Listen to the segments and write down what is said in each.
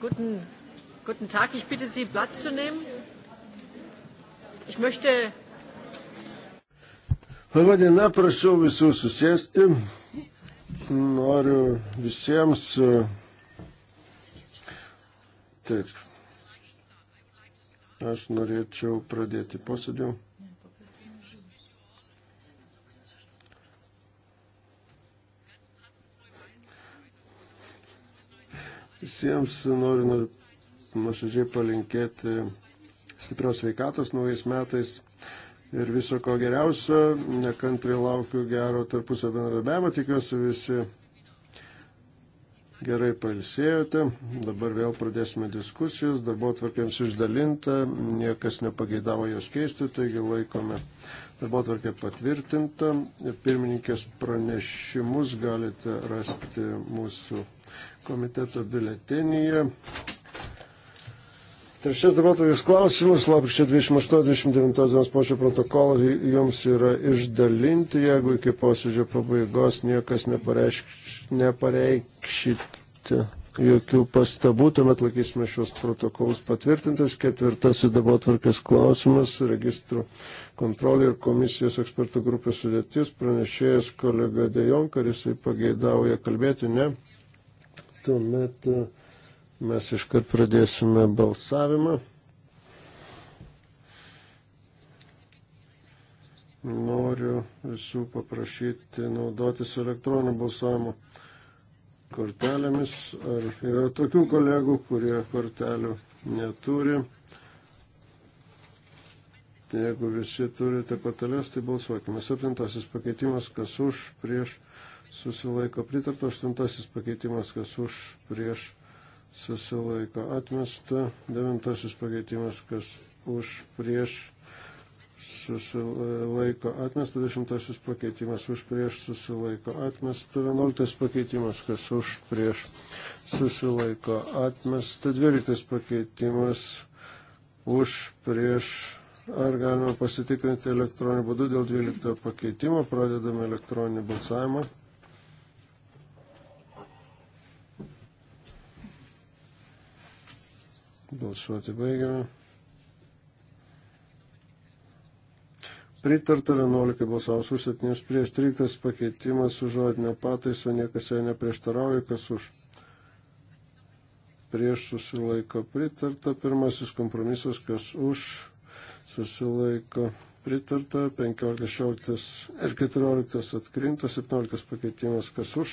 Guten, guten Tag. Ich bitte Sie, Platz zu nehmen. Ich möchte. Labą dieną, prašau visų susėsti. Noriu visiems. E, taip. Aš norėčiau pradėti posėdį. visiems. Noriu nuoširdžiai palinkėti stiprios veikatos naujais metais ir viso ko geriausio. Nekantrai laukiu gero tarpusio bendradarbiavimo. Tikiuosi visi gerai palsėjote. Dabar vėl pradėsime diskusijas. Darbo atvarkėms išdalinta. Niekas nepageidavo jos keisti, taigi laikome. Darbotvarkė patvirtinta. Pirmininkės pranešimus galite rasti mūsų komiteto biletenyje. Trečias darbotvarkės klausimas, lapkričio 28-29 dienos pošio protokolą jums yra išdalinti, jeigu iki posėdžio pabaigos niekas nepareikš, nepareikšite jokių pastabų, tuomet laikysime šios protokolus patvirtintas. Ketvirtasis darbotvarkės klausimas, registro kontrolė ir komisijos ekspertų grupės sudėtis, pranešėjas kolega Dejon, kuris pageidauja kalbėti, ne. Tuomet e, mes iškart pradėsime balsavimą. Noriu visų paprašyti naudotis elektroninio balsavimo kortelėmis. Ar yra tokių kolegų, kurie kortelių neturi? Jeigu visi turite korteles, tai balsuokime. Septintasis pakeitimas, kas už, prieš, susilaiko pritarta. Aštuntasis pakeitimas, kas už, prieš, susilaiko atmesta. Devintasis pakeitimas, kas už, prieš, susilaiko atmesta. Dešimtasis pakeitimas, už, prieš, susilaiko atmesta. Vienuoliktas pakeitimas, kas už, prieš, susilaiko atmesta. Dvyliktas pakeitimas, už, prieš, Ar galime pasitikrinti elektroniniu būdu dėl 12 pakeitimo? Pradedame elektroninį balsavimą. Balsuoti baigiame. Pritarta 11 balsavus už 7 prieš 13 pakeitimas su žodinio pataiso, niekas jo neprieštarauja, kas už. Prieš susilaiko pritarta pirmasis kompromisas, kas už susilaiko pritarta, 15, 16 ir 14 atkrinta, 17 pakeitimas kas už.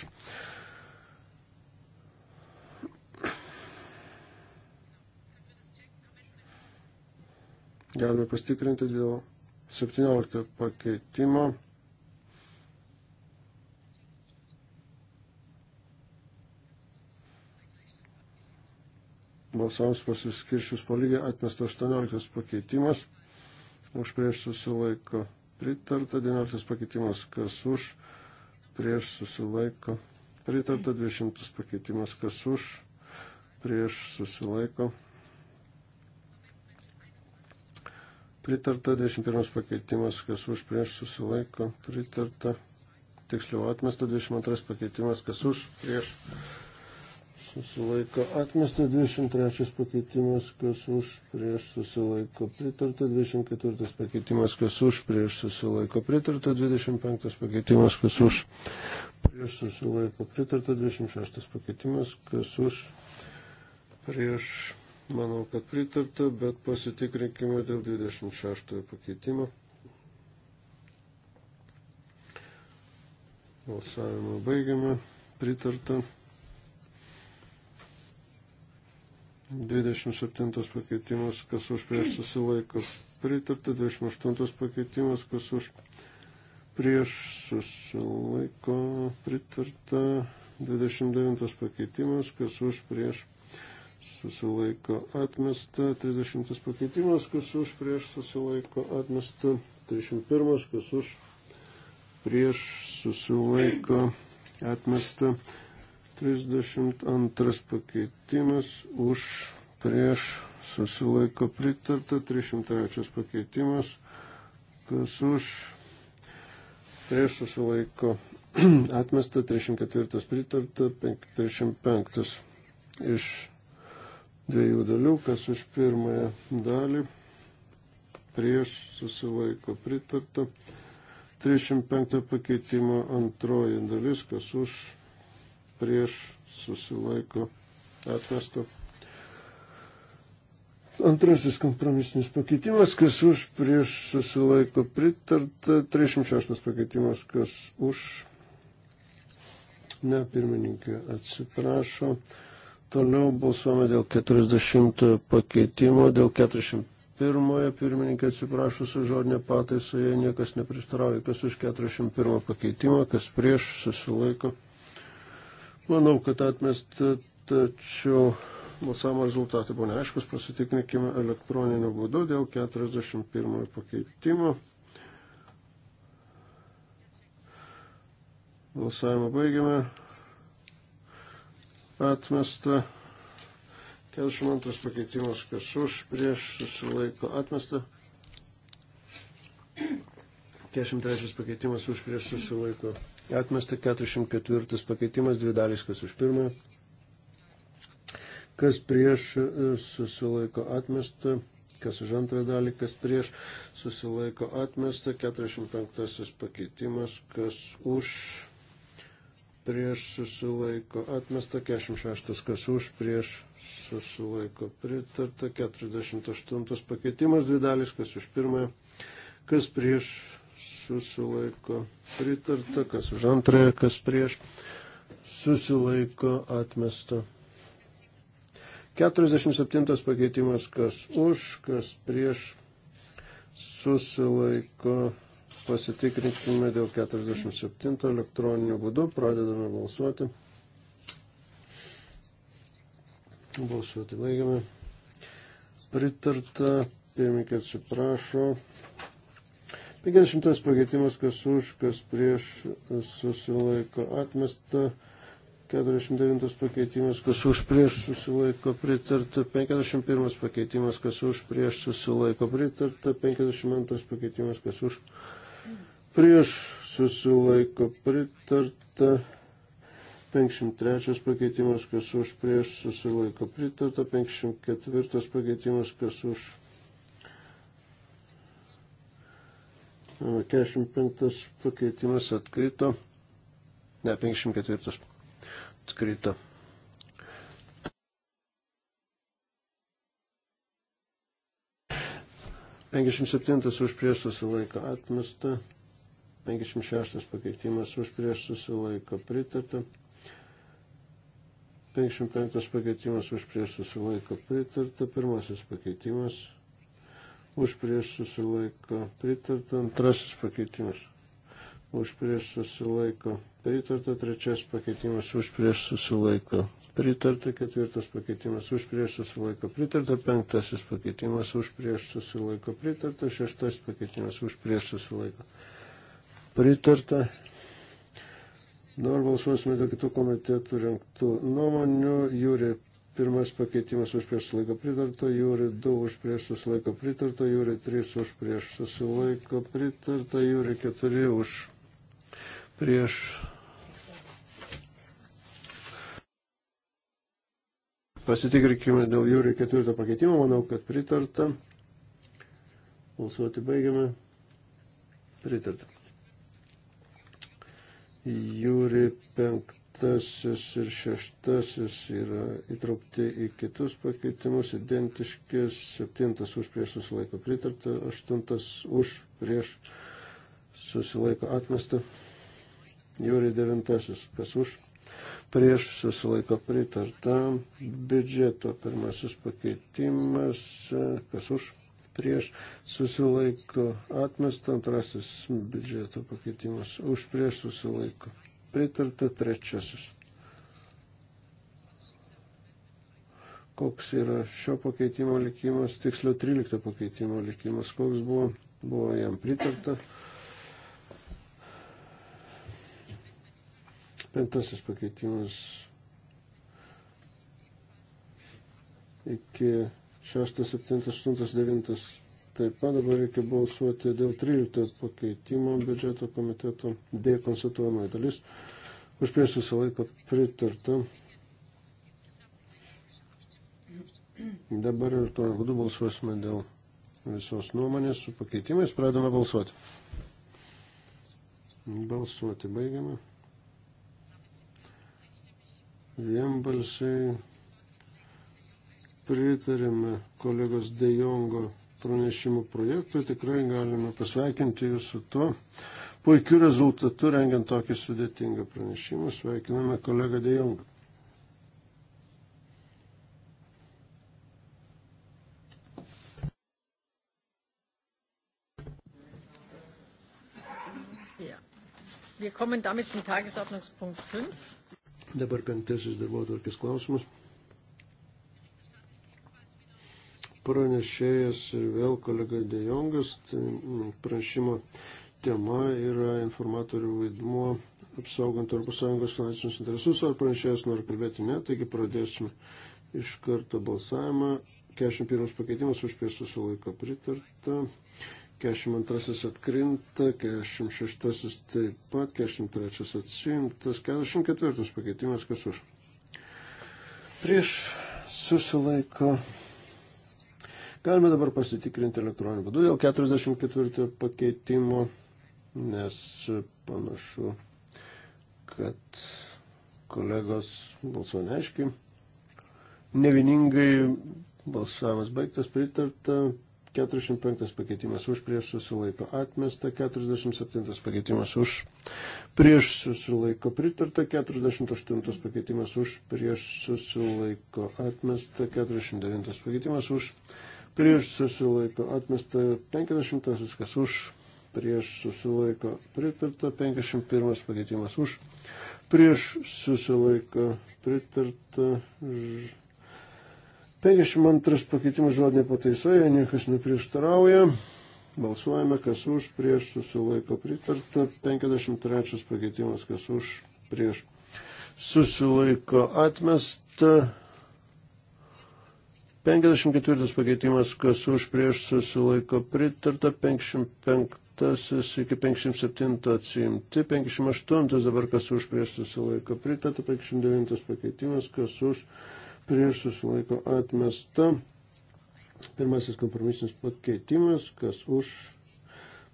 Galime pastikrinti dėl 17 pakeitimo. Balsams pasiskiršius po lygiai atmestas 18 pakeitimas už prieš susilaiko pritarta, 19 pakeitimas kas už, prieš susilaiko pritarta, 200 pakeitimas kas už, prieš susilaiko pritarta, 21 pakeitimas kas už, prieš susilaiko pritarta, tiksliau atmesta, 22 pakeitimas kas už, prieš susilaiko susilaiko atmesta, 23 pakeitimas, kas už prieš susilaiko pritarta, 24 pakeitimas, kas už prieš susilaiko pritarta, 25 pakeitimas, kas už prieš susilaiko pritarta, 26 pakeitimas, kas už prieš, manau, kad pritarta, bet pasitikrinkime dėl 26 pakeitimo. Balsavimą baigiame. Pritarta. 27 pakeitimas, kas už prieš susilaiko pritarta, 28 pakeitimas, kas už prieš susilaiko pritarta, 29 pakeitimas, kas už prieš susilaiko atmesta, 30 pakeitimas, kas už prieš susilaiko atmesta, 31, kas už prieš susilaiko atmesta. 32 pakeitimas už prieš susilaiko pritarta, 303 pakeitimas, kas už prieš susilaiko atmesta, 304 pritarta, 305 iš dviejų dalių, kas už pirmąją dalį prieš susilaiko pritarta, 305 pakeitimo antroji dalis, kas už prieš susilaiko atmesta. Antrasis kompromisinis pakeitimas, kas už prieš susilaiko pritarta. 36 pakeitimas, kas už. Ne, pirmininkė atsiprašo. Toliau balsuome dėl 40 pakeitimo, dėl 41 pirmininkė atsiprašo su žodinė pataisa, jei niekas neprieštarauja, kas už 41 pakeitimą, kas prieš susilaiko pritarta. Manau, kad atmesti, tačiau balsavimo rezultatai buvo neaiškus, pasitikrinkime elektroniniu būdu dėl 41 pakeitimo. Balsavimą baigiame. Atmesta. 42 pakeitimas, kas už, prieš, susilaiko atmesta. 43 pakeitimas už, prieš, susilaiko atmesta. Atmesta 44 pakeitimas, dvi dalys, kas už pirmąją. Kas prieš e, susilaiko atmesta, kas už antrą dalį, kas prieš susilaiko atmesta, 45 pakeitimas, kas už prieš susilaiko atmesta, 46 kas už prieš susilaiko pritarta, 48 pakeitimas, dvi dalys, kas už pirmąją, kas prieš susilaiko pritarta, kas už antrąją, kas prieš susilaiko atmesta. 47 pakeitimas, kas už, kas prieš susilaiko. Pasitikrinkime dėl 47 elektroninių būdų, pradedame balsuoti. Balsuoti baigiame. Pritarta, pirmininkė atsiprašo. 50 pakeitimas, kas už, kas prieš susilaiko atmesta. 49 pakeitimas, kas už prieš susilaiko pritarta, 51 pakeitimas, kas už prieš susilaiko pritarta, 52 pakeitimas, kas už prieš susilaiko pritarta, 53 pakeitimas, kas už prieš susilaiko pritarta, 54 pakeitimas, kas už 45 pakeitimas atkrito. Ne, 54 atkrito. Penkiasdešimt septintas už prieš susilaiko atmesta, penkiasdešimt šeštas pakeitimas už prieš susilaiko pritarta, 55 pakeitimas už prieš susilaiko pritarta, pirmasis pakeitimas už prieš susilaiko pritarta, antrasis pakeitimas už prieš susilaiko pritarta, trečias pakeitimas už prieš susilaiko pritarta, ketvirtas pakeitimas už prieš susilaiko pritarta, penktasis pakeitimas už prieš susilaiko pritarta, šeštasis pakeitimas už prieš susilaiko pritarta. Dabar balsuosime dėl kitų komitetų renktų nuomonių. Jūri Pirmas pakeitimas už prieš susilaiko pritarta, jūri 2 už prieš susilaiko pritarta, jūri 3 už prieš susilaiko pritarta, jūri 4 už prieš. Pasitikrinkime dėl jūri ketvirto pakeitimo, manau, kad pritarta. Balsuoti baigiame. Pritarta. Jūri penktą penktasis ir šeštasis yra įtraukti į kitus pakeitimus, identiškis, septintas už prieš susilaiko pritarta, aštuntas už prieš susilaiko atmesta, jūri devintasis, kas už prieš susilaiko pritarta, biudžeto pirmasis pakeitimas, kas už prieš susilaiko atmesta, antrasis biudžeto pakeitimas už prieš susilaiko pritarta trečiasis. Koks yra šio pakeitimo likimas, tiksliau 13 pakeitimo likimas, koks buvo, buvo jam pritarta. Penktasis pakeitimas iki 6, 7, 8, 9 Taip pat dabar reikia balsuoti dėl 13 pakeitimo biudžeto komiteto D konstatuojamoji dalis. Už prieš visą laiką pritarta. Dabar ir tuo būdu balsuosime dėl visos nuomonės su pakeitimais. Pradame balsuoti. Balsuoti baigiame. Vienbalsiai pritarėme kolegos Dejongo pranešimų projektui. Tikrai galime pasveikinti jūs su tuo puikiu rezultatu rengiant tokį sudėtingą pranešimą. Sveikiname kolegą Dejongą. Wir kommen damit zum Tagesordnungspunkt 5. Dabar penktasis darbo tvarkės klausimas. pranešėjas ir vėl kolega Dejongas, tai mm, prašymo tema yra informatorių vaidmuo apsaugant ES finansinius interesus, ar pranešėjas nori kalbėti ne, taigi pradėsime iš karto balsavimą. 41 pakeitimas už prieš susilaiko pritarta. 42 atkrinta, 46 taip pat, 43 atsiimtas, 44 pakeitimas, kas už. Prieš susilaiko Galime dabar pasitikrinti elektroniniu būdu dėl 44 pakeitimo, nes panašu, kad kolegos balsuo neaiškiai. Nevieningai balsavimas baigtas, pritarta. 45 pakeitimas už prieš susilaiko atmesta, 47 pakeitimas už prieš susilaiko pritarta, 48 pakeitimas už prieš susilaiko atmesta, 49 pakeitimas už prieš susilaiko atmesta prieš susilaiko atmesta 50, kas už, prieš susilaiko pritarta 51 pakeitimas už, prieš susilaiko pritarta 52 pakeitimas žodinė pataisoje, niekas neprieštarauja. Balsuojame, kas už, prieš susilaiko pritarta 53 pakeitimas, kas už, prieš susilaiko atmesta 54 pakeitimas, kas už prieš susilaiko pritarta, 55 iki 57 atsiimti, 58 dabar kas už prieš susilaiko pritarta, 59 pakeitimas, kas už prieš susilaiko atmesta. Pirmasis kompromisinis pakeitimas, kas už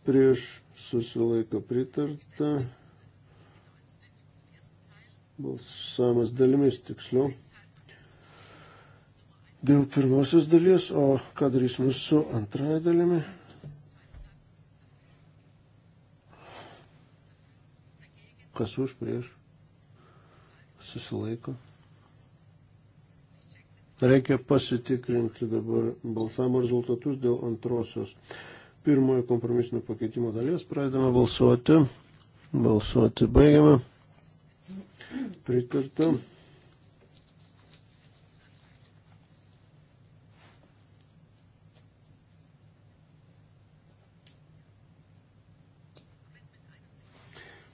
prieš susilaiko pritarta. Balsavimas dalimis tiksliau dėl pirmosios dalies, o ką darysime su antraja dalimi? Kas už prieš? Susilaiko. Reikia pasitikrinti dabar balsavimo rezultatus dėl antrosios pirmojo kompromisinio pakeitimo dalies. Pradedame balsuoti. Balsuoti baigiame. Pritartam.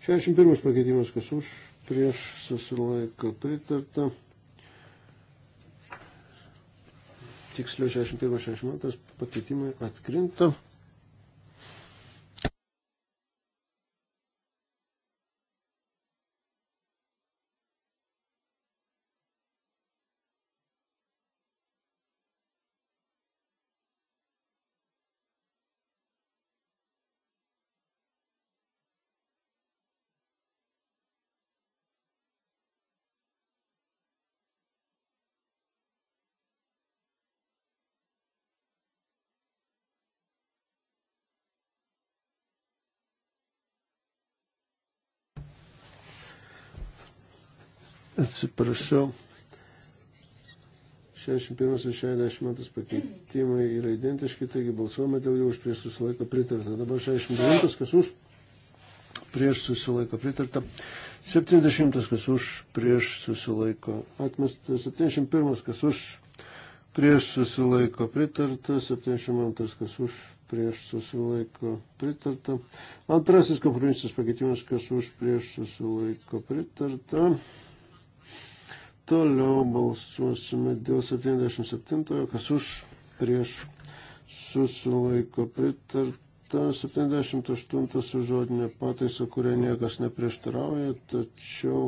61 pakeitimas, kas už, prieš susilaiko pritarta. Tiksliau 61-62 pakeitimai atkrinta. Atsiprašau. 61-62 pakeitimai yra identiški, taigi balsuojame dėl jų už prieš susilaiko pritartą. Dabar 69, kas už, prieš susilaiko pritartą. 70, kas už, prieš susilaiko atmestas. 71, kas už, prieš susilaiko pritartą. 72, kas už, prieš susilaiko pritartą. Antrasis kompromisas pakeitimas, kas už, prieš susilaiko pritartą. Toliau balsuosime dėl 77, kas už, prieš, susilaiko pritarta, 78 su žodinė pataisa, kurią niekas neprieštarauja, tačiau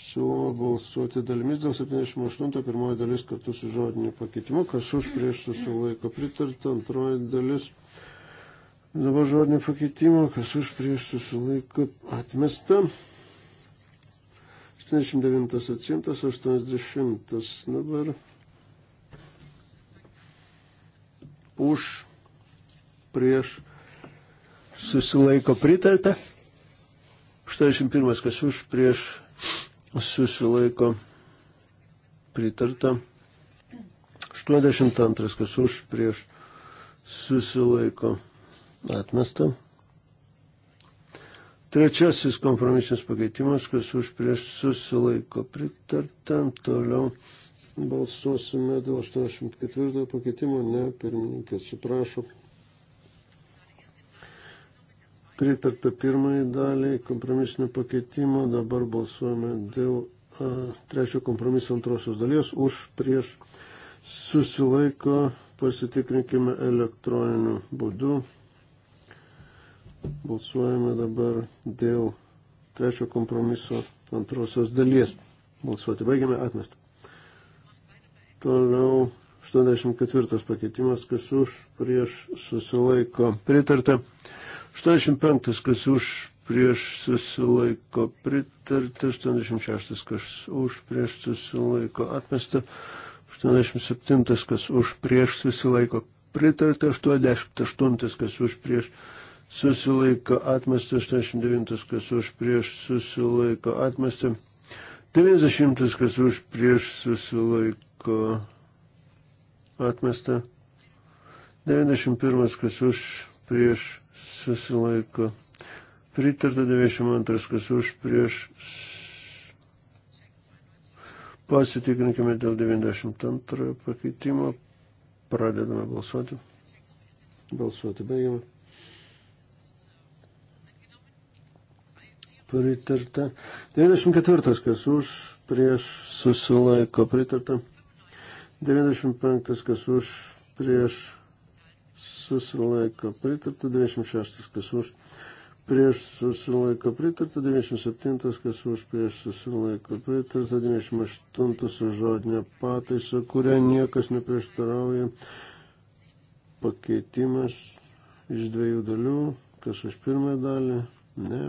siūloma balsuoti dalimis dėl 78 pirmoji dalis kartu su žodiniu pakeitimu, kas už, prieš, susilaiko pritarta, antroji dalis. Dabar žodinio pakeitimo, kas už prieš susilaiko atmesta. 79 atsimtas, 80 dabar. Už, prieš, susilaiko pritarta. 81 kas už, prieš, susilaiko pritarta. 82 kas už, prieš, susilaiko atmesta. Trečiasis kompromisinis pakeitimas, kas už prieš susilaiko pritarta. Toliau balsuosime dėl 84 pakeitimo. Ne, pirmininkė atsiprašo. Pritarta pirmai daliai kompromisinio pakeitimo. Dabar balsuojame dėl a, trečio kompromiso antrosios dalies. Už prieš susilaiko pasitikrinkime elektroniniu būdu. Balsuojame dabar dėl trečio kompromiso antrosios dalies. Balsuoti baigiame atmestą. Toliau 84 pakeitimas, kas už, prieš susilaiko pritarta. 85 kas už, prieš susilaiko pritarta. 86 kas už, prieš susilaiko atmesta. 87 kas už, prieš susilaiko pritarta. 88 kas už, prieš susilaiko pritarta susilaiko atmestą, 89 kas už prieš susilaiko atmestą, 90 kas už prieš susilaiko atmestą, 91 kas už prieš susilaiko pritarta, 92 kas už prieš Pasitikrinkime dėl 92 pakeitimo. Pradedame balsuoti. Balsuoti baigiame. pritarta. 94. kas už, prieš susilaiko pritarta. 95. kas už, prieš susilaiko pritarta. 96. kas už, prieš susilaiko pritarta. 97. kas už, prieš susilaiko pritarta. 98. su žodinė pataisa, kuria niekas neprieštarauja. Pakeitimas iš dviejų dalių. Kas už pirmąją dalį? Ne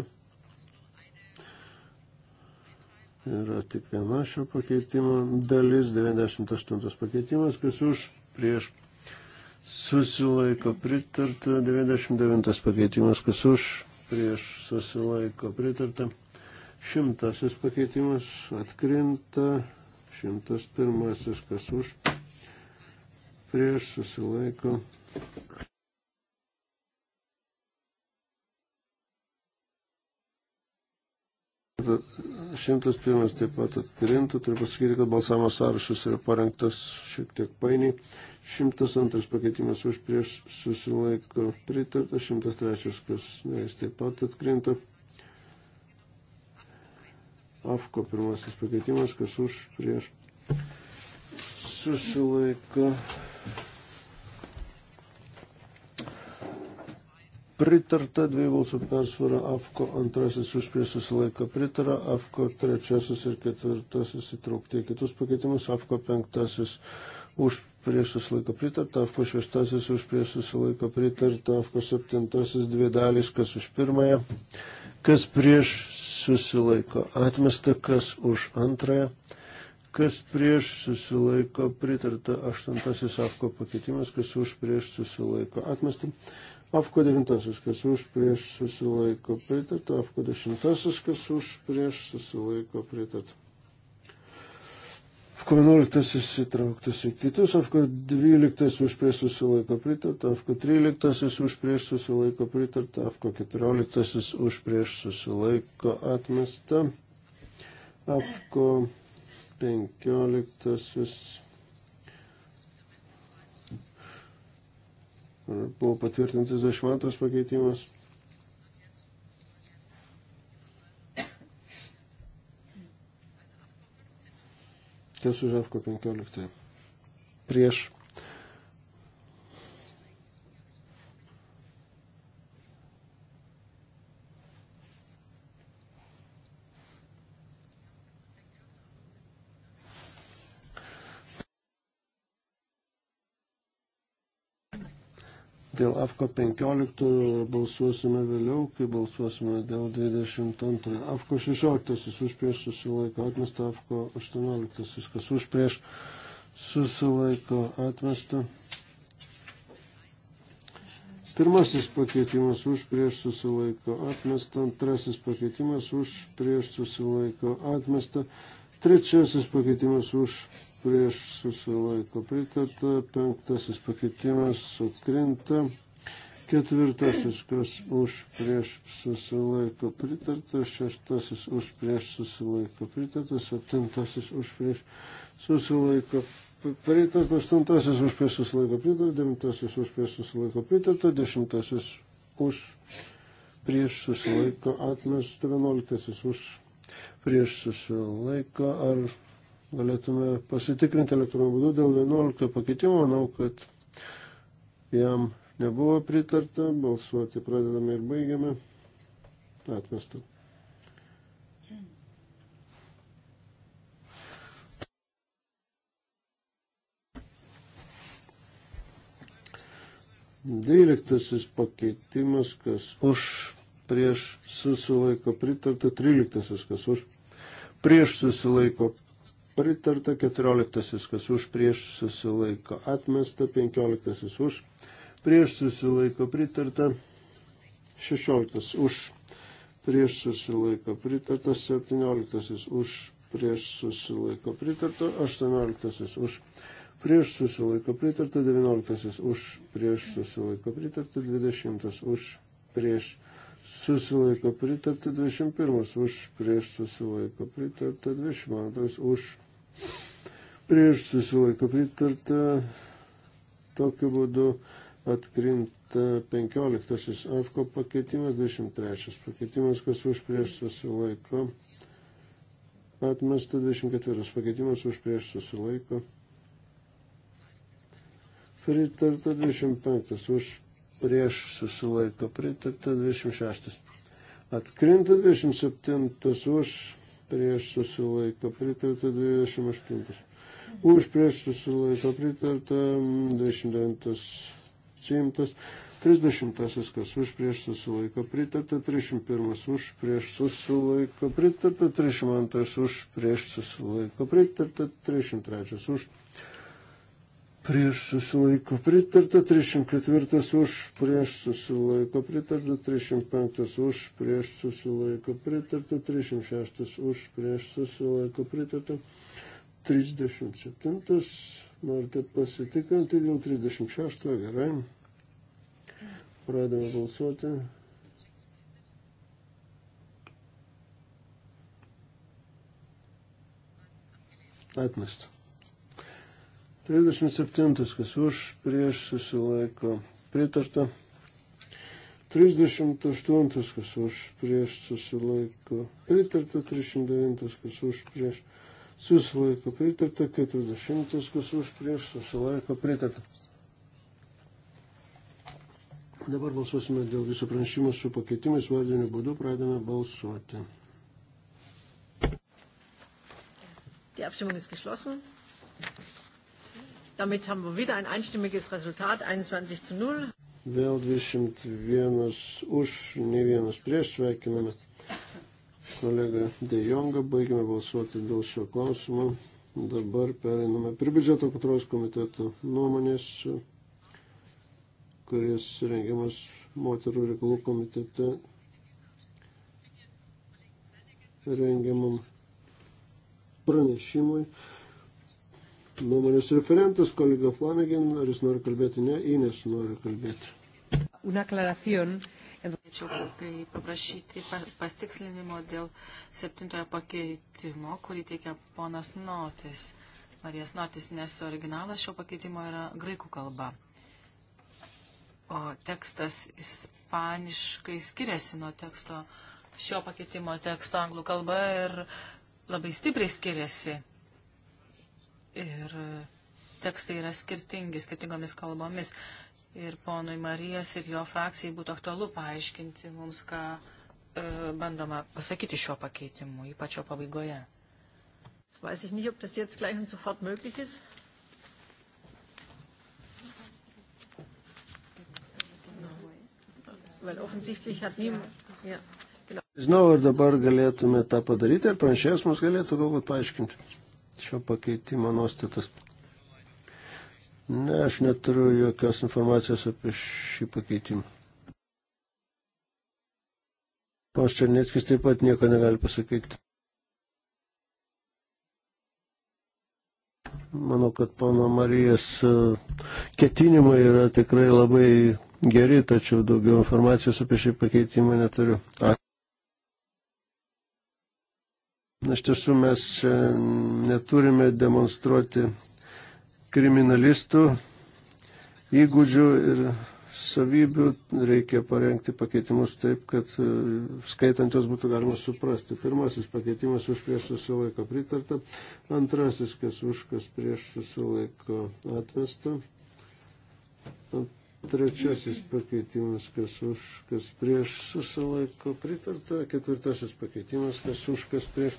yra tik viena šio pakeitimo dalis, 98 pakeitimas, kas už prieš susilaiko pritarta, 99 pakeitimas, kas už prieš susilaiko pritarta, šimtasis pakeitimas atkrinta, šimtas pirmasis, kas už prieš susilaiko 101 taip pat atkrintų, turiu pasakyti, kad balsavimo sąrašas yra parengtas šiek tiek painiai. 102 pakeitimas už prieš susilaiko pritarta, 103 kas jis taip pat atkrinta. Afko pirmasis pakeitimas, kas už prieš susilaiko pritarta pritarta dviejų balsų persvara, AFKO antrasis už prieš susilaiko pritara, AFKO trečiasis ir ketvirtasis įtraukti į kitus pakeitimus, AFKO penktasis už prieš susilaiko pritarta, AFKO šeštasis už prieš susilaiko pritarta, AFKO septintasis dvi dalys, kas už pirmąją, kas prieš susilaiko atmesta, kas už antrąją. Kas prieš susilaiko pritarta aštuntasis afko pakeitimas, kas už prieš susilaiko atmestam. Afko 9, kas už prieš susilaiko pritarta, Afko 10, kas už prieš susilaiko pritarta. Afko 11 įsitrauktas į kitus, Afko 12 už prieš susilaiko pritarta, Afko 13 už prieš susilaiko pritarta, Afko 14 už prieš susilaiko atmesta, Afko 15 Buvo patvirtintas 22 pakeitimas. Kas už Afko 15? Prieš dėl AFKO 15 balsuosime vėliau, kai balsuosime dėl 22. AFKO 16 už prieš susilaiko atmestą, AFKO 18 viskas už prieš susilaiko atmestą. Pirmasis pakeitimas už prieš susilaiko atmestą, antrasis pakeitimas už prieš susilaiko atmestą. Trečiasis pakeitimas už prieš susilaiko pritarta, penktasis pakeitimas atkrinta, ketvirtasis, kas už prieš susilaiko pritarta, šeštasis už prieš susilaiko pritarta, septintasis už prieš susilaiko pritarta, aštuntasis už prieš susilaiko pritarta, devintasis už prieš susilaiko pritarta, dešimtasis už prieš susilaiko atmesta, vienuoliktasis už prieš susilaiko, ar galėtume pasitikrinti elektroniniu būdu dėl 11 pakeitimo, manau, kad jam nebuvo pritarta, balsuoti pradedame ir baigiame, atmestą. Dvyliktasis pakeitimas, kas už prieš susilaiko pritarta, tryliktasis, kas už prieš susilaiko pritarta, 14 kas už, prieš susilaiko atmesta, 15 už, prieš susilaiko pritarta, 16 už, prieš susilaiko pritarta, 17 už, prieš susilaiko pritarta, 18 už, prieš susilaiko pritarta, 19 už, prieš susilaiko pritarta, 20 už, prieš susilaiko pritarta susilaiko pritarta 21, už prieš susilaiko pritarta 22, už prieš susilaiko pritarta tokiu būdu atkrinta 15 AFKO pakeitimas, 23 pakeitimas, kas už prieš susilaiko atmesta, 24 pakeitimas už prieš susilaiko pritarta 25 už prieš susilaiko pritarta 26. Atkrinta 27 už prieš susilaiko pritarta 28. Už prieš susilaiko pritarta 29. Simtas. 30. kas už prieš susilaiko pritarta, 31. už prieš susilaiko pritarta, 32. už prieš susilaiko pritarta, 33. už prieš susilaiko pritarta, 304 už prieš susilaiko pritarta, 305 už prieš susilaiko pritarta, 306 už prieš susilaiko pritarta, 37, norite pasitikrinti dėl 36, gerai. Pradėjome balsuoti. Atmestas. 37, kas už, prieš susilaiko pritarta. 38, kas už, prieš susilaiko pritarta. 39, kas už, prieš susilaiko pritarta. 40, kas už, prieš susilaiko pritarta. Dabar balsuosime dėl viso pranešimo su pakeitimais vardiniu būdu. Pradame balsuoti. Die Abstimmung ist geschlossen. Damit haben wir wieder ein einstimmiges Resultat, 21 zu 0. Vėl 21 už, ne vienas prieš, sveikiname kolegą Dejongą, baigime balsuoti dėl šio klausimo. Dabar pereiname prie biudžeto kontrolės komiteto nuomonės, kuris rengiamas moterų reikalų komitete rengiamam pranešimui nuomonės referentas, kolega Flanagan, ar jis nori kalbėti? Ne, Ines nori kalbėti. Una aclaración. Norėčiau kai paprašyti pastikslinimo dėl septintojo pakeitimo, kurį teikia ponas Notis, Marijas Notis, nes originalas šio pakeitimo yra graikų kalba. O tekstas ispaniškai skiriasi nuo teksto, šio pakeitimo teksto anglų kalba ir labai stipriai skiriasi ir tekstai yra skirtingi, skirtingomis kalbomis. Ir ponui Marijas ir jo frakcijai būtų aktualu paaiškinti mums, ką e, bandoma pasakyti šiuo pakeitimu, ypač jo pabaigoje. Das weiß ich nicht, ob das jetzt gleich und sofort möglich ist. Weil offensichtlich hat niemand. Ja, genau. Žinau, ar dabar galėtume tą padaryti, ar pranešėjas mums galėtų galbūt paaiškinti šio pakeitimo nuostatas. Ne, aš neturiu jokios informacijos apie šį pakeitimą. Pas Černieckis taip pat nieko negali pasakyti. Manau, kad pono Marijas e, ketinimai yra tikrai labai geri, tačiau daugiau informacijos apie šį pakeitimą neturiu. A. Iš tiesų mes e, neturime demonstruoti kriminalistų įgūdžių ir savybių, reikia parengti pakeitimus taip, kad e, skaitant juos būtų galima suprasti. Pirmasis pakeitimas už prieš susilaiko pritarta, antrasis, kas už kas prieš susilaiko atvesta, trečiasis pakeitimas, kas už kas prieš susilaiko pritarta, ketvirtasis pakeitimas, kas už kas prieš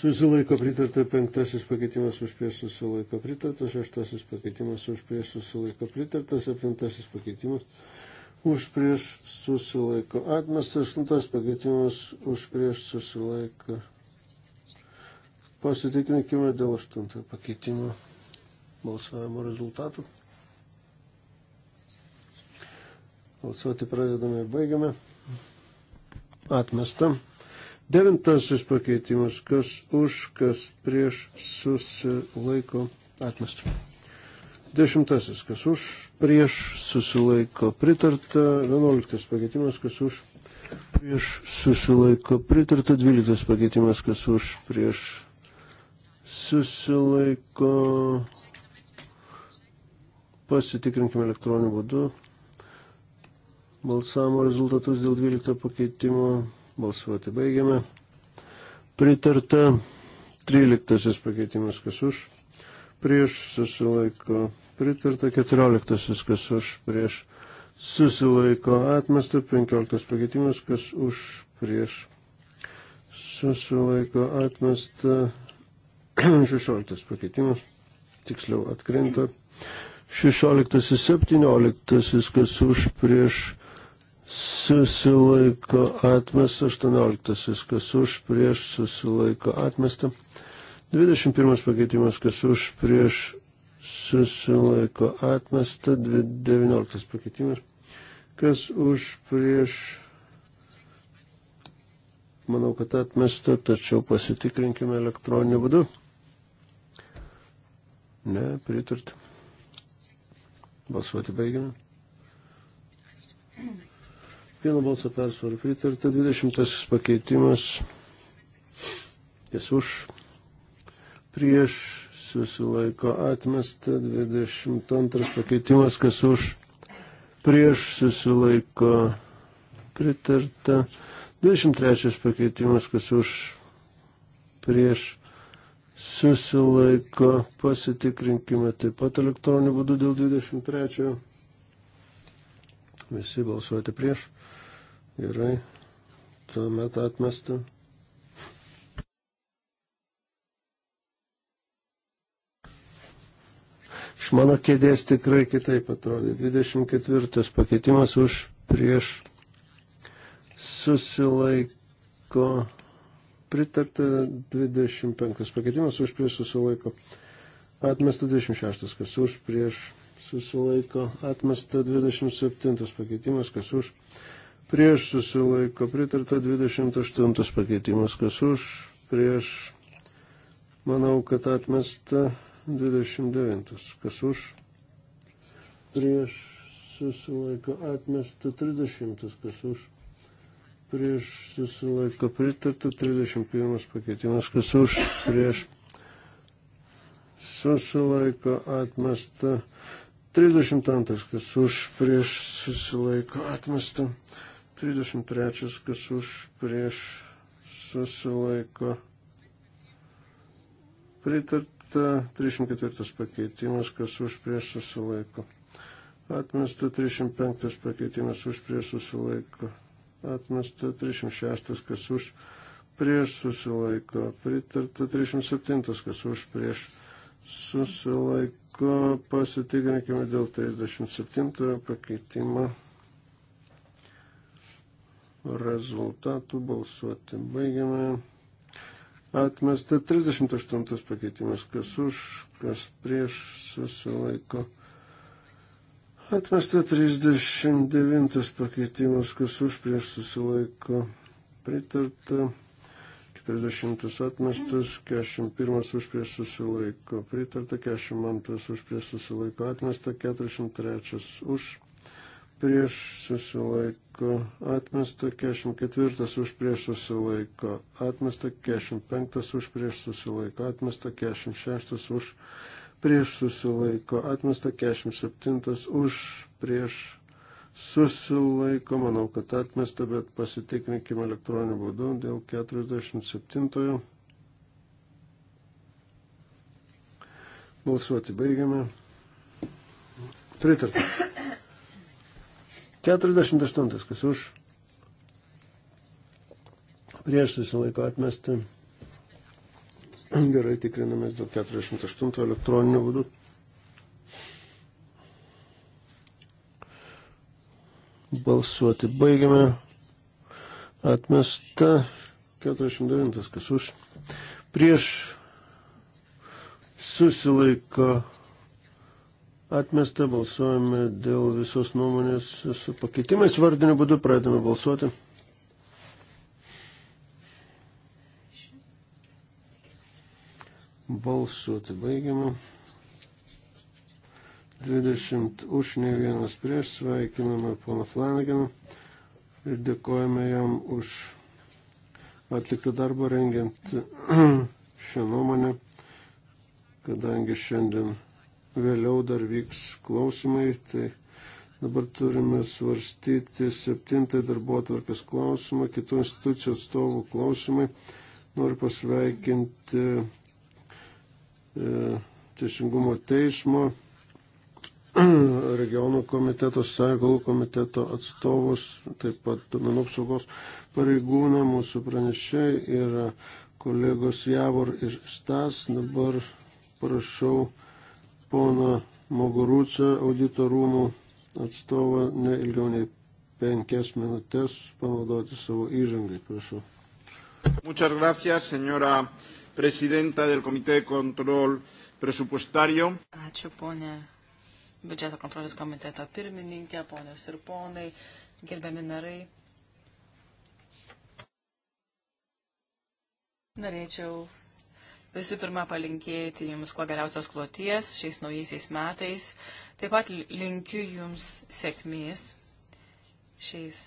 Susilaiko pritarta penktasis pakeitimas už prieš susilaiko pritarta, šeštasis pakeitimas už prieš susilaiko pritarta, septintasis pakeitimas už prieš susilaiko atmestas, aštuntas pakeitimas už prieš susilaiko. Pasitikrinkime dėl aštuntojo pakeitimo balsavimo rezultatų. Balsuoti pradedame ir baigiame. Atmestam. Devintasis pakeitimas, kas už, kas prieš susilaiko atmestą. Dešimtasis, kas už, prieš susilaiko pritarta. Vienuoliktas pakeitimas, kas už, prieš susilaiko pritarta. Dvyliktas pakeitimas, kas už, prieš susilaiko. Pasitikrinkime elektroniniu būdu. Balsavimo rezultatus dėl 12 pakeitimo Balsuoti baigiame. Pritarta 13 pakeitimas, kas už. Prieš susilaiko. Pritarta 14 kas už. Prieš susilaiko. Atmesta 15 pakeitimas, kas už. Prieš susilaiko. Atmesta 16 pakeitimas. Tiksliau atkrinta. 16, 17, kas už prieš susilaiko atmestą, 18 kas už, prieš susilaiko atmestą, 21 pakeitimas kas už, prieš susilaiko atmestą, 19 pakeitimas kas už, prieš manau, kad atmesta, tačiau pasitikrinkime elektroniniu būdu. Ne, pritarti. Balsuoti baigiame. Vieno balso persvarą pritarta, 20 pakeitimas. Jis už, prieš, susilaiko atmesta, 22 pakeitimas, kas už, prieš, susilaiko pritarta, 23 pakeitimas, kas už, prieš, susilaiko, pasitikrinkime taip pat elektroniniu būdu dėl 23. Visi balsuojate prieš. Gerai. Tuomet atmesta. Iš mano kėdės tikrai kitaip atrodė. 24 pakeitimas už prieš susilaiko. Pritarta 25 pakeitimas už prieš susilaiko. Atmesta 26, kas už prieš susilaiko. Atmesta 27 pakeitimas, kas už prieš susilaiko prieš susilaiko pritarta 28 pakeitimas, kas už, prieš, manau, kad atmesta 29, kas už, prieš susilaiko atmesta 30, kas už, prieš susilaiko pritarta 31 pakeitimas, kas už, prieš susilaiko atmesta 32, kas už, prieš susilaiko atmesta 31. 33, kas už prieš susilaiko. Pritarta 34 pakeitimas, kas už prieš susilaiko. Atmesta 35 pakeitimas už prieš susilaiko. Atmesta 36, kas už prieš susilaiko. Pritarta 37, kas už prieš susilaiko. Pasitikrinkime dėl 37 pakeitimo rezultatų balsuoti. Baigiame. Atmesta 38 pakeitimas, kas už, kas prieš susilaiko. Atmesta 39 pakeitimas, kas už prieš susilaiko. Pritarta. 40 atmestas, 41 už prieš susilaiko. Pritarta 42 už prieš susilaiko. Atmesta 43 už prieš susilaiko atmesta, 44 už prieš susilaiko atmesta, 45 už prieš susilaiko atmesta, 46 už prieš susilaiko atmesta, 47 už prieš susilaiko, manau, kad atmesta, bet pasitikrinkime elektroniniu būdu dėl 47. Balsuoti baigiame. Pritarta. 48, kas už, prieš susilaiko atmesti. Gerai, tikrinamės dėl 48 elektroninio būdu. Balsuoti baigiame. Atmesta 49, kas už. Prieš susilaiko atmesti Atmesta balsuojame dėl visos nuomonės su pakeitimais. Vardiniu būdu pradedame balsuoti. Balsuoti baigiame. 20 už, ne vienas prieš. Sveikiname pono Flanaganą ir dėkojame jam už atliktą darbą rengiant šią nuomonę, kadangi šiandien vėliau dar vyks klausimai, tai dabar turime svarstyti septintąjį darbo atvarkės klausimą, kitų institucijų atstovų klausimai. Noriu pasveikinti e, Teisingumo teismo regionų komiteto, sąjungų komiteto atstovus, taip pat duomenų apsaugos pareigūną, mūsų pranešiai ir kolegos Javor ir Stas. Dabar prašau poną Mogurucą, auditorumų atstovą, ne ilgiau nei penkias minutės panaudoti savo įžangai, prašau. Muchas gracias, señora presidenta del Comité de Control Presupuestario. Ačiū, ponė biudžeto kontrolės komiteto pirmininkė, ponios ir ponai, gerbiami narai. Norėčiau visų pirma palinkėti Jums kuo geriausios kloties šiais naujaisiais metais. Taip pat linkiu Jums sėkmės šiais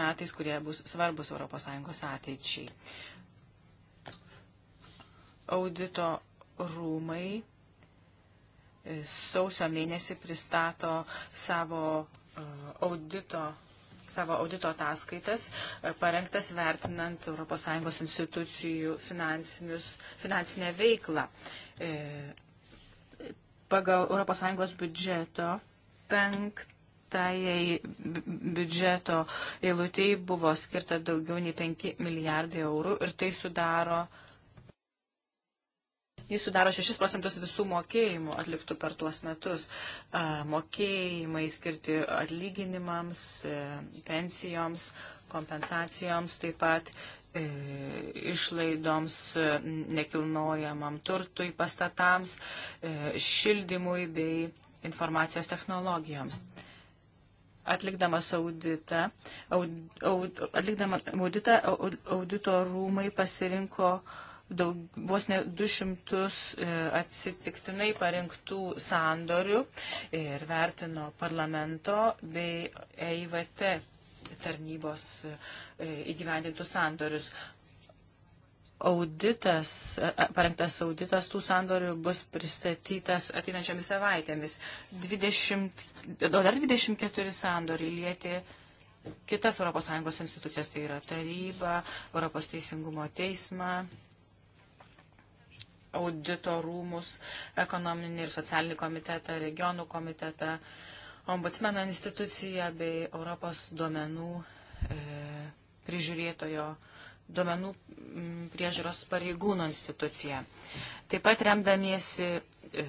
metais, kurie bus svarbus ES ateičiai. Audito rūmai e, sausio mėnesį pristato savo e, audito savo audito ataskaitas, e, parengtas vertinant ES institucijų finansinę veiklą. E, pagal ES biudžeto penktąjai biudžeto eilutėjai buvo skirta daugiau nei 5 milijardai eurų ir tai sudaro Jis sudaro 6 procentus visų mokėjimų atliktų per tuos metus. Mokėjimai skirti atlyginimams, e, pensijoms, kompensacijoms, taip pat e, išlaidoms e, nekilnojamam turtui, pastatams, šildymui bei informacijos technologijoms atlikdamas auditą, aud, aud, atlikdama auditą aud, audito rūmai pasirinko uh, daug, vos ne 200 e, atsitiktinai parinktų sandorių ir vertino parlamento bei EIVT tarnybos e, įgyvendintų sandorius. Auditas, e, parengtas auditas tų sandorių bus pristatytas ateinančiomis savaitėmis. 20, dar 24 sandoriai lietė kitas ES institucijas, tai yra taryba, Europos teisingumo teisma, audito rūmus, ekonominį ir socialinį komitetą, regionų komitetą, ombudsmeno instituciją bei Europos duomenų e, prižiūrėtojo duomenų priežiūros pareigūno instituciją. Taip pat remdamiesi e,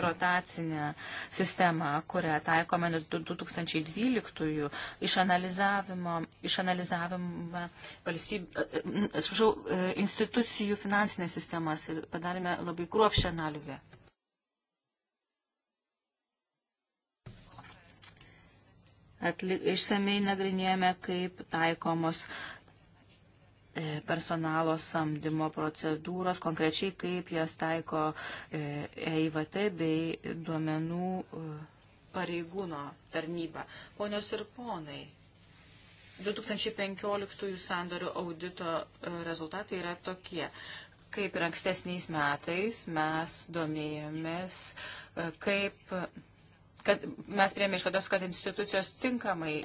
rotacinę sistemą, kurią taikome nuo 2012-ųjų, išanalizavimo, išanalizavimą valstyb, e, e, atsiprašau, e, institucijų finansinės sistemas ir padarėme labai kruopščią analizę. Atlik, išsamei nagrinėjome, kaip taikomos E, personalo samdymo procedūros, konkrečiai kaip jas taiko EIVT e bei duomenų e, pareigūno tarnyba. Ponios ir ponai, 2015 sandorių audito rezultatai yra tokie. Kaip ir ankstesniais metais mes domėjomės, kaip kad mes prieėmė išvados, kad institucijos tinkamai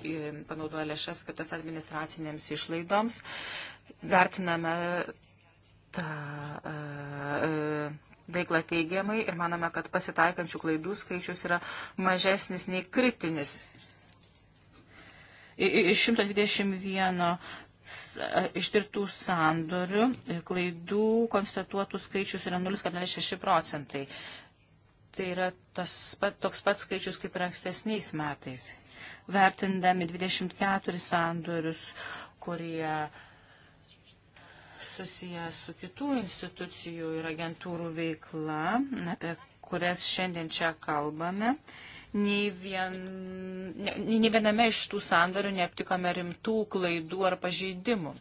panaudoja lėšas skirtas administracinėms išlaidoms vertiname tą e, e, veiklą teigiamai ir manome, kad pasitaikančių klaidų skaičius yra mažesnis nei kritinis. Iš 121 e, ištirtų sandorių klaidų konstatuotų skaičius yra 0,6 procentai. Tai yra tas, toks pats skaičius kaip ir ankstesniais metais. Vertindami 24 sandorius, kurie uh, susijęs su kitų institucijų ir agentūrų veikla, apie kurias šiandien čia kalbame. Nei, vien, nei, nei viename iš tų sandorių neaptikome rimtų klaidų ar pažeidimų.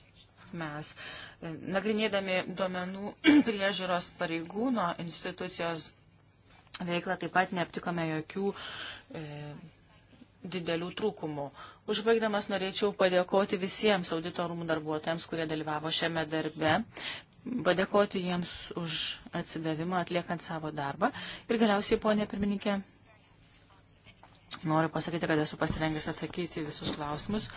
Mes, e, nagrinėdami duomenų priežiūros pareigūno institucijos veiklą, taip pat neaptikome jokių e, didelių trūkumų. Užbaigdamas norėčiau padėkoti visiems auditorumų darbuotojams, kurie dalyvavo šiame darbe, padėkoti jiems už atsidavimą atliekant savo darbą. Ir galiausiai, ponė pirmininkė, noriu pasakyti, kad esu pasirengęs atsakyti visus klausimus,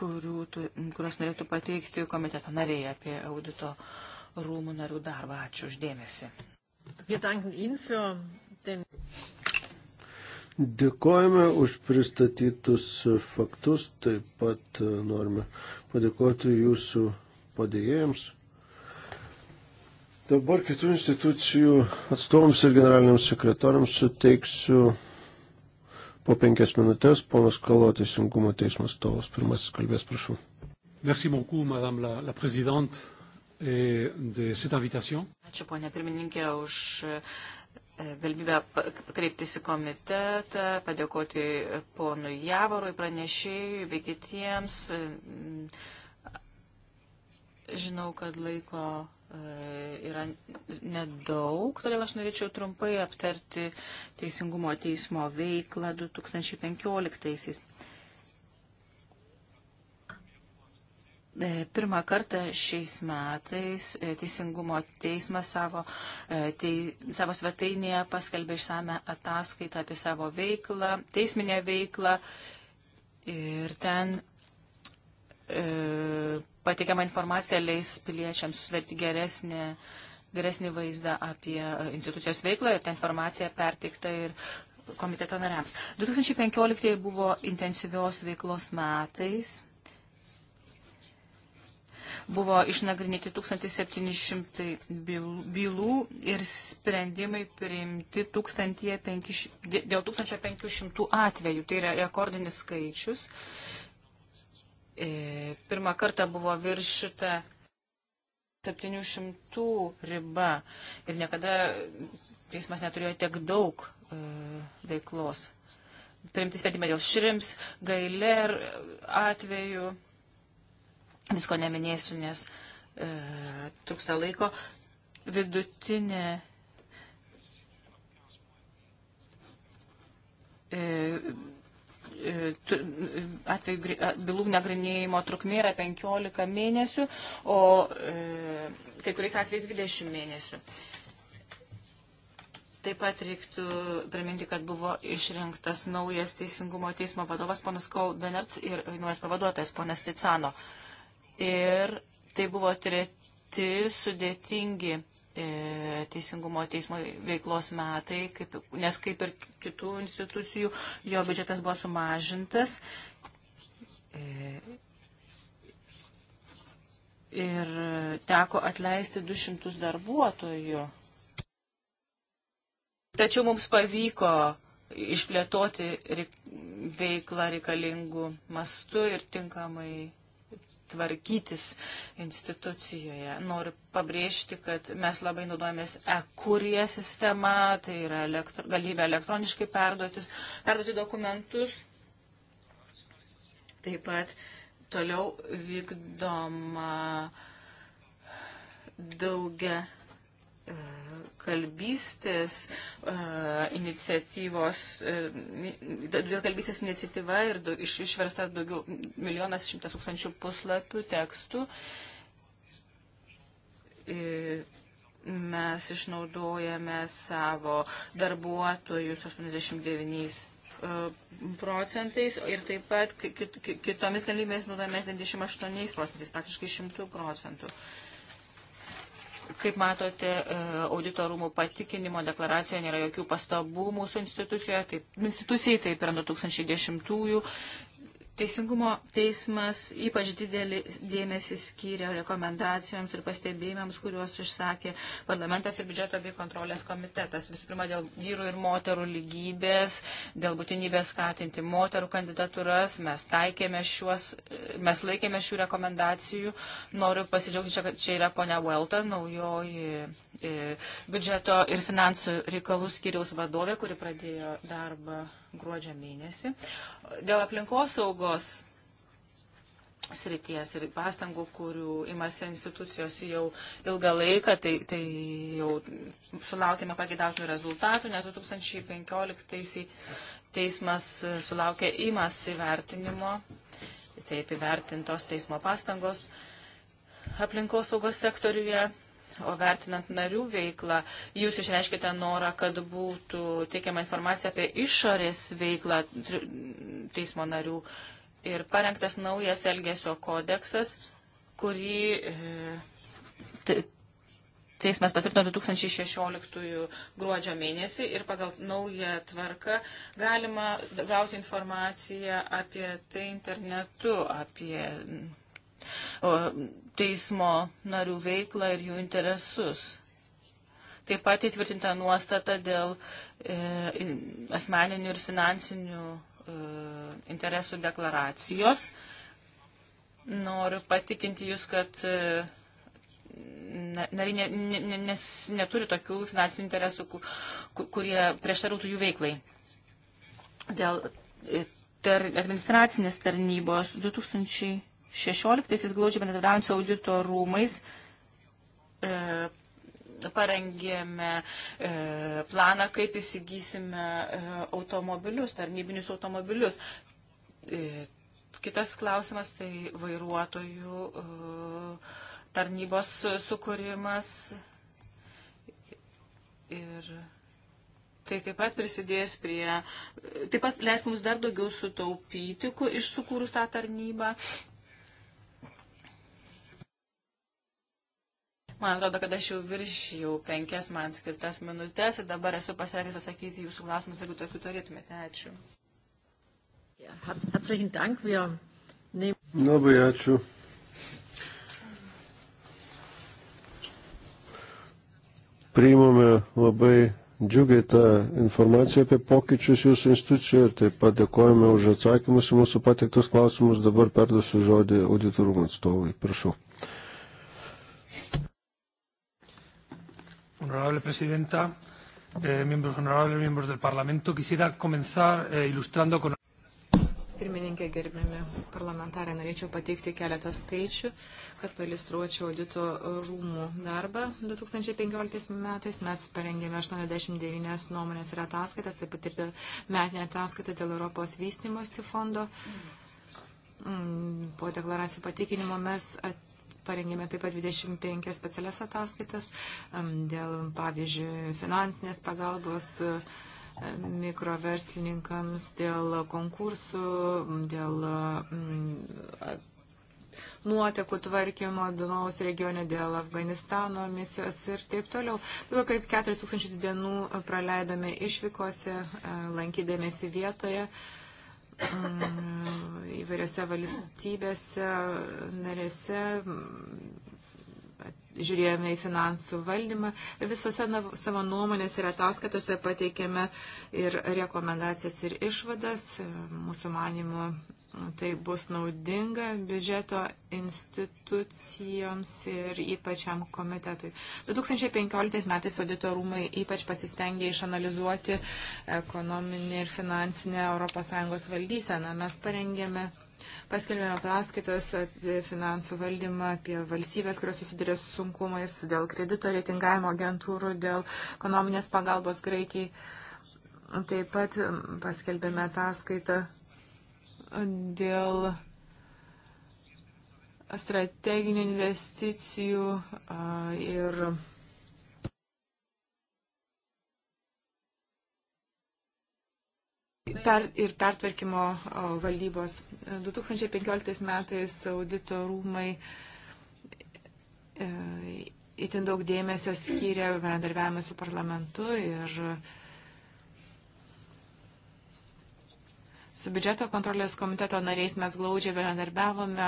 kurių, kurios norėtų pateikti komiteto nariai apie audito rūmų narių darbą. Ačiū uždėmesi. Wir danken Ihnen für den Dėkojame už pristatytus faktus, taip pat norime padėkoti jūsų padėjėjams. Dabar kitų institucijų atstovams ir generaliniams sekretoriams suteiksiu po penkias minutės. Ponas Kalo teisingumo teismo atstovas pirmasis kalbės, prašau. Merci beaucoup, madame la, la présidente, eh, de cette invitation. Ačiū, ponia pirmininkė, už uh, E, galimybę kreiptis į komitetą, padėkoti ponui Javorui, pranešėjui, bei kitiems. E, žinau, kad laiko e, yra nedaug, todėl aš norėčiau trumpai aptarti Teisingumo teismo veiklą 2015. -aisiais. E, pirmą kartą šiais metais e, Teisingumo teismas savo, e, tei, savo svetainėje paskelbė išsame ataskaitą apie savo veiklą, teisminę veiklą ir ten e, pateikiama informacija leis piliečiams susidaryti geresnį, geresnį vaizdą apie institucijos veiklą ir ta informacija pertikta ir komiteto nariams. 2015 buvo intensyvios veiklos metais Buvo išnagrinėti 1700 bylų ir sprendimai priimti 1500, dėl 1500 atvejų. Tai yra rekordinis skaičius. E, pirmą kartą buvo viršita 700 riba ir niekada teismas neturėjo tiek daug e, veiklos. Primti sprendimą dėl šrims, gailer atveju visko neminėsiu, nes e, trūksta laiko, vidutinė e, e atveju bylų nagrinėjimo trukmė yra 15 mėnesių, o e, kai kuriais atvejais 20 mėnesių. Taip pat reiktų priminti, kad buvo išrinktas naujas Teisingumo teismo vadovas ponas Kolbenerts ir naujas pavaduotojas ponas Ticano. E, ir tai buvo treti sudėtingi e, Teisingumo teismo veiklos metai, kaip, nes kaip ir kitų institucijų, jo biudžetas buvo sumažintas. E, ir teko atleisti 200 darbuotojų. Tačiau mums pavyko išplėtoti veiklą reikalingų mastų ir tinkamai tvarkytis institucijoje. Noriu pabrėžti, kad mes labai naudojamės e-kurija sistema, tai yra elektro, galimybė elektroniškai perduotis, perduoti dokumentus. Taip pat toliau vykdoma daugia E, kalbystės e, iniciatyvos, e, kalbystės iniciatyva ir iš, išversta daugiau milijonas šimtas tūkstančių puslapių tekstų. Ir mes išnaudojame savo darbuotojus 89 procentais ir taip pat kitomis galimybėmis naudojame 98 procentais, praktiškai 100 procentų. Uh, Kaip matote, e, auditorumų patikinimo deklaracijoje nėra jokių pastabų mūsų institucijoje, taip, institucijai, taip yra 2010-ųjų Teisingumo teismas ypač didelį dėmesį skyrė rekomendacijoms ir pastebėjimams, kuriuos išsakė parlamentas ir biudžeto bei kontrolės komitetas. Visų pirma, dėl vyrų ir moterų lygybės, dėl būtinybės skatinti moterų kandidatūras, mes taikėme šiuos, mes laikėme šių rekomendacijų. Noriu pasidžiaugti, kad čia yra ponia Welta, naujoji e, biudžeto ir finansų reikalų skiriaus vadovė, kuri pradėjo darbą gruodžio mėnesį. Dėl aplinkosaugos srities ir pastangų, kurių imasi institucijos jau ilgą laiką, tai, tai jau sulaukime pagidautų rezultatų, nes 2015 teismas sulaukė imas įvertinimo, taip įvertintos teismo pastangos aplinkosaugos sektoriuje O vertinant narių veiklą, jūs išreiškite norą, kad būtų teikiama informacija apie išorės veiklą teismo narių ir parengtas naujas elgesio kodeksas, kurį e, teismas patvirtino 2016 gruodžio mėnesį ir pagal naują tvarką galima gauti informaciją apie tai internetu, apie teismo narių veiklą ir jų interesus. Taip pat įtvirtinta nuostata dėl e, asmeninių ir finansinių e, interesų deklaracijos. Noriu patikinti Jūs, kad e, nariai ne, ne, ne, nes, neturi tokių finansinių interesų, kurie prieštarautų jų veiklai. Dėl e, tar, administracinės tarnybos 2000 16 glaudžiai bendradarbiaujant su audito rūmais e, parengėme e, planą, kaip įsigysime e, automobilius, tarnybinius automobilius. E, kitas klausimas tai vairuotojų e, tarnybos sukūrimas. Ir tai taip pat prisidės prie, taip pat leis mums dar daugiau sutaupyti, iš sukūrus tą tarnybą. Man atrodo, kad aš jau viršijau penkias man skirtas minutės ir dabar esu pasirengęs atsakyti jūsų klausimus, jeigu tokių turėtumėte. Ačiū. Labai ačiū. Priimame labai džiugiai tą informaciją apie pokyčius jūsų institucijoje ir taip pat dėkojame už atsakymus į mūsų pateiktus klausimus. Dabar perduosiu žodį auditorumų atstovui. Prašau. Honorable Presidenta, eh, miembros honorables, miembros del Parlamento, quisiera comenzar eh, ilustrando con. Pirmininkė, gerbiami parlamentarė, norėčiau pateikti keletą skaičių, kad pailustruočiau audito rūmų darbą. 2015 metais mes parengėme 89 nuomonės ir ataskaitas, taip pat ir metinę ataskaitą dėl Europos vystimosi fondo. Mm, po deklaracijų patikinimo mes at parengėme taip pat 25 specialias ataskaitas dėl, pavyzdžiui, finansinės pagalbos mikroverslininkams, dėl konkursų, dėl mm, nuotekų tvarkymo Dunaus regione dėl Afganistano misijos ir taip toliau. Daugiau kaip 4000 dienų praleidome išvykose, lankydėmėsi vietoje įvairiose valstybėse narėse žiūrėjome į finansų valdymą ir visose savo nuomonės ir ataskaitose pateikėme ir rekomendacijas ir išvadas. Mūsų manimo Tai bus naudinga biudžeto institucijoms ir ypač šiam komitetui. 2015 metais audito rūmai ypač pasistengė išanalizuoti ekonominį ir finansinę ES valdyseną. Mes parengėme. Paskelbėme ataskaitas apie finansų valdymą, apie valstybės, kurios susidurė su sunkumais dėl kredito reitingavimo agentūrų, dėl ekonominės pagalbos Graikijai. Taip pat paskelbėme ataskaitą dėl strateginių investicijų ir Per, ir pertvarkymo valdybos. 2015 metais audito rūmai e, itin daug dėmesio skyrė bendradarbiavimui su parlamentu ir uh, Su biudžeto kontrolės komiteto nariais mes glaudžiai bendarbiavome,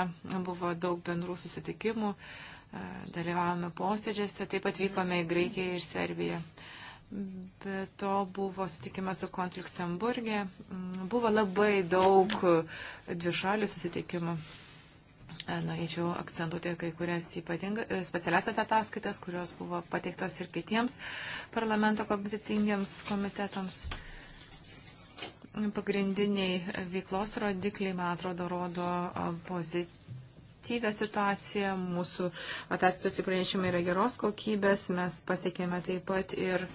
buvo daug bendrų susitikimų, e, dalyvavome posėdžiuose, taip pat vykome į Graikiją ir Serbiją. Be to buvo susitikimas su kont Luxemburgė. Mm, buvo labai daug dvišalių susitikimų. E, norėčiau akcentuoti kai kurias ypatingas e, specialiasias ataskaitas, kurios buvo pateiktos ir kitiems parlamento kompetentingiams komitetams. Pagrindiniai veiklos rodikliai, man atrodo, rodo pozityvę situaciją. Mūsų ataskaitos įpranešimai yra geros kokybės. Mes pasiekėme taip pat ir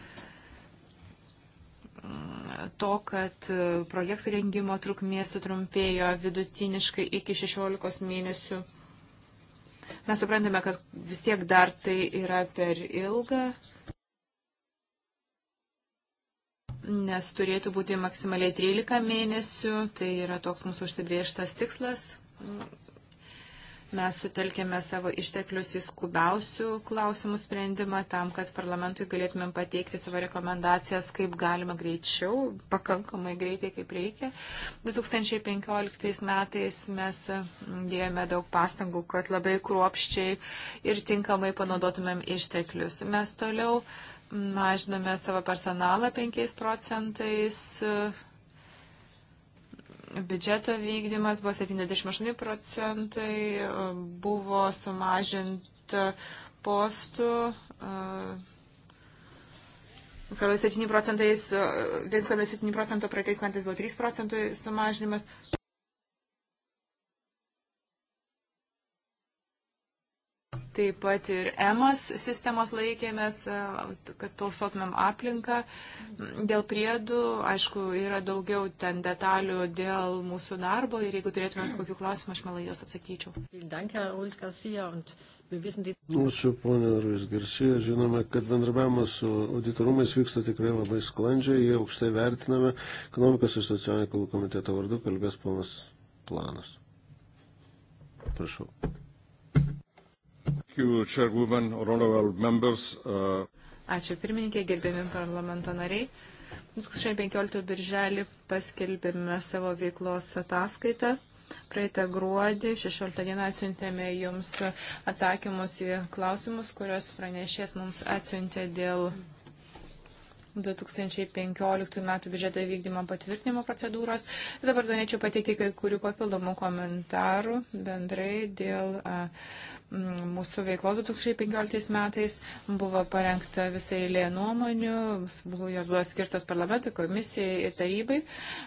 mm, to, kad projektų rengimo trukmė sutrumpėjo vidutiniškai iki 16 mėnesių. Mes suprantame, kad vis tiek dar tai yra per ilga, nes turėtų būti maksimaliai 13 mėnesių, tai yra toks mūsų užsibrieštas tikslas. Mes sutelkėme savo išteklius į skubiausių klausimų sprendimą tam, kad parlamentui galėtumėm pateikti savo rekomendacijas, kaip galima greičiau, pakankamai greitai, kaip reikia. 2015 metais mes dėjome daug pastangų, kad labai kruopščiai ir tinkamai panaudotumėm išteklius. Mes toliau uh, mažiname savo personalą 5 procentais, biudžeto vykdymas buvo 78 procentai, buvo sumažinta postų. Skalai 7 procentais, 1,7 procento praeitais metais buvo 3 procentai sumažinimas. taip pat ir EMAS sistemos laikėmės, e, kad tausotumėm aplinką. Dėl priedų, aišku, yra daugiau ten detalių dėl mūsų darbo ir jeigu turėtumėt kokių klausimų, aš melai jos atsakyčiau. Ačiū, ponė Ruiz Garsija. Žinome, kad bendrabiavimas su auditorumais vyksta tikrai labai sklandžiai, jie aukštai vertiname. Ekonomikos ir socialinių reikalų komiteto vardu kalbės ponas Planas. Prašau you, Chairwoman, honorable members. Uh... Ačiū pirmininkė, gerbiami parlamento nariai. 2015 birželį paskelbėme savo veiklos ataskaitą. Praeitą gruodį 16 dieną atsiuntėme jums atsakymus į klausimus, kurios pranešės mums atsiuntė dėl 2015 m. biudžeto vykdymo patvirtinimo procedūros. Dabar norėčiau pateikti kai kurių papildomų komentarų bendrai dėl mūsų veiklos 2015 metais. Buvo parengta visai lė nuomonių, jos buvo skirtos parlamentui, komisijai ir tarybai,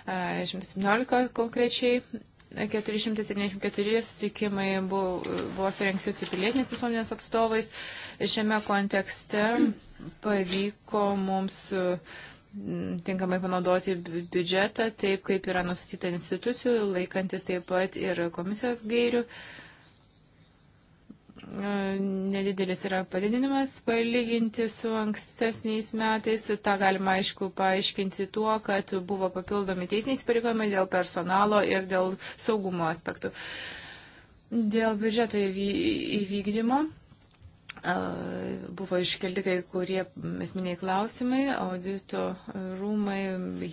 117 konkrečiai. 474 sutikimai buvo, buvo surinkti su pilietinės visuomenės atstovais. Šiame kontekste pavyko mums tinkamai panaudoti biudžetą, taip kaip yra nustatyta institucijų, laikantis taip pat ir komisijos gairių. Uh, E, nedidelis yra padidinimas palyginti su ankstesniais metais. Ta galima, aišku, paaiškinti tuo, kad buvo papildomi teisiniai įsipareigojimai dėl personalo ir dėl saugumo aspektų. Dėl biudžeto įvykdymo buvo iškelti kai kurie esminiai klausimai, audito rūmai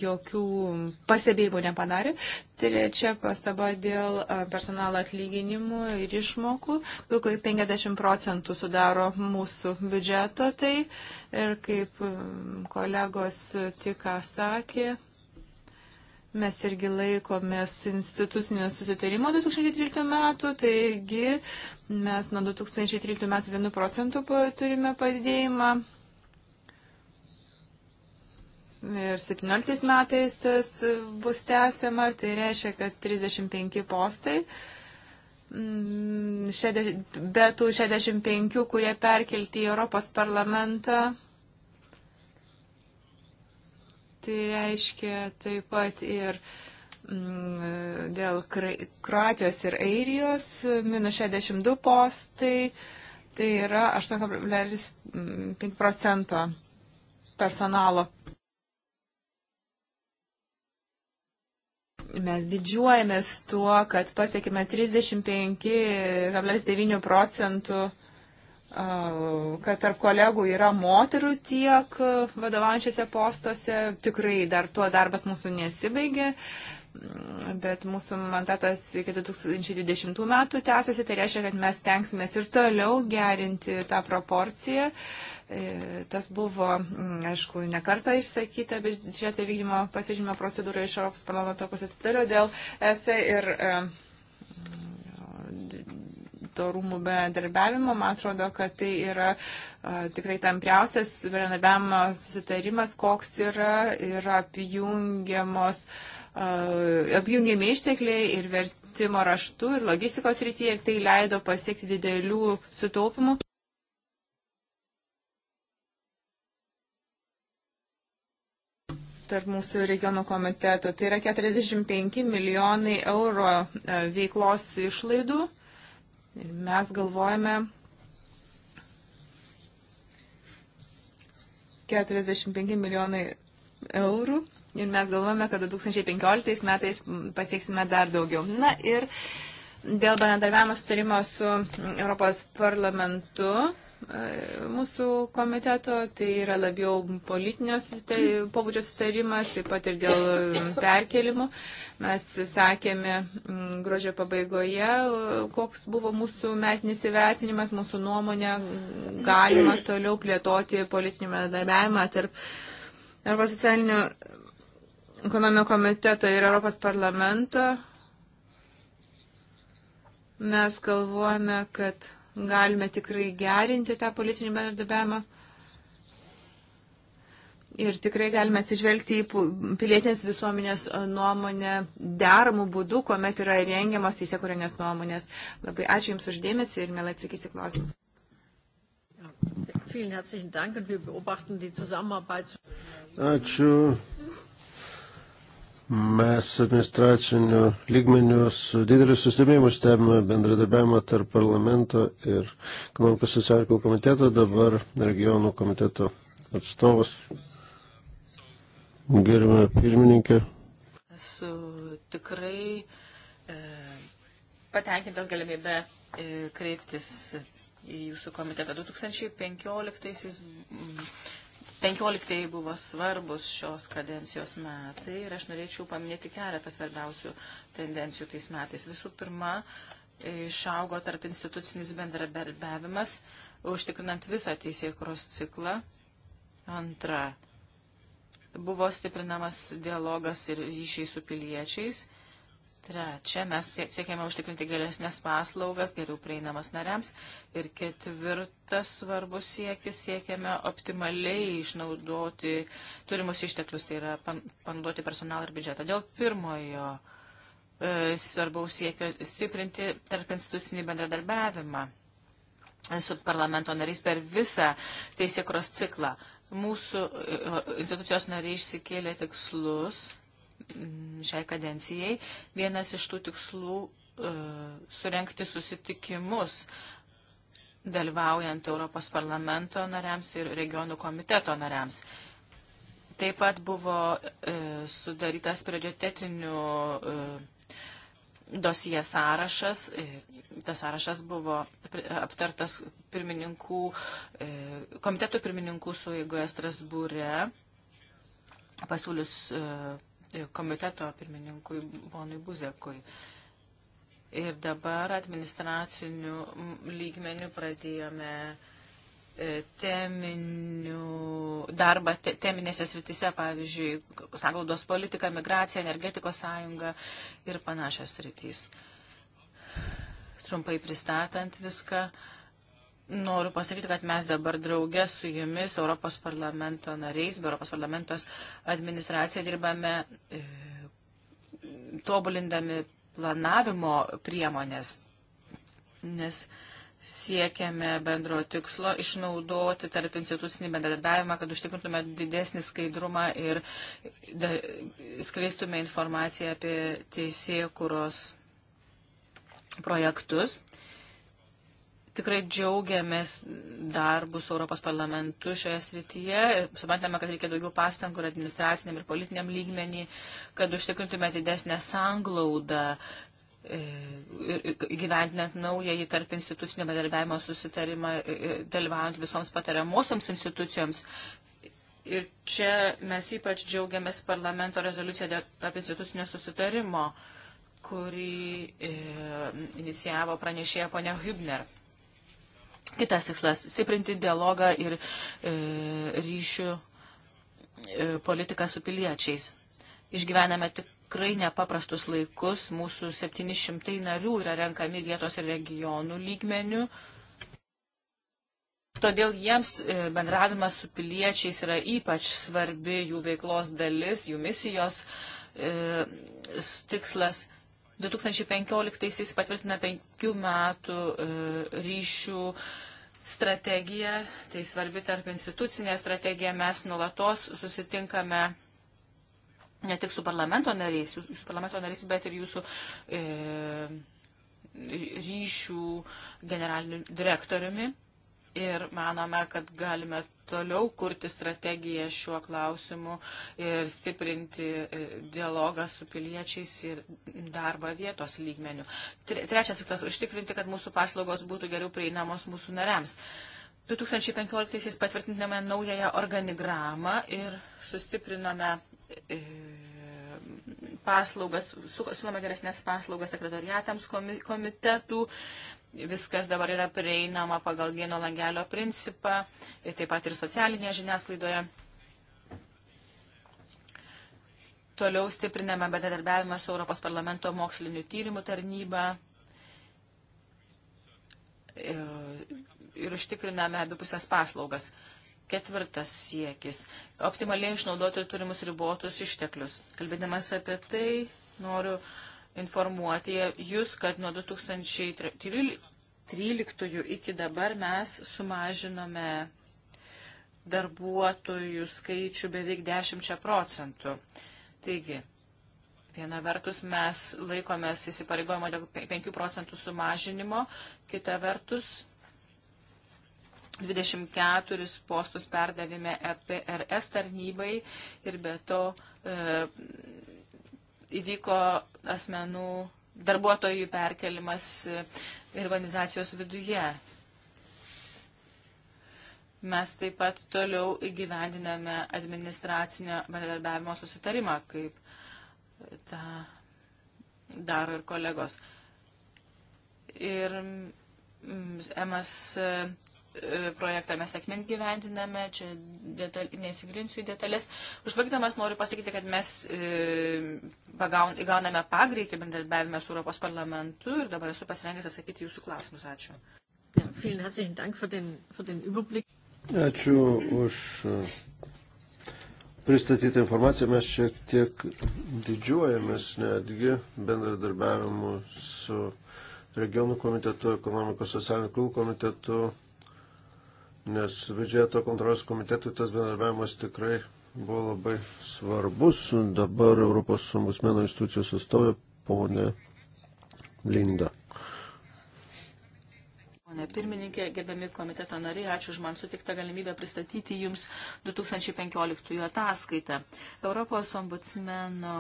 jokių pasėbėjimų nepadarė. Trečia pastaba dėl personalo atlyginimų ir išmokų, kai 50 procentų sudaro mūsų biudžeto tai ir kaip kolegos tik sakė, mes irgi laikomės institucinio susitarimo 2013 metų, taigi mes nuo 2013 metų 1 procentų turime padidėjimą. Ir 17 metais tas bus tęsiama, tai reiškia, kad 35 postai. Mm, Bet tų 65, kurie perkelti į Europos parlamentą, tai reiškia taip pat ir mm, dėl Kroatijos ir Airijos minus 62 postai, tai yra 8,5 mm, procento personalo. Mes didžiuojamės tuo, kad pasiekime 35,9 procentų uh, kad tarp kolegų yra moterų tiek vadovaujančiose postuose. Tikrai dar tuo darbas mūsų nesibaigė, bet mūsų mandatas iki 2020 metų tęsiasi, tai reiškia, kad mes tenksimės ir toliau gerinti tą proporciją. E, tas buvo, mm, aišku, nekarta išsakyta biudžeto vykdymo patvirtinimo procedūra iš Europos parlamento pusės toliau dėl ESE ir e, audito rūmų bendarbiavimo. Man atrodo, kad tai yra tikrai tampriausias bendarbiavimo susitarimas, koks yra, yra apjungiamos apjungiami ištekliai ir vertimo raštu ir logistikos rytyje ir tai leido pasiekti didelių sutaupimų. tarp mūsų regionų komitetų. Tai yra 45 milijonai euro veiklos išlaidų Ir mes galvojame 45 milijonai eurų. Ir mes galvojame, kad 2015 metais pasieksime dar daugiau. Na ir dėl bendradarbiavimo sutarimo su Europos parlamentu mūsų komiteto, tai yra labiau politinio pobūdžio sutarimas, taip pat ir dėl perkelimo. Mes sakėme gruodžio pabaigoje, koks buvo mūsų metinis įvertinimas, mūsų nuomonė, galima toliau plėtoti politinį bendradarbiavimą tarp arba socialinio ekonominio komiteto ir Europos parlamento. Mes galvojame, kad galime tikrai gerinti tą politinį bendradarbiavimą. Ir tikrai galime atsižvelgti į pilietinės visuomenės e, nuomonę deramų būdų, kuomet yra rengiamas teisėkurinės nuomonės. Labai ačiū Jums uždėmesi ir mielai atsakysiu klausimus. Ačiū. Mes administracinių lygmenių su dideliu susidomėjimu stebime bendradarbiavimą tarp parlamento ir ekonomikos socialinių komiteto, dabar regionų komiteto atstovas. Gerbime pirmininkė. Esu tikrai e, patenkintas galimybę e, kreiptis į jūsų komitetą. 2015 m, 15 buvo svarbus šios kadencijos metai ir aš norėčiau paminėti keletą svarbiausių tendencijų tais metais. Visų pirma, išaugo tarp institucinis bendradarbiavimas, užtikrinant visą teisėkuros ciklą. Antra, buvo stiprinamas dialogas ir ryšiai su piliečiais. Trečia, mes siekiame užtikrinti geresnės paslaugas, geriau prieinamas nariams. Ir ketvirtas svarbus siekis, siekiame optimaliai išnaudoti turimus išteklius, tai yra panaudoti personalą ir biudžetą. Dėl pirmojo e, svarbaus siekio stiprinti tarp institucinį bendradarbiavimą e, su parlamento nariais per visą teisėkros ciklą. Mūsų e, institucijos nariai išsikėlė tikslus Mm, šiai kadencijai. Vienas iš tų tikslų e, surenkti susitikimus, dalyvaujant Europos parlamento nariams ir regionų komiteto nariams. Taip pat buvo e, sudarytas prioritetinių e, dosije sąrašas. E, tas sąrašas buvo aptartas pirmininkų, e, komitetų pirmininkų sueigoje Strasbūre, pasiūlius e, komiteto pirmininkui Bonui Buzekui. Ir dabar administracinių lygmenių pradėjome e, teminių darbą te, teminėse sritise, pavyzdžiui, sanglaudos politika, migracija, energetikos sąjunga ir panašios sritys. Trumpai pristatant viską, uh, Noriu pasakyti, kad mes dabar draugė su jumis, Europos parlamento nariais, Europos parlamentos administracija dirbame e, tobulindami planavimo priemonės, nes siekiame bendro tikslo išnaudoti tarp institucinį bendradarbiavimą, kad užtikrintume didesnį skaidrumą ir da, skleistume informaciją apie teisėkuros projektus. E, tikrai džiaugiamės darbus Europos parlamentu šioje srityje. Suprantame, kad reikia daugiau pastangų ir administraciniam, ir politiniam lygmenį, kad užtikrintume didesnę sanglaudą e, gyventinant naująjį tarp institucinio bedarbiavimo susitarimą, e, e, dalyvaujant visoms patariamosioms institucijoms. Ir čia mes ypač džiaugiamės parlamento rezoliuciją dėl tarp institucinio susitarimo, kurį e, inicijavo pranešėja ponia Hübner. Kitas tikslas - stiprinti dialogą ir e, ryšių e, politiką su piliečiais. Išgyvename tikrai nepaprastus laikus, mūsų 700 narių yra renkami vietos ir regionų lygmenių. Todėl jiems e, bendravimas su piliečiais yra ypač svarbi jų veiklos dalis, jų misijos e, tikslas. 2015 patvirtina penkių metų e, ryšių strategija, tai svarbi tarp institucinė strategija, mes nulatos susitinkame ne tik su parlamento nariais, jūsų, jūsų parlamento nariais, bet ir jūsų e, ryšių generaliniu direktoriumi ir manome, kad galime toliau kurti strategiją šiuo klausimu ir stiprinti e, dialogą su piliečiais ir darbą vietos lygmenių. Trečias tikslas - užtikrinti, kad mūsų paslaugos būtų geriau prieinamos mūsų nariams. 2015-aisiais patvirtiname naująją organigramą ir sustiprinome e, paslaugas, siūlome geresnės paslaugas sekretariatams komitetų, viskas dabar yra prieinama pagal vieno langelio principą, taip pat ir socialinėje žiniasklaidoje. Toliau stipriname bendradarbiavimą su Europos parlamento mokslinių tyrimų tarnyba ir, ir užtikriname abipusės paslaugas. Ketvirtas siekis - optimaliai išnaudoti turimus ribotus išteklius. Kalbėdamas apie tai, noriu uh, informuoti jūs, kad nuo 2013 iki dabar mes sumažinome darbuotojų skaičių beveik 10 procentų. Taigi, viena vertus mes laikomės įsipareigojimo dėl 5 procentų sumažinimo, kita vertus 24 postus perdavėme EPRS tarnybai ir be to e, įvyko asmenų darbuotojų perkelimas organizacijos viduje. Mes taip pat toliau įgyvendiname administracinio bendradarbiavimo susitarimą, kaip tą daro ir kolegos. Ir mm, emas. Mm, E, projektą mes sėkmint gyventiname, čia detal, neįsigrinsiu į detalės. Užbaigdamas noriu pasakyti, kad mes e, pagaun, įgauname pagreitį bendarbiavime su Europos parlamentu ir dabar esu pasirengęs atsakyti jūsų klausimus. Ačiū. Ačiū už e, pristatytą informaciją. Mes šiek tiek didžiuojamės netgi bendradarbiavimu su regionų komitetu, ekonomikos socialinių kulų komitetu nes biudžeto kontrolės komitetui tas bendradarbiavimas tikrai buvo labai svarbus. Dabar Europos ombudsmeno institucijos atstovė ponė Linda. Pone pirmininkė, gerbiami komiteto nariai, ačiū už man sutiktą galimybę pristatyti Jums 2015 ataskaitą. Europos ombudsmeno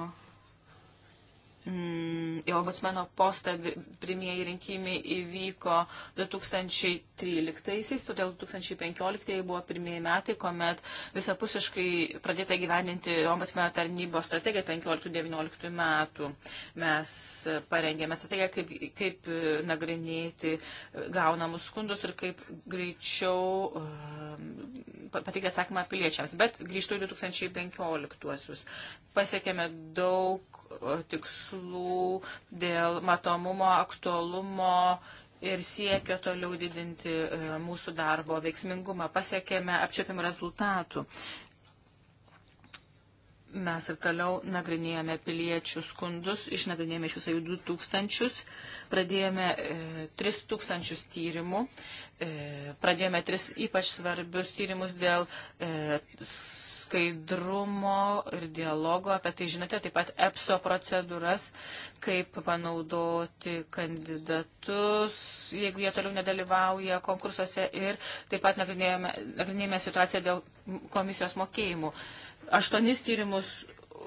į mm, ombudsmeno postą pirmieji rinkimai įvyko 2013-aisiais, todėl 2015-ieji buvo pirmieji metai, kuomet visapusiškai pradėta gyveninti ombudsmeno tarnybos strategiją 15-19 metų. Mes parengėme strategiją, kaip, kaip e, nagrinėti e, gaunamus skundus ir kaip greičiau e, pateikti atsakymą piliečiams. Bet grįžtu į 2015-uosius. Pasiekėme daug tikslų tikslų, dėl matomumo, aktualumo ir siekio toliau didinti e, mūsų darbo veiksmingumą. Pasiekėme apčiopimų rezultatų. Mes ir toliau nagrinėjame piliečių skundus, išnagrinėjome iš viso jų 2000, pradėjome 3000 e, tyrimų, E, pradėjome tris ypač svarbius tyrimus dėl e, skaidrumo ir dialogo, apie tai žinote, taip pat EPSO procedūras, kaip panaudoti kandidatus, jeigu jie toliau nedalyvauja konkursuose ir taip pat nagrinėjame, nagrinėjame situaciją dėl komisijos mokėjimų. Aštuonis tyrimus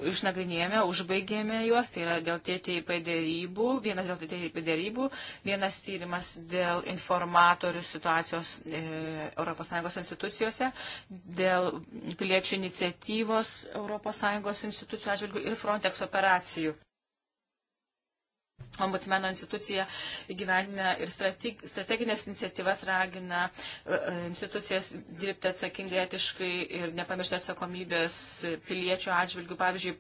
išnagrinėjome, užbaigėme juos, tai yra dėl TTIP dėrybų, vienas dėl TTIP dėrybų, vienas tyrimas dėl informatorių situacijos e, ES institucijose, dėl piliečių iniciatyvos ES institucijų atžvilgių ir Frontex operacijų ombudsmeno institucija įgyvendina ir strateginės iniciatyvas ragina e, e, institucijas dirbti atsakingai, etiškai ir nepamiršti atsakomybės piliečių atžvilgių. Pavyzdžiui,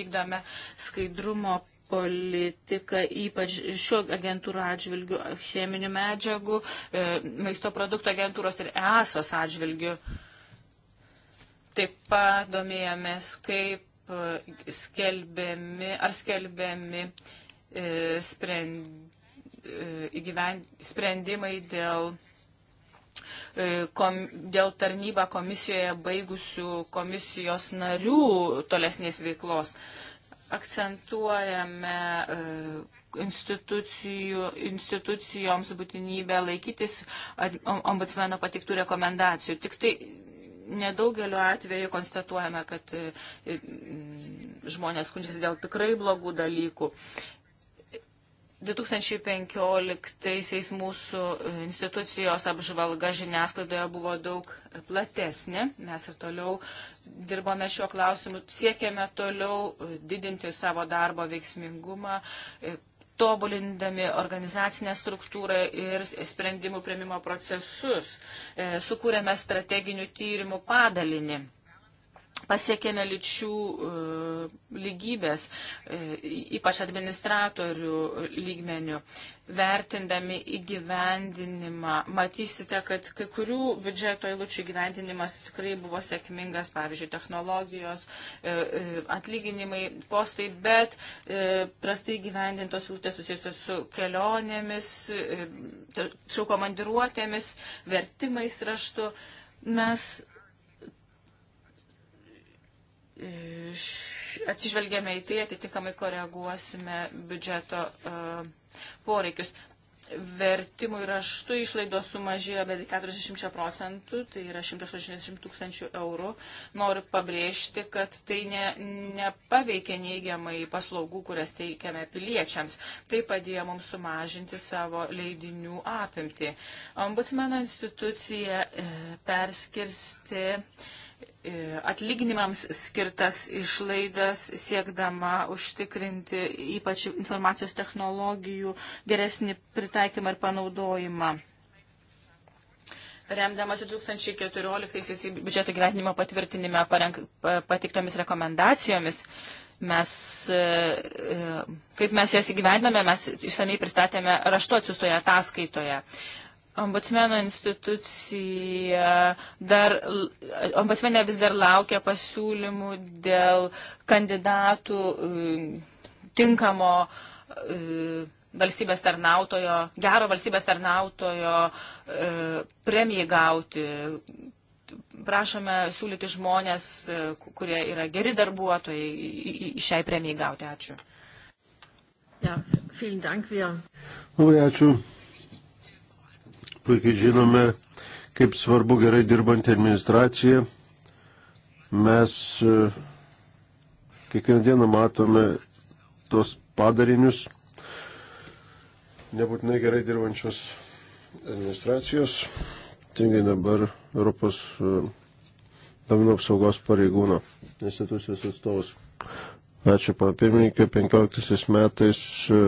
vykdome skaidrumo politiką, ypač šio agentūrų atžvilgių, cheminių medžiagų, e, maisto produktų agentūros ir ESOS atžvilgių. Taip pat domėjomės, kaip skelbiami ar skelbiami uh, E, e, sprendimai dėl, e, kom, dėl tarnybą komisijoje baigusių komisijos narių tolesnės veiklos. Akcentuojame institucijoms būtinybę laikytis ombudsmeno patiktų rekomendacijų. Tik tai nedaugeliu atveju konstatuojame, kad žmonės skundžiasi dėl tikrai blogų dalykų. 2015 mūsų institucijos apžvalga žiniasklaidoje buvo daug platesnė. Mes ir toliau dirbome šiuo klausimu, siekėme toliau didinti savo darbo veiksmingumą, tobulindami organizacinę struktūrą ir sprendimų prieimimo procesus. E, sukūrėme strateginių tyrimų padalinį pasiekėme lyčių e, lygybės, e, ypač administratorių lygmenių. Vertindami įgyvendinimą, matysite, kad kai kurių biudžeto eilučių įgyvendinimas tikrai buvo sėkmingas, pavyzdžiui, technologijos, e, atlyginimai, postai, bet prastai įgyvendintos eilutės susijusios su kelionėmis, su komandiruotėmis, vertimais raštu. Mes atsižvelgėme į tai, atitinkamai koreguosime biudžeto uh, poreikius. Vertimų ir raštų išlaidos sumažėjo beveik 40 procentų, tai yra 180 tūkstančių eurų. Noriu pabrėžti, kad tai ne, nepaveikia neigiamai paslaugų, kurias teikiame piliečiams. Tai padėjo mums sumažinti savo leidinių apimtį. Ombudsmeno institucija e, perskirsti. E, E, atlyginimams skirtas išlaidas siekdama užtikrinti ypač informacijos technologijų geresnį pritaikymą ir panaudojimą. Remdamas 2014 biudžeto gyvenimo patvirtinime parenk, patiktomis rekomendacijomis, mes, e, e, kaip mes jas įgyvendome, mes išsamei pristatėme raštu atsiustoje ataskaitoje. Ombudsmeno institucija dar, ombudsmenė vis dar laukia pasiūlymų dėl kandidatų e, tinkamo e, valstybės tarnautojo, gero valstybės tarnautojo e, premijai gauti. Prašome siūlyti žmonės, kurie yra geri darbuotojai, šiai premijai gauti. Ačiū. Ja, vielen Dank, wir. Labai ačiū puikiai žinome, kaip svarbu gerai dirbantį administraciją. Mes e, kiekvieną dieną matome tos padarinius nebūtinai gerai dirbančios administracijos. Tingai dabar Europos e, domino apsaugos pareigūno institucijos atstovas. Ačiū, papirmininkė, 15 metais e,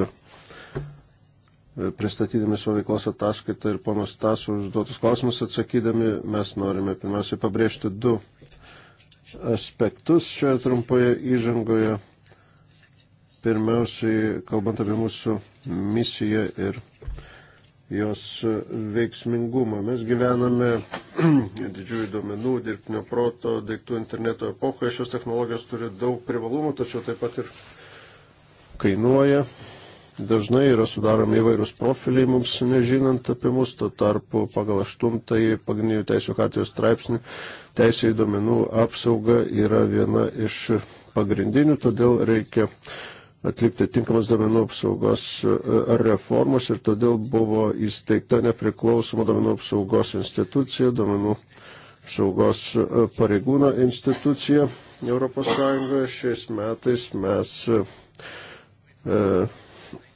pristatydami savo veiklos ataskaitą ir ponos Tas užduotus klausimus atsakydami, mes norime pirmiausiai pabrėžti du aspektus šioje trumpoje įžangoje. Pirmiausiai, kalbant apie mūsų misiją ir jos veiksmingumą. Mes gyvename didžiųjų duomenų, dirbtinio proto, daiktų interneto epochoje. Šios technologijos turi daug privalumų, tačiau taip pat ir kainuoja. Dažnai yra sudaromi įvairūs profiliai mums nežinant apie mus, tuo tarpu pagal aštuntąjį pagrindinių teisų kartijos straipsnį teisė į domenų apsaugą yra viena iš pagrindinių, todėl reikia atlikti tinkamas domenų apsaugos e, reformos ir todėl buvo įsteigta nepriklausoma domenų apsaugos institucija, domenų apsaugos e, pareigūno institucija Europos Sąjungoje. Šiais metais mes e,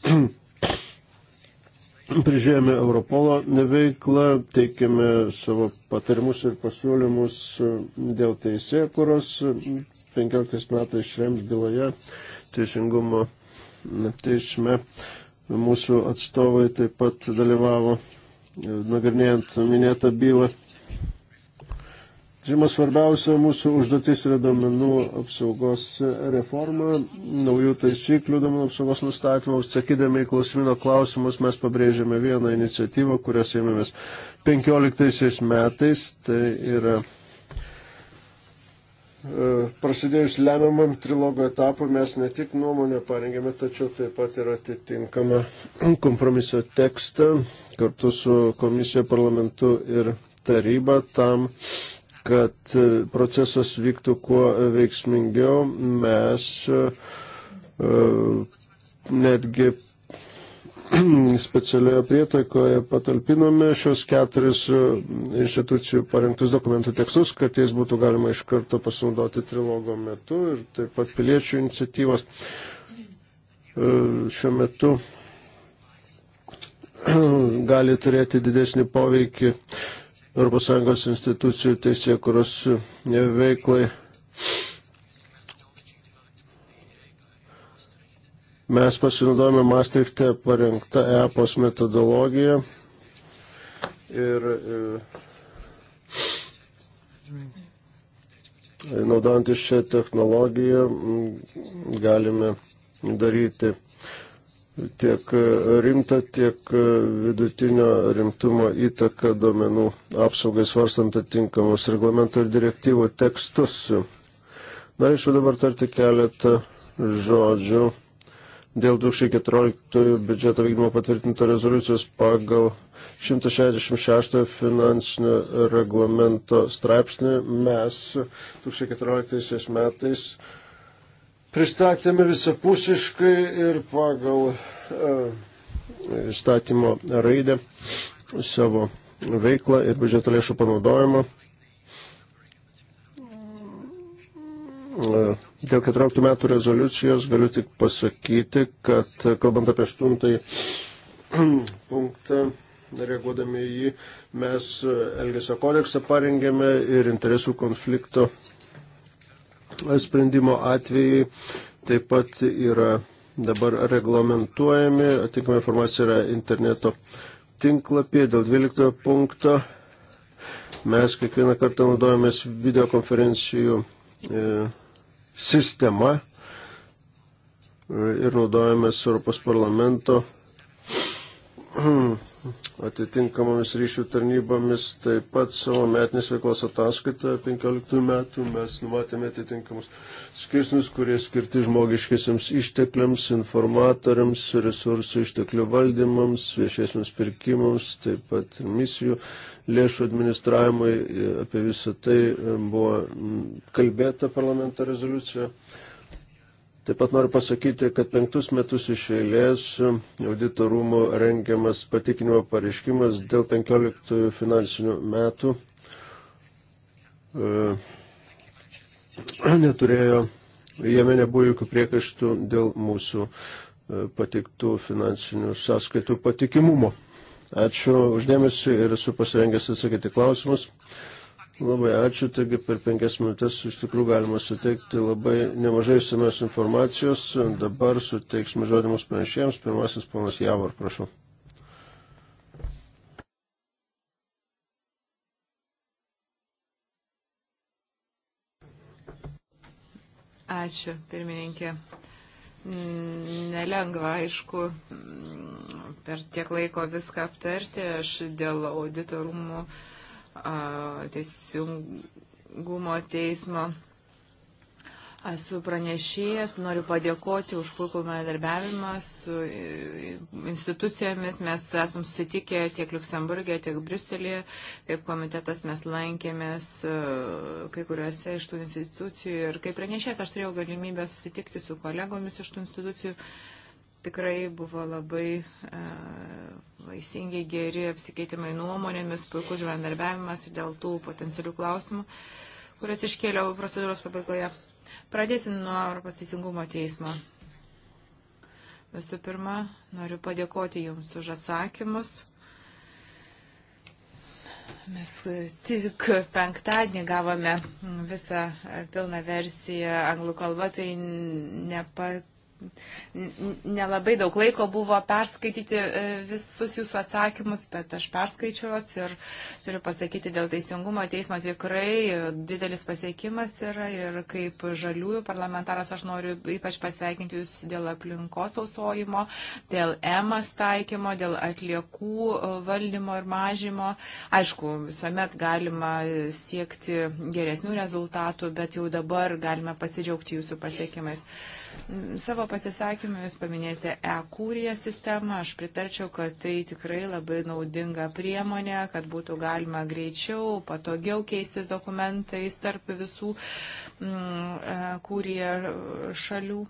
Prižiūrėjome Europolo veiklą, teikėme savo patarimus ir pasiūlymus dėl teisėkuros. 15 metais Šrems byloje teisingumo teisme mūsų atstovai taip pat dalyvavo nagrinėjant minėtą bylą. Žinoma, svarbiausia mūsų užduotis yra domenų apsaugos reforma, naujų taisyklių domenų apsaugos nustatymo. Atsakydami į klausimino klausimus mes pabrėžėme vieną iniciatyvą, kurios ėmėmės 15 metais. Tai yra e, prasidėjus lemiamam trilogo etapui mes ne tik nuomonę parengėme, tačiau taip pat ir atitinkamą kompromiso tekstą kartu su komisija, parlamentu ir taryba tam kad e, procesas vyktų kuo veiksmingiau, mes e, e, netgi specialioje prietaikoje patalpinome šios keturis institucijų parengtus dokumentų tekstus, kad jais būtų galima iš karto pasinaudoti trilogo metu ir taip pat piliečių iniciatyvos šiuo metu gali turėti didesnį poveikį ES institucijų teisėkuros e, veiklai. Mes pasinaudojame Maastrichte parengtą EPOS metodologiją ir e, naudojant iš šią technologiją galime daryti tiek e, rimtą, tiek e, vidutinio rimtumo įtaką duomenų apsaugai svarstant atitinkamus reglamento ir direktyvų tekstus. Norėčiau dabar tarti keletą žodžių dėl 2014 biudžeto vykdymo patvirtinto rezoliucijos pagal 166 finansinio reglamento straipsnį mes 2014 metais pristatėme visapusiškai ir pagal e, įstatymo raidę savo veiklą ir biudžeto lėšų panaudojimą. E, dėl 14 metų rezoliucijos galiu tik pasakyti, kad kalbant apie 8 punktą, reaguodami į jį, mes e, Elgesio kodeksą parengėme ir interesų konflikto sprendimo atvejai taip pat yra dabar reglamentuojami, atitinkama informacija yra interneto tinklapyje dėl 12 punkto. Mes kiekvieną kartą naudojamės videokonferencijų e, sistema e, ir naudojamės Europos parlamento e, atitinkamomis ryšių tarnybomis. Taip pat savo metinės veiklos ataskaitoje 15 metų mes numatėme atitinkamus skirsnius, kurie skirti žmogiškiesiams ištekliams, informatoriams, resursų išteklių valdymams, viešiesiams pirkimams, taip pat misijų lėšų administravimui. Apie visą tai buvo kalbėta parlamento rezoliucijoje. Taip pat noriu pasakyti, kad penktus metus iš eilės auditorumų rengiamas patikinimo pareiškimas dėl 15 finansinių metų e, neturėjo, jame nebuvo jokių priekaištų dėl mūsų e, patiktų finansinių sąskaitų patikimumo. Ačiū uždėmesi ir esu pasirengęs atsakyti klausimus. Labai ačiū, taigi per penkias minutės iš tikrųjų galima suteikti labai nemažai senos informacijos. Dabar suteiksime žodimus pranešėjams. Pirmasis ponas Javor, prašau. Ačiū, pirmininkė. Mm, nelengva, aišku, mm, per tiek laiko viską aptarti. Aš dėl auditorumų. rūmų teisingumo teismo. Esu pranešėjas, noriu padėkoti už puikų bendarbiavimą su e, institucijomis. Mes esam susitikę tiek Luksemburgė, tiek Briuselėje. Kaip komitetas mes lankėmės e, kai kuriuose iš tų institucijų. Ir kaip pranešėjas aš turėjau galimybę susitikti su kolegomis iš tų institucijų. Uh, Tikrai buvo labai e, vaisingi, geri apsikeitimai nuomonėmis, puikus bendarbiavimas ir dėl tų potencialių klausimų, kurias iškėliau procedūros pabaigoje. Pradėsiu nuo Europos teisingumo teismo. Visų pirma, noriu padėkoti Jums už atsakymus. Mes tik penktadienį gavome visą pilną versiją anglų kalbą, tai nepat nelabai daug laiko buvo perskaityti e, visus jūsų atsakymus, bet aš perskaičiu juos ir turiu pasakyti dėl teisingumo teismo tikrai didelis pasiekimas yra ir kaip žaliųjų parlamentaras aš noriu ypač pasveikinti jūs dėl aplinkos tausojimo, dėl EMAS taikymo, dėl atliekų e, valdymo ir mažymo. Aišku, visuomet galima siekti geresnių rezultatų, bet jau dabar galime pasidžiaugti jūsų pasiekimais. Thank you. Savo pasisakymą jūs paminėjote e-kūrėje sistemą. Aš pritarčiau, kad tai tikrai labai naudinga priemonė, kad būtų galima greičiau, patogiau keistis dokumentais tarp visų mm, kūrėje šalių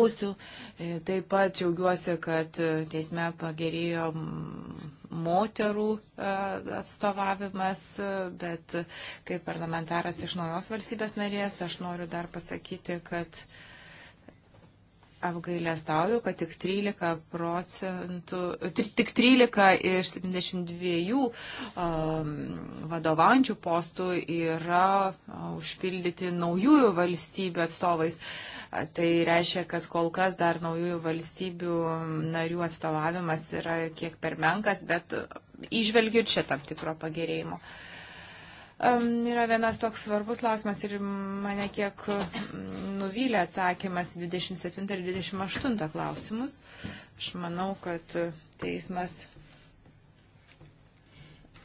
pusių. E, taip pat džiaugiuosi, kad teisme pagerėjo mm, moterų e, atstovavimas, bet kaip parlamentaras iš naujos valstybės narės, aš noriu dar pasakyti, kad uh, Apgailestauju, kad tik 13 procentų, tik 13 iš 72 um, vadovaujančių postų yra uh, užpildyti naujųjų valstybių atstovais. Tai reiškia, kad kol kas dar naujųjų valstybių narių atstovavimas yra kiek per menkas, bet išvelgiu uh, čia tam tikro pagerėjimo. Uh, yra vienas toks svarbus klausimas ir mane kiek mm, nuvylė atsakymas 27 ir 28 klausimus. Aš manau, kad teismas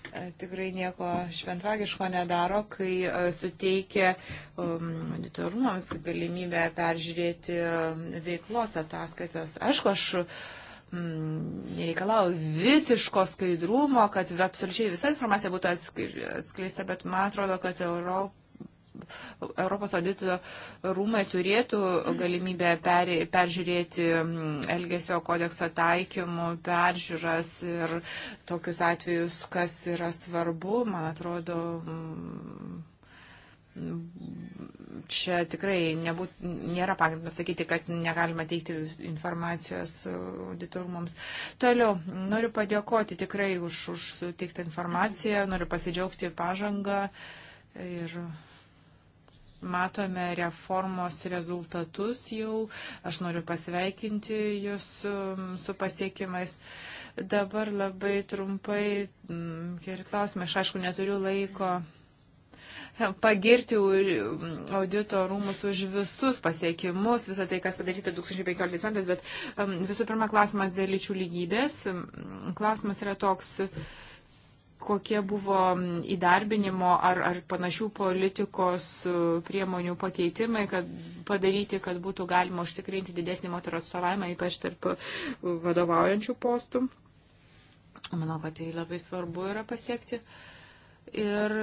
e, tikrai nieko šventvagiško nedaro, kai e, suteikia um, auditorumams galimybę peržiūrėti um, veiklos ataskaitas. Aišku, aš Mm, reikalauja visiško skaidrumo, kad absoliučiai visa informacija būtų atskleista, bet man atrodo, kad Europos. Europos audito rūmai turėtų galimybę per, peržiūrėti mm, Elgesio kodekso taikymų, peržiūras ir tokius atvejus, kas yra svarbu, man atrodo, mm, čia tikrai nebūt, nėra pagrindo sakyti, kad negalima teikti informacijos auditorumams. Toliau, noriu padėkoti tikrai už, už suteiktą informaciją, noriu pasidžiaugti pažangą ir matome reformos rezultatus jau. Aš noriu pasveikinti jūs su, mm, su pasiekimais. Dabar labai trumpai mm, ir klausimai, aš aišku neturiu laiko pagirti audito rūmus už visus pasiekimus, visą tai, kas padaryta 2015 metais, bet um, visų pirma klausimas dėl lyčių lygybės. Um, klausimas yra toks kokie buvo um, įdarbinimo ar, ar panašių politikos uh, priemonių pakeitimai, kad padaryti, kad būtų galima užtikrinti didesnį moterų atstovavimą, ypač tarp uh, vadovaujančių postų. Manau, kad tai labai svarbu yra pasiekti. Ir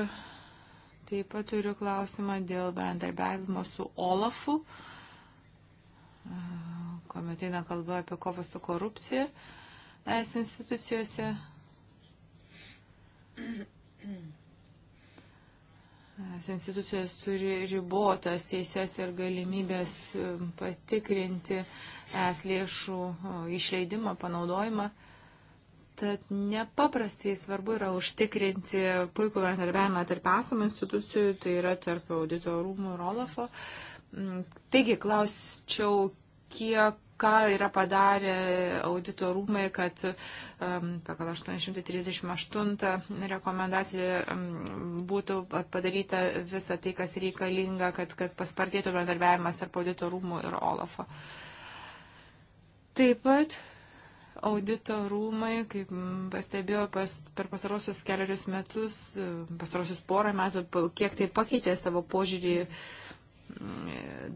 Taip pat turiu klausimą dėl bendarbiavimo su Olafu, kuomet eina kalba apie kovą su korupcija es institucijose. Es institucijos turi ribotas teises ir galimybės um, patikrinti es lėšų uh, išleidimą, panaudojimą. Tad nepaprastai svarbu yra užtikrinti puikų bendarbiavimą tarp esamų institucijų, tai yra tarp audito rūmų ir Olafo. Mm, taigi, klausčiau, kiek ką yra padarę audito rūmai, kad um, pagal 838 rekomendaciją um, būtų padaryta visa tai, kas reikalinga, kad, kad paspartėtų bendarbiavimas tarp audito rūmų ir Olafo. Taip pat audito rūmai, kaip pastebėjo pas, per pasarosius keliarius metus, pasarosius porą metų, kiek tai pakeitė savo požiūrį,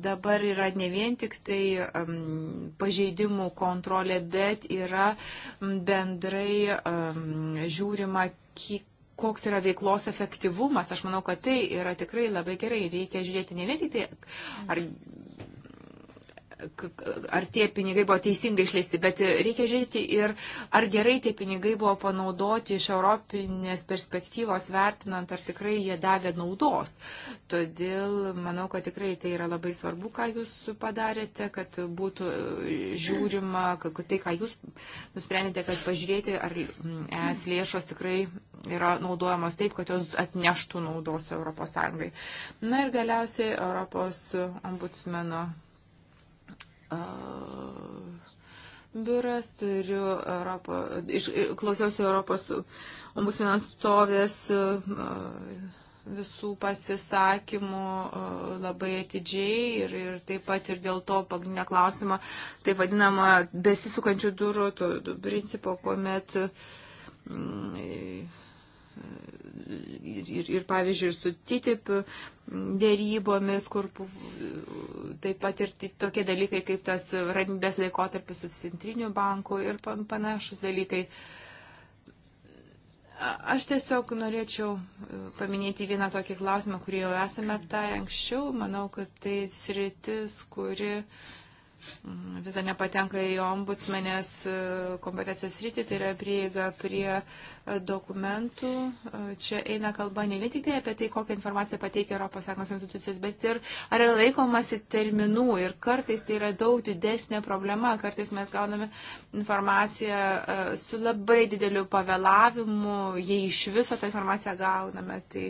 dabar yra ne vien tik tai um, pažeidimų kontrolė, bet yra um, bendrai um, žiūrima, kiek koks yra veiklos efektyvumas, aš manau, kad tai yra tikrai labai gerai. Reikia žiūrėti ne vien tik tai, ar ar tie pinigai buvo teisingai išleisti, bet reikia žiūrėti ir ar gerai tie pinigai buvo panaudoti iš europinės perspektyvos vertinant, ar tikrai jie davė naudos. Todėl manau, kad tikrai tai yra labai svarbu, ką jūs padarėte, kad būtų žiūrima, kad tai, ką jūs nusprendėte, kad pažiūrėti, ar es lėšos tikrai yra naudojamos taip, kad jos atneštų naudos Europos Sąjungai. Na ir galiausiai Europos ombudsmeno biuras, turiu Europo, iš, klausiausi Europos ombudsmeno atstovės visų pasisakymų labai atidžiai ir, ir taip pat ir dėl to pagrindinio klausimo, tai vadinama besisukančių durų to, principo, kuomet mm, ir, ir pavyzdžiui, ir su TTIP dėrybomis, kur taip pat ir tokie dalykai kaip tas ramybės laikotarpis su centriniu banku ir panašus dalykai. Aš tiesiog norėčiau e, paminėti vieną tokį klausimą, kurį jau esame aptarę anksčiau. Manau, kad tai sritis, kuri uh, vis dar nepatenka į ombudsmenės e, kompetencijos rytį, tai yra prieiga prie e, dokumentų. E, čia eina kalba ne vien tik tai apie tai, kokią informaciją pateikia ES institucijos, bet ir ar yra laikomasi terminų. Ir kartais tai yra daug didesnė problema. Kartais mes gauname informaciją su labai dideliu pavėlavimu, jei iš viso tą informaciją gauname. Tai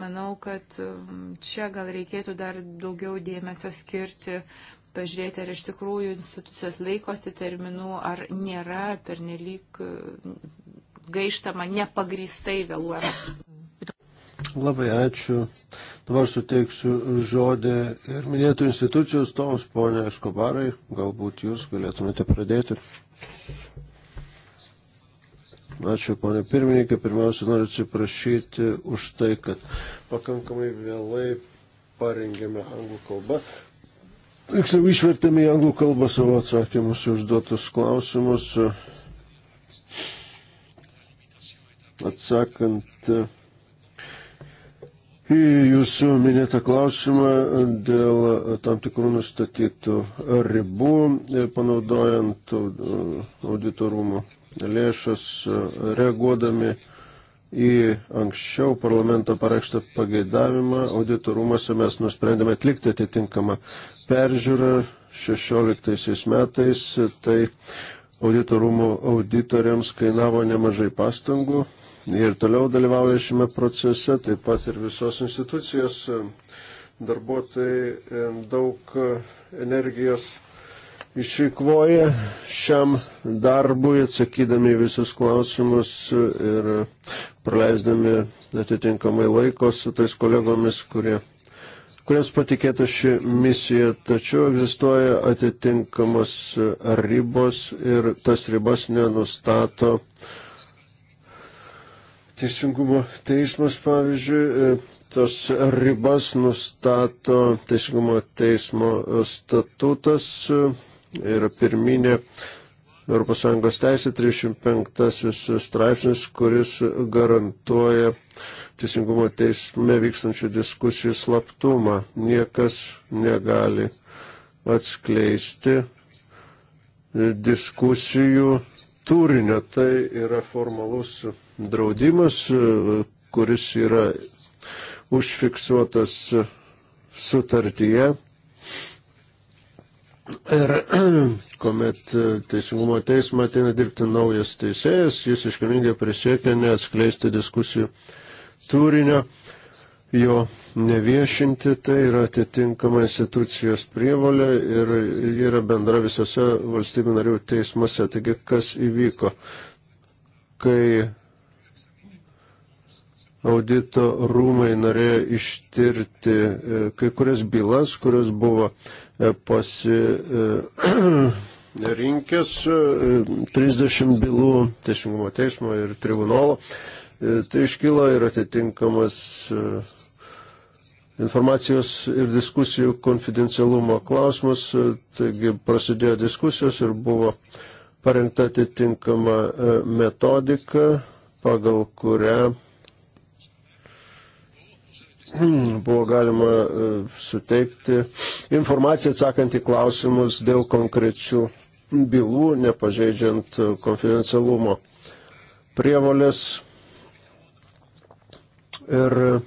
manau, kad čia gal reikėtų dar daugiau dėmesio skirti uh, pažiūrėti, ar iš tikrųjų institucijos laikosi terminų, ar nėra pernelyg e, gaištama nepagristai vėluojama. Labai ačiū. Dabar suteiksiu žodį ir minėtų institucijų atstovams, ponė Eskobarai, galbūt jūs galėtumėte pradėti. Ačiū, ponė pirmininkė. Pirmiausia, noriu atsiprašyti už tai, kad pakankamai vėlai parengėme anglų kalbą Tiksliau išvertėme į anglų kalbą savo atsakymus į užduotus klausimus. Atsakant į jūsų minėtą klausimą dėl tam tikrų nustatytų ribų, panaudojant auditorumų lėšas, reaguodami į anksčiau parlamento pareikštą pageidavimą, auditorumas mes nusprendėme atlikti atitinkamą peržiūrą 16 metais, tai auditorumo auditoriams kainavo nemažai pastangų ir toliau dalyvauja šiame procese, taip pat ir visos institucijos darbuotojai daug energijos išeikvoja šiam darbui, atsakydami visus klausimus ir praleisdami atitinkamai laiko su tais kolegomis, kurie kuriems patikėta ši misija, tačiau egzistuoja atitinkamos ribos ir tas ribas nenustato Teisingumo teismas, pavyzdžiui, e, tos ribas nustato Teisingumo teismo statutas ir e, pirminė ES teisė 35 straipsnis, kuris garantuoja teisingumo teisme vykstančių diskusijų slaptumą. Niekas negali atskleisti diskusijų turinio. Tai yra formalus draudimas, kuris yra užfiksuotas sutartyje. Ir kuomet teisingumo teismą ateina dirbti naujas teisėjas, jis iškilmingai prisiekia neatskleisti diskusijų turinio, jo neviešinti, tai yra atitinkama institucijos prievalė ir yra bendra visose valstybių narių teismuose. Taigi, kas įvyko, kai audito rūmai norėjo ištirti e, kai kurias bylas, kurios buvo e, pasirinkęs e, 30 bylų teisingumo teismo ir tribunolo. E, tai iškilo ir atitinkamas e, informacijos ir diskusijų konfidencialumo klausimus. E, taigi prasidėjo diskusijos ir buvo parengta atitinkama metodika, pagal kurią buvo galima suteikti informaciją atsakant į klausimus dėl konkrečių bylų, nepažeidžiant konfidencialumo prievolės Ir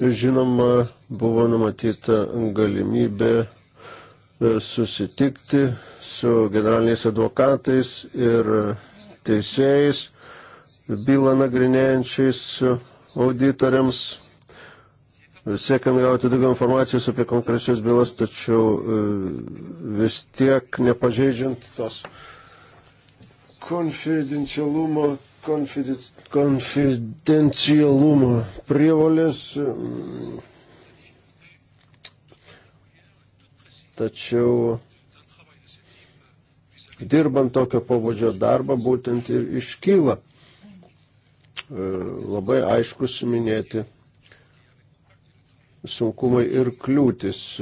žinoma, buvo numatyta galimybė e, susitikti su generaliniais advokatais ir teisėjais, bylą nagrinėjančiais auditoriams, siekiant gauti daugiau informacijos apie konkrečias bylas, tačiau e, vis tiek nepažeidžiant tos konfidencialumo, konfidec, konfidencialumo prievolės. Mm, tačiau dirbant tokio pobūdžio darbą būtent ir iškyla e, labai aiškus minėti sunkumai ir kliūtis. E,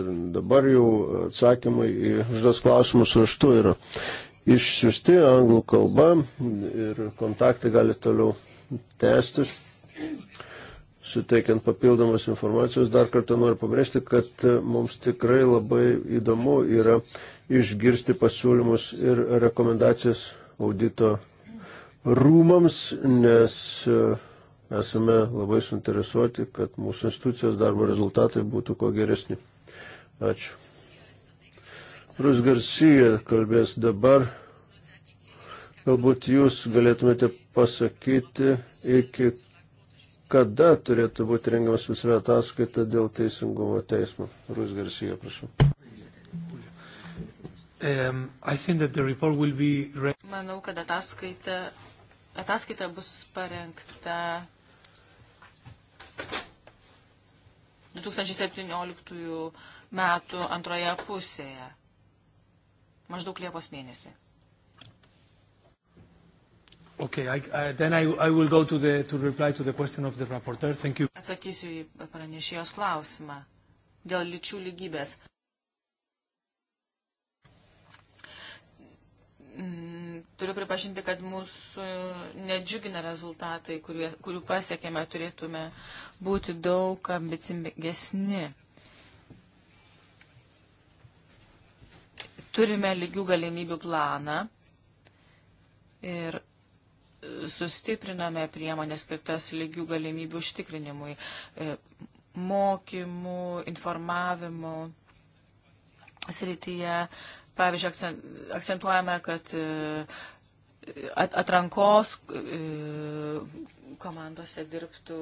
ir dabar jau atsakymai į užduos klausimus raštu yra išsiusti anglų kalba ir kontaktai gali toliau tęstis, suteikiant papildomas informacijos. Dar kartą noriu pabrėžti, kad mums tikrai labai įdomu yra išgirsti pasiūlymus ir rekomendacijas audito rūmams, nes e, esame labai suinteresuoti, kad mūsų institucijos darbo rezultatai būtų kuo geresni. Ačiū. Rus Garcija kalbės dabar. Galbūt jūs galėtumėte pasakyti, iki kada turėtų būti rengiamas visą ataskaitą dėl teisingumo teismo. Rus Garcija, prašau. Um, be... Manau, kad ataskaita, ataskaita bus parengta 2017 metų antroje pusėje maždaug Liepos mėnesį. Okay, I, I, then I, I will go to, the, to reply to the question of the rapporteur. Thank you. Atsakysiu į pranešėjos klausimą dėl lyčių lygybės. Mm, turiu pripažinti, kad mūsų nedžiugina rezultatai, kurių, kurių pasiekėme, turėtume būti daug ambicingesni. Turime lygių galimybių planą ir sustipriname priemonės skirtas lygių galimybių užtikrinimui, e, mokymų, informavimų srityje. Pavyzdžiui, akcentuojame, kad e, atrankos e, komandose dirbtų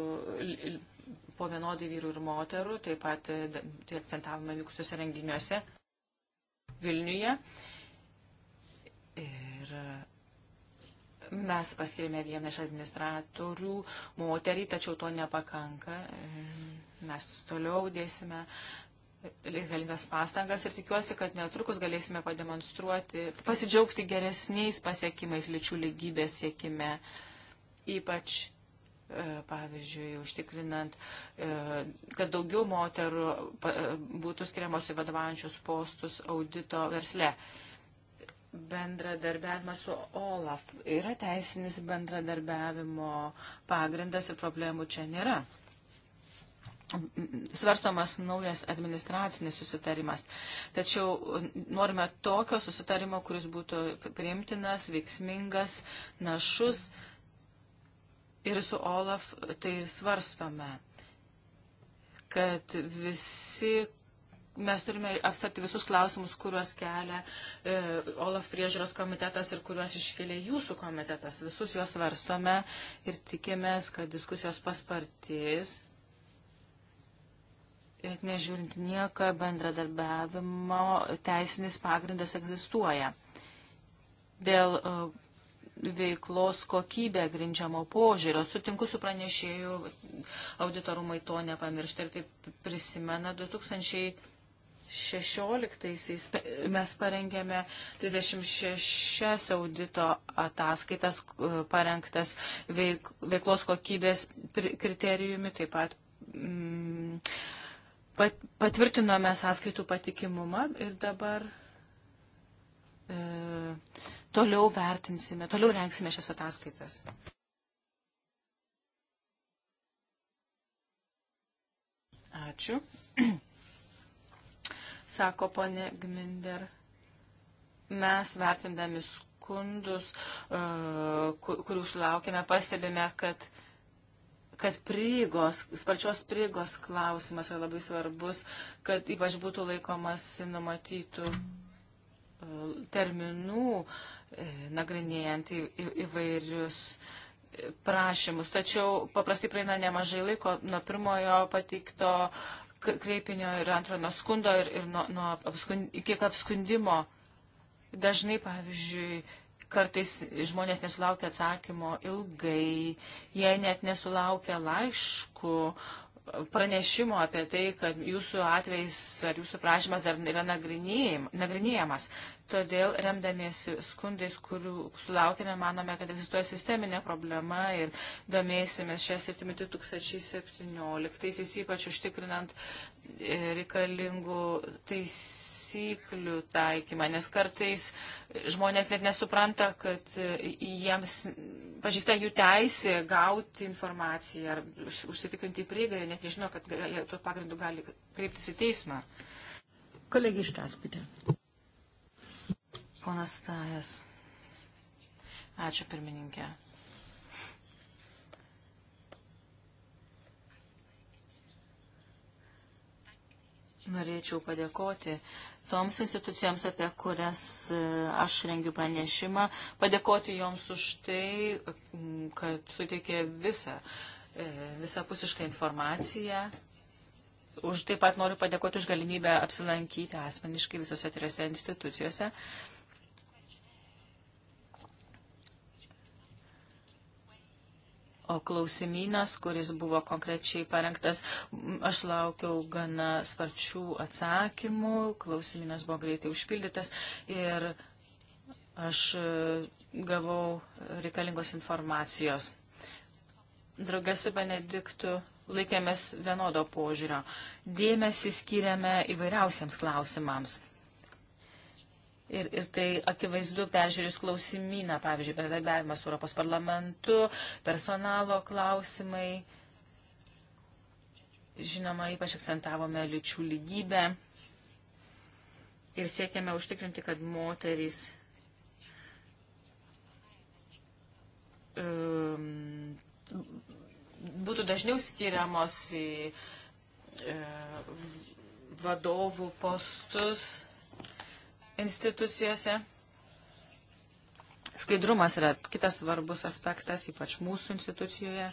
po vienodai vyrų ir moterų, taip pat tai akcentavome vykusiuose renginiuose. Vilniuje. Ir mes paskirėme vieną iš administratorių moterį, tačiau to nepakanka. Mes toliau dėsime reikalingas pastangas ir tikiuosi, kad netrukus galėsime pademonstruoti, pasidžiaugti geresniais pasiekimais lyčių lygybės siekime, ypač E, pavyzdžiui, užtikrinant, e, kad daugiau moterų e, būtų skiriamos į vadovaujančius postus audito versle. Bendradarbiavimas su OLAF yra teisinis bendradarbiavimo pagrindas ir problemų čia nėra. Svarstomas naujas administracinis susitarimas. Tačiau norime tokio susitarimo, kuris būtų priimtinas, veiksmingas, našus. Mm ir su Olaf e, tai svarstome, kad visi mes turime apstarti visus klausimus, kuriuos kelia e, Olaf priežiūros komitetas ir kuriuos iškėlė jūsų komitetas. Visus juos svarstome ir tikimės, kad diskusijos paspartys. Ir nežiūrint nieko, bendradarbiavimo teisinis pagrindas egzistuoja. Dėl e, veiklos kokybę grindžiamo požiūrio. Sutinku su pranešėju, auditorumai to nepamiršta ir taip prisimena 2016-aisiais mes parengėme 36 audito ataskaitas e, parengtas veik, veiklos kokybės kriterijumi, taip pat mm, pat, patvirtinome sąskaitų patikimumą ir dabar e, toliau vertinsime, toliau renksime šias ataskaitas. Ačiū. Sako ponė Gminder, mes vertindami skundus, e, kurių sulaukime, pastebime, kad kad prieigos, sparčios prieigos klausimas yra labai svarbus, kad ypač būtų laikomas numatytų e, terminų, uh, E, nagrinėjant į, į, įvairius prašymus. Tačiau paprastai praeina nemažai laiko nuo pirmojo pateikto kreipinio ir antrojo nuo skundo ir, ir nuo, nuo apskund, iki apskundimo. Dažnai, pavyzdžiui, kartais žmonės nesulaukia atsakymo ilgai, jie net nesulaukia laiškų, pranešimo apie tai, kad jūsų atvejs ar jūsų prašymas dar yra nagrinėjamas. Todėl, remdamiesi skundais, kurių sulaukime, manome, kad egzistuoja sisteminė problema ir domėsimės šią sritimį 2017, ypač užtikrinant e, reikalingų taisyklių taikymą, nes kartais žmonės net nesupranta, kad e, jiems pažįsta jų teisė gauti informaciją ar užsitikrinti prieigą ir net nežino, kad tuo pagrindu gali kreiptis į teismą. Kolegi Štas, bitte. Ponas Stajas. Ačiū pirmininkė. Norėčiau padėkoti toms institucijoms, apie kurias e, aš rengiu pranešimą, padėkoti joms už tai, kad suteikė visą, e, visapusišką informaciją. Už taip pat noriu padėkoti už galimybę apsilankyti asmeniškai visose trijose institucijose. Uh, O klausimynas, kuris buvo konkrečiai parengtas, aš laukiau gana sparčių atsakymų, klausimynas buvo greitai užpildytas ir aš e, gavau reikalingos informacijos. Draugės su Benediktu laikėmės vienodo požiūrio. Dėmesį skiriame įvairiausiams klausimams. Ir, ir tai akivaizdu peržiūrės klausimyną, pavyzdžiui, bendradarbiavimas su Europos parlamentu, personalo klausimai. Žinoma, ypač akcentavome lyčių lygybę ir siekiame užtikrinti, kad moterys um, būtų dažniau skiriamos į uh, vadovų postus institucijose. Skaidrumas yra kitas svarbus aspektas, ypač mūsų institucijoje.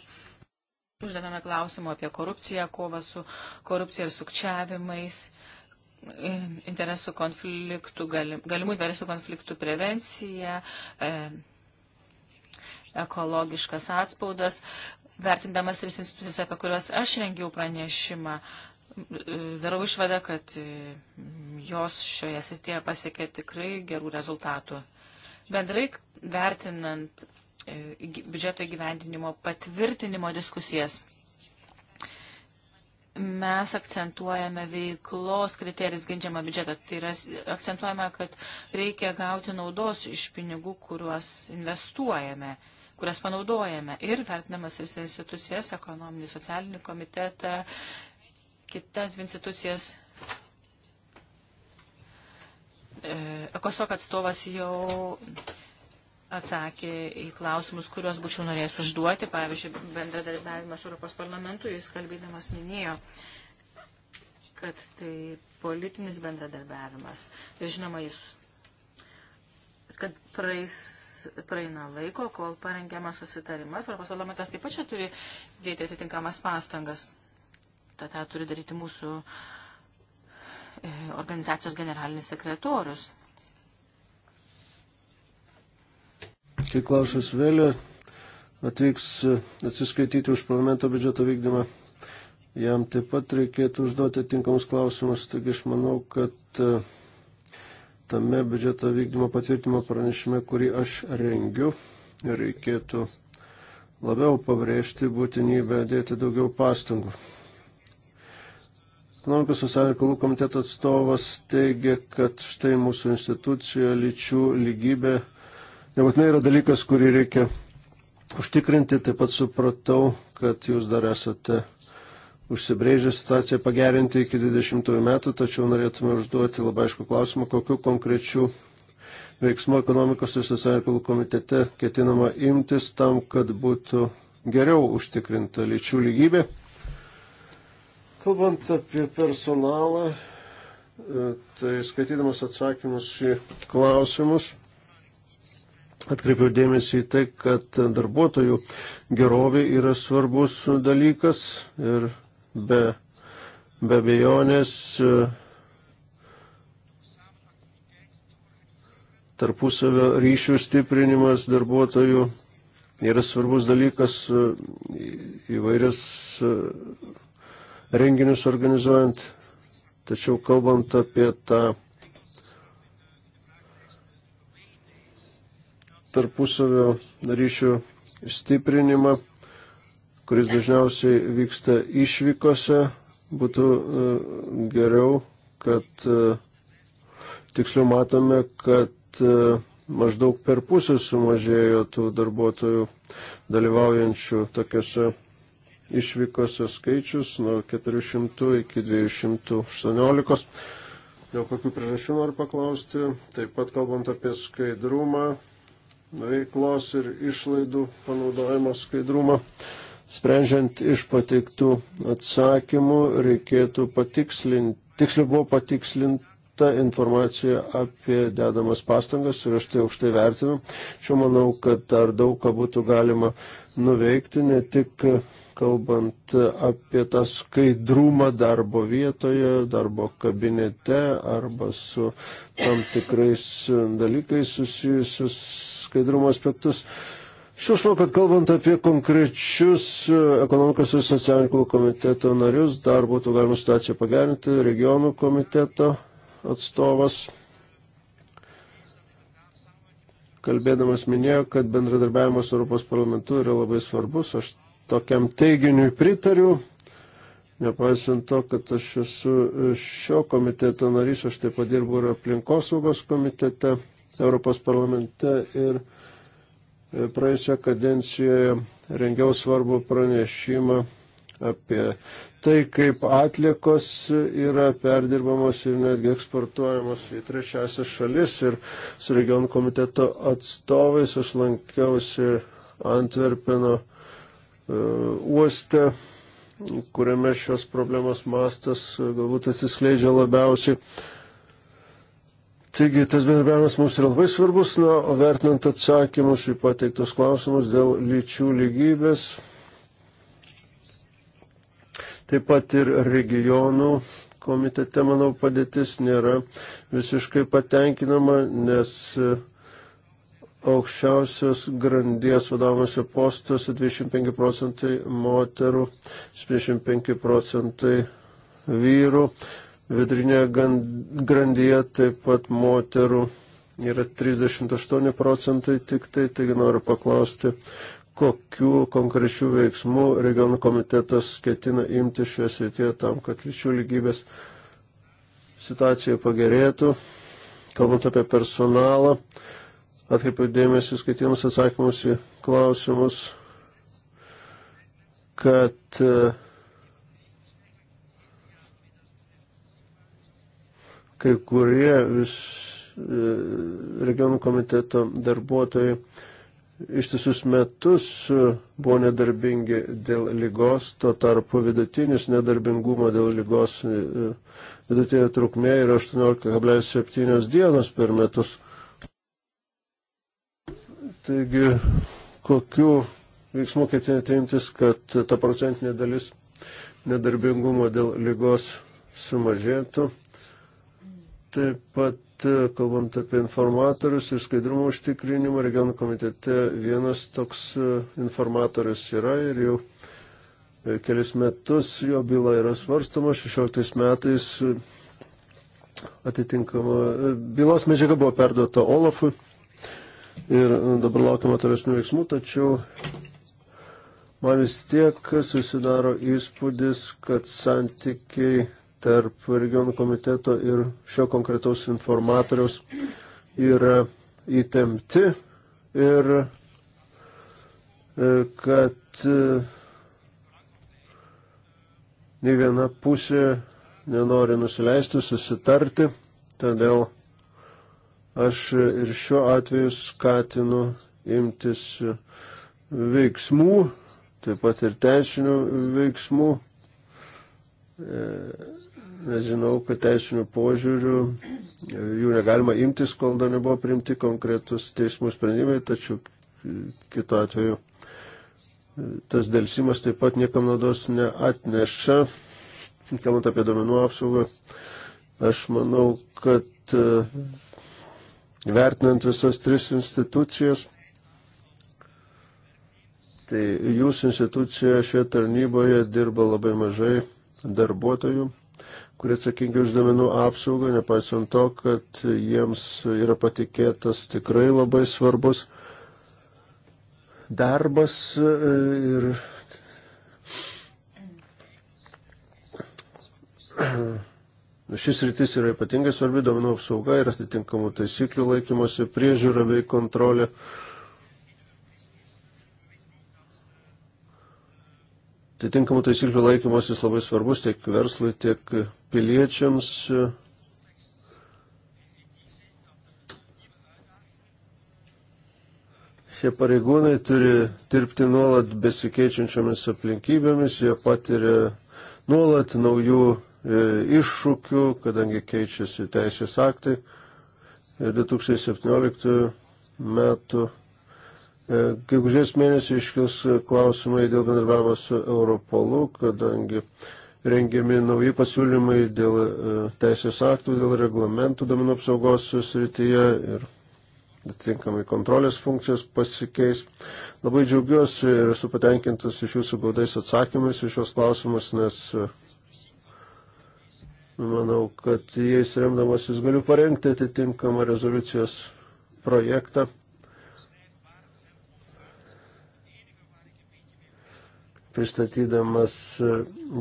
Uždavėme klausimų apie korupciją, kovą su korupcija ir sukčiavimais, interesų konfliktų, galimų interesų konfliktų prevencija, e, ekologiškas atspaudas, vertindamas tris institucijas, apie kuriuos aš rengiau pranešimą. E, darau išvadą, kad mm, jos šioje srityje pasiekė tikrai gerų rezultatų. Bendrai vertinant e, biudžeto įgyvendinimo patvirtinimo diskusijas, mes akcentuojame veiklos kriterijus ginčiamą biudžetą. Tai yra akcentuojame, kad reikia gauti naudos iš pinigų, kuriuos investuojame kurias panaudojame ir vertinamas ir institucijas, ekonominį, socialinį komitetą, kitas institucijas. E, Ekosok atstovas jau atsakė į klausimus, kuriuos būčiau norėjęs užduoti. Pavyzdžiui, bendradarbiavimas Europos parlamentu, jis kalbėdamas minėjo, kad tai politinis bendradarbiavimas. Ir žinoma, jis, kad praeis, praeina laiko, kol parengiamas susitarimas, Europos parlamentas taip pat čia turi dėti atitinkamas pastangas tą, tą turi daryti mūsų e, organizacijos generalinis sekretorius. Kai Klausas Vėlė atvyks e, atsiskaityti už parlamento biudžeto vykdymą, jam taip pat reikėtų užduoti tinkamus klausimus. Taigi aš manau, kad e, tame biudžeto vykdymo patvirtimo pranešime, kurį aš rengiu, reikėtų labiau pabrėžti būtinybę dėti daugiau pastangų. Ekonomikos socialinių reikalų komiteto atstovas teigia, kad štai mūsų institucija lyčių lygybė nebūtinai yra dalykas, kurį reikia užtikrinti. Taip pat supratau, kad jūs dar esate užsibrėžę situaciją pagerinti iki 20 metų, tačiau norėtume užduoti labai aišku klausimą, kokiu konkrečiu veiksmu ekonomikos ir socialinių komitete ketinama imtis tam, kad būtų geriau užtikrinta lyčių lygybė. Kalbant apie personalą, e, tai skaitydamas atsakymus į klausimus, atkreipiau dėmesį į tai, kad darbuotojų gerovė yra svarbus dalykas ir be, be bejonės e, tarpusavio ryšių stiprinimas darbuotojų yra svarbus dalykas e, įvairias renginius organizuojant, tačiau kalbant apie tą tarpusavio ryšių stiprinimą, kuris dažniausiai vyksta išvykose, būtų e, geriau, kad e, tiksliau matome, kad e, maždaug per pusę sumažėjo tų darbuotojų dalyvaujančių tokiuose išvykos skaičius nuo 400 iki 218. Dėl kokių priežasčių noriu paklausti. Taip pat kalbant apie skaidrumą, veiklos ir išlaidų panaudojimo skaidrumą. Sprendžiant iš pateiktų atsakymų, reikėtų patikslinti, tiksliau buvo patikslinta informacija apie dedamas pastangas ir aš tai aukštai vertinu. Čia manau, kad dar daug ką būtų galima nuveikti, ne tik kalbant apie tą skaidrumą darbo vietoje, darbo kabinete arba su tam tikrais dalykais susijusius skaidrumo aspektus. Šiuo šlau, kad kalbant apie konkrečius ekonomikos ir socialininkų komiteto narius, dar būtų galima situaciją pagerinti, regionų komiteto atstovas kalbėdamas minėjo, kad bendradarbiavimas su Europos parlamentu yra labai svarbus. Aš tokiam teiginiui pritariu. Nepaisant to, kad aš esu šio komiteto narys, aš taip pat dirbu ir aplinkosaugos komitete Europos parlamente ir e, praėjusią kadencijoje rengiau svarbų pranešimą apie tai, kaip atlikos yra perdirbamos ir netgi eksportuojamos į trečiasias šalis. Ir su regionų komiteto atstovais aš lankiausi Antverpeno E, uoste, kuriame šios problemos mastas e, galbūt atsiskleidžia labiausiai. Taigi tas bendravimas mums yra labai svarbus, na, o vertinant atsakymus į pateiktus klausimus dėl lyčių lygybės, taip pat ir regionų komitete, manau, padėtis nėra visiškai patenkinama, nes uh, aukščiausios grandies vadovavimuose postuose 25 procentai moterų, 25 procentai vyrų. Vidrinėje grandyje taip pat moterų yra 38 procentai tik tai, taigi noriu paklausti, kokiu konkrečiu veiksmu regionų komitetas ketina imti šioje srityje tam, kad lyčių lygybės situacija pagerėtų. Kalbant apie personalą, atkreipiau dėmesį skaitymus atsakymus į klausimus, kad e, kai kurie vis e, regionų komiteto darbuotojai ištisus metus buvo nedarbingi dėl lygos, tuo tarpu vidutinis nedarbingumo dėl lygos e, vidutinė trukmė yra 18,7 dienos per metus. Taigi, kokiu veiksmu ketinate imtis, kad ta procentinė dalis nedarbingumo dėl lygos sumažėtų? Taip pat, kalbant apie informatorius ir skaidrumo užtikrinimą, regionų komitete vienas toks e, informatorius yra ir jau e, kelis metus jo byla yra svarstama, 16 metais e, atitinkama bylos medžiaga buvo perduota Olafui ir dabar laukiama tolesnių veiksmų, tačiau man vis tiek susidaro įspūdis, kad santykiai tarp regionų komiteto ir šio konkretaus informatoriaus yra įtempti ir e, kad e, nei viena pusė nenori nusileisti, susitarti, todėl Aš ir šiuo atveju skatinu imtis veiksmų, taip pat ir teisinių veiksmų. E, nežinau, kad teisinių požiūrių e, jų negalima imtis, kol dar nebuvo priimti konkretus teismų sprendimai, tačiau kitu atveju e, tas dėlsimas taip pat niekam naudos neatneša. Kalbant apie domenų apsaugą, aš manau, kad vertinant visas tris institucijas. Tai jūsų institucija šioje tarnyboje dirba labai mažai darbuotojų, kurie atsakingi už domenų apsaugą, nepaisant to, kad jiems yra patikėtas tikrai labai svarbus darbas e, ir Šis rytis yra ypatingai svarbi domenų apsauga ir atitinkamų taisyklių laikymosi priežiūra bei kontrolė. Atitinkamų taisyklių laikymosis labai svarbus tiek verslui, tiek piliečiams. Šie pareigūnai turi dirbti nuolat besikeičiančiomis aplinkybėmis, jie patiria nuolat naujų E, iššūkių, kadangi keičiasi teisės aktai. 2017 e, metų e, gegužės mėnesį iškils klausimai dėl bendarbiavimo su Europolu, kadangi rengiami nauji pasiūlymai dėl teisės aktų, dėl reglamentų domenų apsaugos srityje ir atitinkamai kontrolės funkcijos pasikeis. Labai džiaugiuosi ir esu patenkintas iš jūsų gaudais atsakymais iš šios klausimus, nes Manau, kad jais remdamasis galiu parengti atitinkamą rezoliucijos projektą. Pristatydamas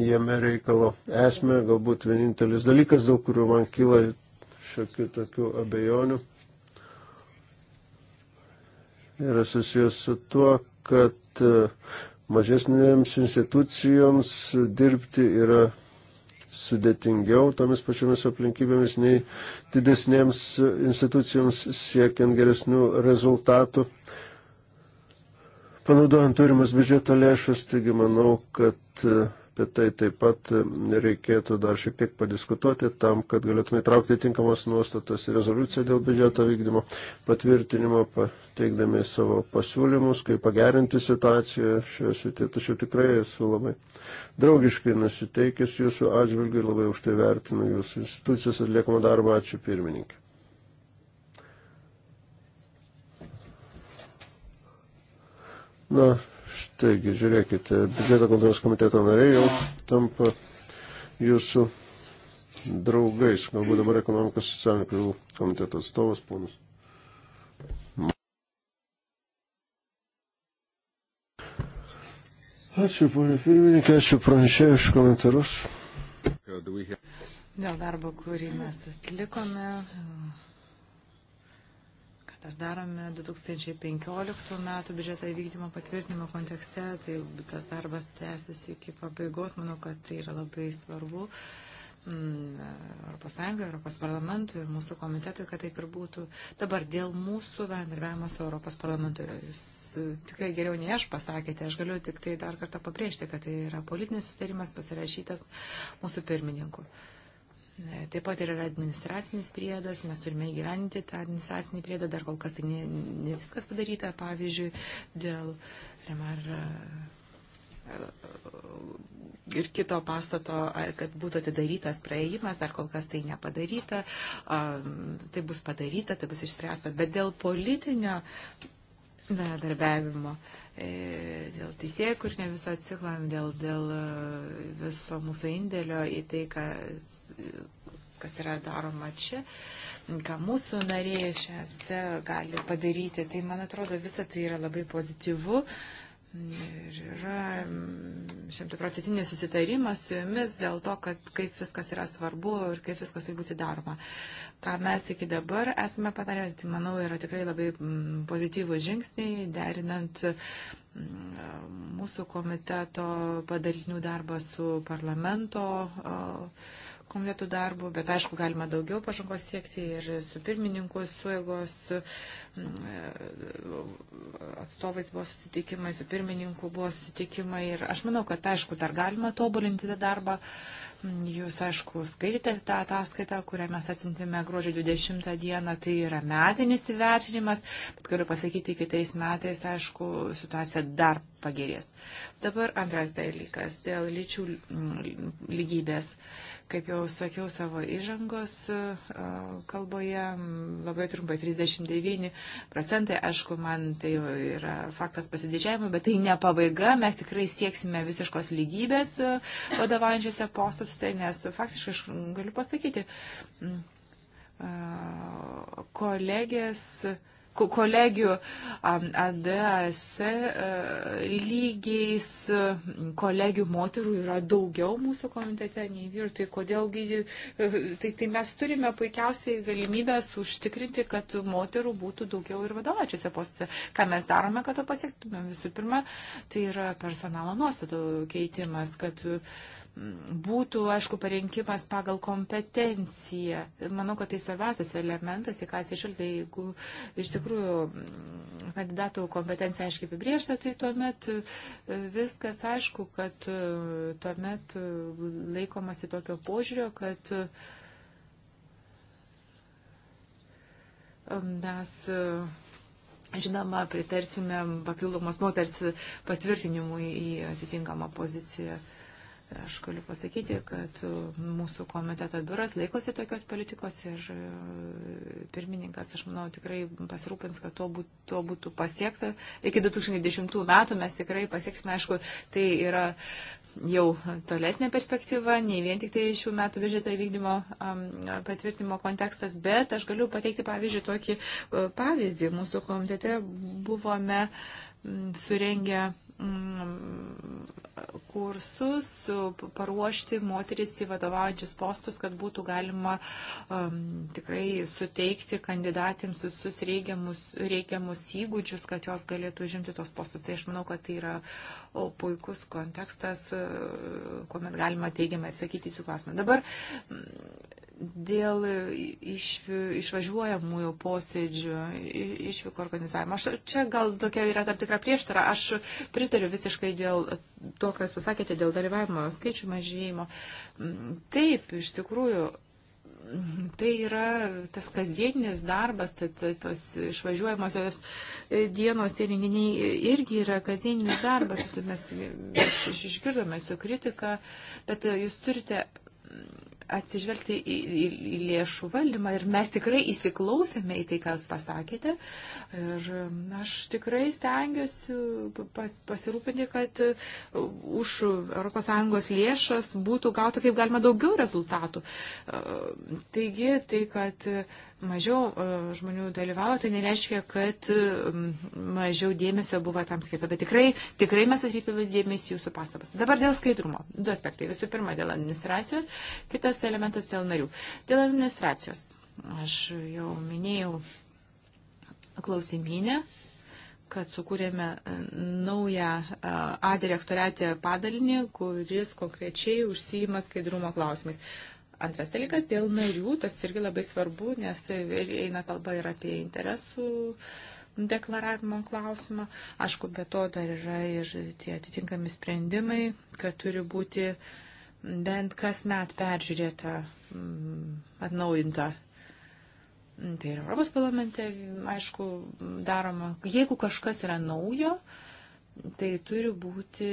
jame reikalo esmę, galbūt vienintelis dalykas, dėl kurio man kyla šiokių tokių abejonių, yra susijęs su tuo, kad mažesnėms institucijoms dirbti yra sudėtingiau tomis pačiomis aplinkybėmis nei didesnėms institucijoms siekiant geresnių rezultatų, panaudojant turimas biudžeto lėšas. Taigi manau, kad Apie tai taip pat e, reikėtų dar šiek tiek padiskutuoti tam, kad galėtume įtraukti tinkamas nuostatas į rezoliuciją dėl biudžeto vykdymo patvirtinimo, pateikdami savo pasiūlymus, kaip pagerinti situaciją šioje srityje. Tačiau tikrai esu labai draugiškai nusiteikęs jūsų atžvilgių ir labai už tai vertinu jūsų institucijos atliekamą darbą. Ačiū pirmininkai. Na, Taigi, žiūrėkite, biudžeto kontrolės komiteto nariai jau tampa jūsų draugais. Galbūt dabar ekonomikos socialinių reikalų komiteto atstovas, ponas. Ačiū, ponė pirmininkė, ačiū pranešėjai už komentarus. Dėl darbo, kurį mes atlikome, dar darome 2015 metų biudžeto įvykdymo patvirtinimo kontekste, tai tas darbas tęsis iki pabaigos, manau, kad tai yra labai svarbu. Mm, Europos Sąjungai, Europos parlamentui ir mūsų komitetui, kad taip ir būtų. Dabar dėl mūsų bendradarbiavimo su Europos parlamentu, jūs e, tikrai geriau nei aš pasakėte, aš galiu tik tai dar kartą pabrėžti, kad tai yra politinis sutarimas pasirašytas mūsų pirmininku. Uh, Taip pat ir yra administracinis priedas, mes turime įgyventi tą administracinį priedą, dar kol kas tai ne, ne viskas padaryta, pavyzdžiui, dėl remar e, ir kito pastato, kad būtų atidarytas praėjimas, dar kol kas tai nepadaryta, tai bus padaryta, tai bus išspręsta, bet dėl politinio bendradarbiavimo e, dėl teisėjų, kur ne viso atsiklam, dėl, dėl e, viso mūsų indėlio į tai, kas, kas yra daroma čia, ką mūsų nariai šiose gali padaryti. Tai, man atrodo, visa tai yra labai pozityvu. Uh, Ir yra mm, šimtaprocentinis susitarimas su jumis dėl to, kad kaip viskas yra svarbu ir kaip viskas turi būti daroma. Ką mes iki dabar esame padarę, tai manau yra tikrai labai mm, pozityvų žingsniai, derinant mm, mūsų komiteto padarinių darbą su parlamento. Uh, komitetų darbu, bet aišku, galima daugiau pažangos siekti ir su pirmininku suėgos atstovais buvo susitikimai, su pirmininku buvo susitikimai ir aš manau, kad aišku, dar galima tobulinti tą darbą. Jūs, aišku, skaitėte tą ataskaitą, kurią mes atsintėme gruodžio 20 dieną, tai yra metinis įvertinimas, bet galiu pasakyti, kitais metais, aišku, situacija dar pagerės. Dabar antras dalykas dėl lyčių lygybės. Kaip jau sakiau savo įžangos e, kalboje, labai trumpai 39 procentai, aišku, man tai yra faktas pasididžiavimui, bet tai ne pabaiga, mes tikrai sieksime visiškos lygybės e, vadovaujančiose postuose, nes faktiškai aš galiu pasakyti, kolegės. Uh, kolegijų ADAS e, lygiais e, kolegijų moterų yra daugiau mūsų komitete nei vyrų. Tai kodėlgi, e, tai, tai mes turime puikiausiai galimybės užtikrinti, kad moterų būtų daugiau ir vadovaučiuose postuose. Ką mes darome, kad to pasiektume? Visų pirma, tai yra personalo nuostatų keitimas, kad uh, būtų, aišku, parinkimas pagal kompetenciją. Manau, kad tai svarbiausias elementas, į ką atsižvelgti, jeigu iš tikrųjų mm, kandidatų kompetencija aiškiai apibriešta, tai tuomet e, viskas aišku, kad e, tuomet e, laikomasi tokio požiūrio, kad mes Žinoma, pritarsime papildomos moters patvirtinimui į atitinkamą poziciją. Aš galiu pasakyti, kad e, mūsų komiteto biuras laikosi tokios politikos ir e, pirmininkas, aš manau, tikrai pasirūpins, kad to būtų, to būtų pasiekta. Iki 2010 metų mes tikrai pasieksime, aišku, tai yra jau tolesnė perspektyva, nei vien tik tai šių metų biudžeto įvykdymo patvirtimo kontekstas, bet aš galiu pateikti pavyzdžiui tokį e, pavyzdį. Mūsų komitete buvome surengę Mm, kursus, paruošti moteris į vadovaujančius postus, kad būtų galima um, tikrai suteikti kandidatėms visus reikiamus, reikiamus įgūdžius, kad jos galėtų žimti tos postus. Tai aš manau, kad tai yra o, puikus kontekstas, kuomet galima teigiamai atsakyti į jų klausimą. Dabar mm, dėl iš, išvažiuojamųjų posėdžių, išvyko organizavimo. Aš, čia gal tokia yra tam tikra prieštara. Aš pritariu visiškai dėl to, ką jūs pasakėte, dėl dalyvavimo skaičių mažėjimo. Mm, taip, iš tikrųjų, tai yra tas kasdieninis darbas, tai, tai tos išvažiuojamosios e, dienos ir renginiai irgi yra kasdieninis darbas. Mes išgirdome su kritika, bet jūs turite atsižvelgti į, į, į lėšų valdymą ir mes tikrai įsiklausėme į tai, ką jūs pasakėte. Ir um, aš tikrai stengiuosi pas, pasirūpinti, kad uh, už ES lėšas būtų gauta kaip galima daugiau rezultatų. Uh, taigi, tai, kad uh, mažiau e, žmonių dalyvavo, tai nereiškia, kad e, mažiau dėmesio buvo tam skirta. Bet tikrai, tikrai mes atkreipėme dėmesį jūsų pastabas. Dabar dėl skaidrumo. Du aspektai. Visų pirma, dėl administracijos, kitas elementas dėl narių. Dėl administracijos. Aš jau minėjau klausimynę, kad sukūrėme e, naują A direktoriatę padalinį, kuris konkrečiai užsijima skaidrumo klausimais. Antras dalykas dėl narių, tas irgi labai svarbu, nes eina kalba ir apie interesų deklaravimo klausimą. Aišku, be to dar yra ir tie atitinkami sprendimai, kad turi būti bent kas met peržiūrėta, mm, atnaujinta tai ir Europos parlamente, aišku, daroma, jeigu kažkas yra naujo, tai turi būti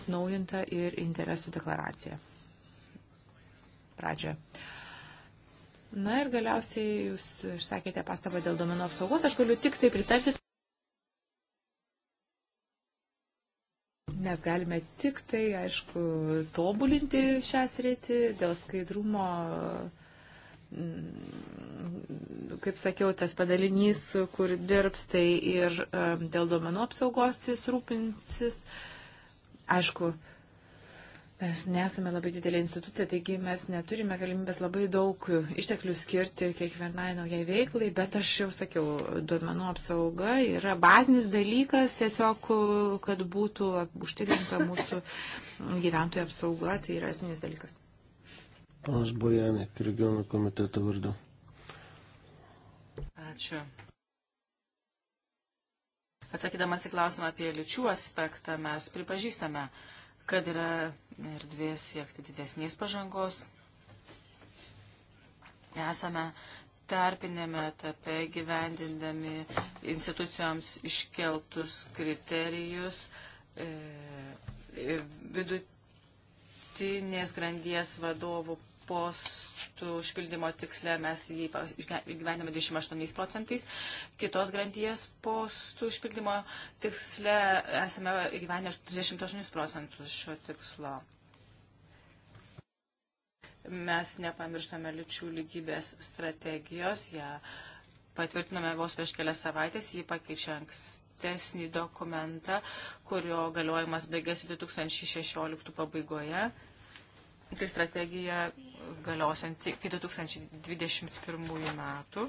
atnaujinta ir interesų deklaracija pradžią. Na ir galiausiai jūs išsakėte pastabą dėl domenų apsaugos. Aš galiu tik tai pritarti. Mes galime tik tai, aišku, tobulinti šią sritį dėl skaidrumo kaip sakiau, tas padalinys, kur dirbs, tai ir dėl duomenų apsaugos jis rūpinsis. Aišku, Mes nesame labai didelė institucija, taigi mes neturime galimybės labai daug išteklių skirti kiekvienai naujai veiklai, bet aš jau sakiau, duomenų apsauga yra bazinis dalykas, tiesiog, kad būtų užtikrinta mūsų gyventojų apsauga, tai yra esminis dalykas. Panas Bojanė, regionų komiteto vardu. Ačiū. Atsakydamas į klausimą apie lyčių aspektą, mes pripažįstame, kad yra erdvės siekti didesnės pažangos. Esame tarpinėme etape gyvendindami institucijoms iškeltus kriterijus e, vidutinės grandies vadovų postų užpildymo tikslę mes jį gyvename 28 procentais, kitos grandyjas postų užpildymo tikslę esame gyvenę 38 procentus šio tikslo. Mes nepamirštame lyčių lygybės strategijos, ją patvirtiname vos prieš kelias savaitės, jį pakeičia anksti ankstesnį dokumentą, kurio galiojimas baigėsi 2016 pabaigoje. Tai strategija galiosianti iki 2021 metų.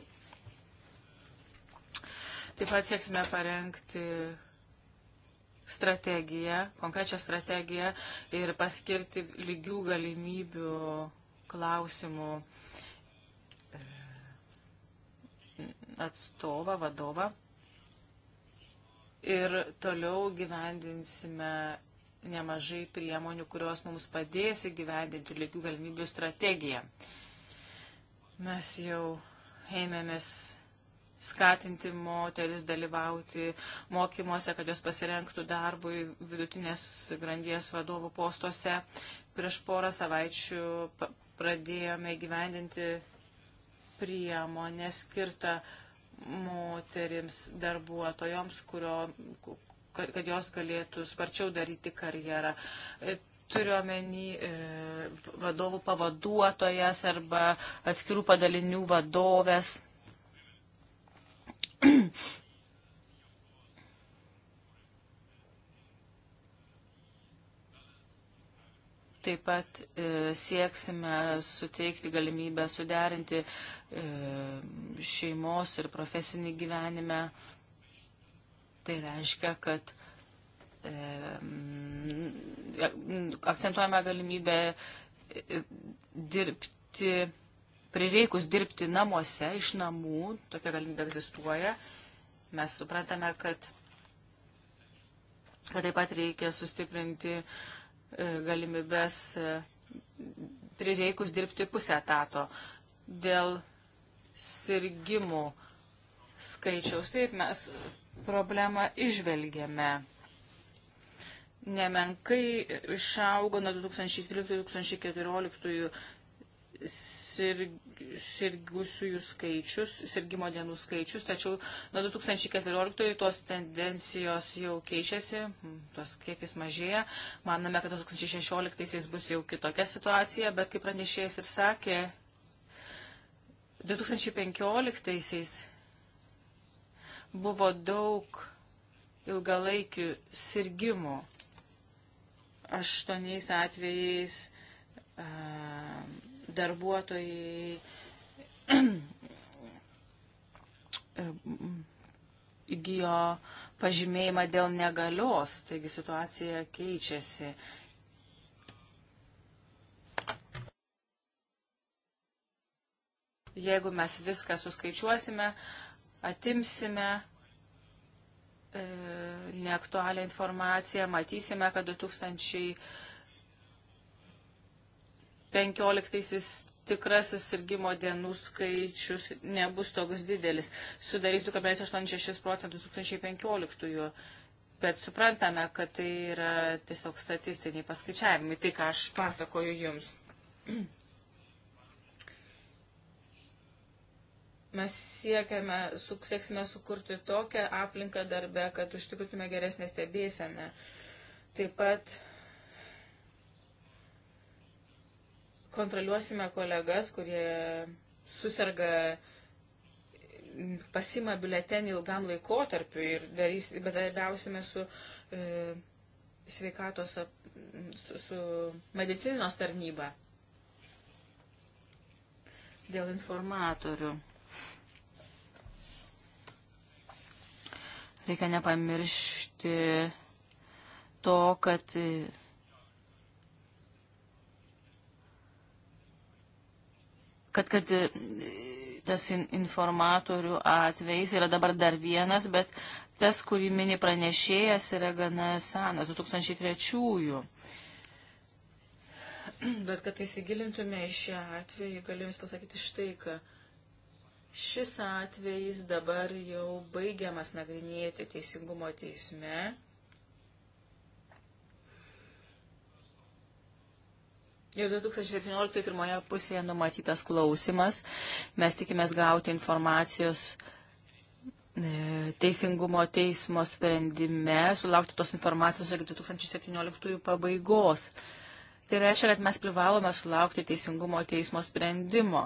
Taip pat sieksime parengti strategiją, konkrečią strategiją ir paskirti lygių galimybių klausimų e, atstovą, vadovą. Ir toliau gyvendinsime nemažai priemonių, kurios mums padės įgyvendinti lygių galimybių strategiją. Mes jau ėmėmės skatinti moteris dalyvauti mokymuose, kad jos pasirenktų darbui vidutinės grandies vadovų postuose. Prieš porą savaičių pradėjome gyvendinti priemonę skirtą moterims darbuotojoms, kurio, kad jos galėtų sparčiau daryti karjerą. E, turiu omeny e, vadovų pavaduotojas arba atskirų padalinių vadovės. Taip pat e, sieksime suteikti galimybę suderinti e, šeimos ir profesinį gyvenimą Tai reiškia, kad e, akcentuojame galimybę e, dirbti, prireikus dirbti namuose, iš namų, tokia galimybė egzistuoja. Mes suprantame, kad, kad taip pat reikia sustiprinti e, galimybės e, prireikus dirbti pusę etato. Dėl sirgimų skaičiaus. Taip, mes problemą išvelgėme. Nemenkai išaugo nuo 2013-2014 sirgusiųjų skaičius, sirgimo dienų skaičius, tačiau nuo 2014 tos tendencijos jau keičiasi, tos kiekis mažėja. Manome, kad 2016 bus jau kitokia situacija, bet kaip pranešėjas ir sakė, 2015 buvo daug ilgalaikių sirgimų. Aštuoniais atvejais darbuotojai e, įgyjo pažymėjimą dėl negalios, taigi situacija keičiasi. Jeigu mes viską suskaičiuosime, uh, atimsime e, neaktualią informaciją, matysime, kad 2015 tikrasis sirgymo dienų skaičius nebus toks didelis. Sudarys 2,86 procentus 2015-ųjų. Bet suprantame, kad tai yra tiesiog statistiniai paskaičiavimai, tai ką aš pasakoju jums. Mes siekiame, su, sieksime sukurti tokią aplinką darbę, kad užtikrintume geresnę stebėseną. Taip pat kontroliuosime kolegas, kurie susirga pasima biuletenį ilgam laikotarpiu ir darys, bedarbiausime su e, sveikatos, su, su medicinos tarnyba. Dėl informatorių. Reikia nepamiršti to, kad kad, kad tas informatorių atvejs yra dabar dar vienas, bet tas, kurį mini pranešėjas, yra gana senas, 2003-ųjų. Bet kad įsigilintume į šią atvejį, galiu Jums pasakyti štai, kad Šis atvejis dabar jau baigiamas nagrinėti teisingumo teisme. Jau 2017 pirmoje pusėje numatytas klausimas. Mes tikimės gauti informacijos e, teisingumo teismo sprendime, sulaukti tos informacijos iki 2017 pabaigos. Tai reiškia, kad mes privalome sulaukti teisingumo teismo sprendimo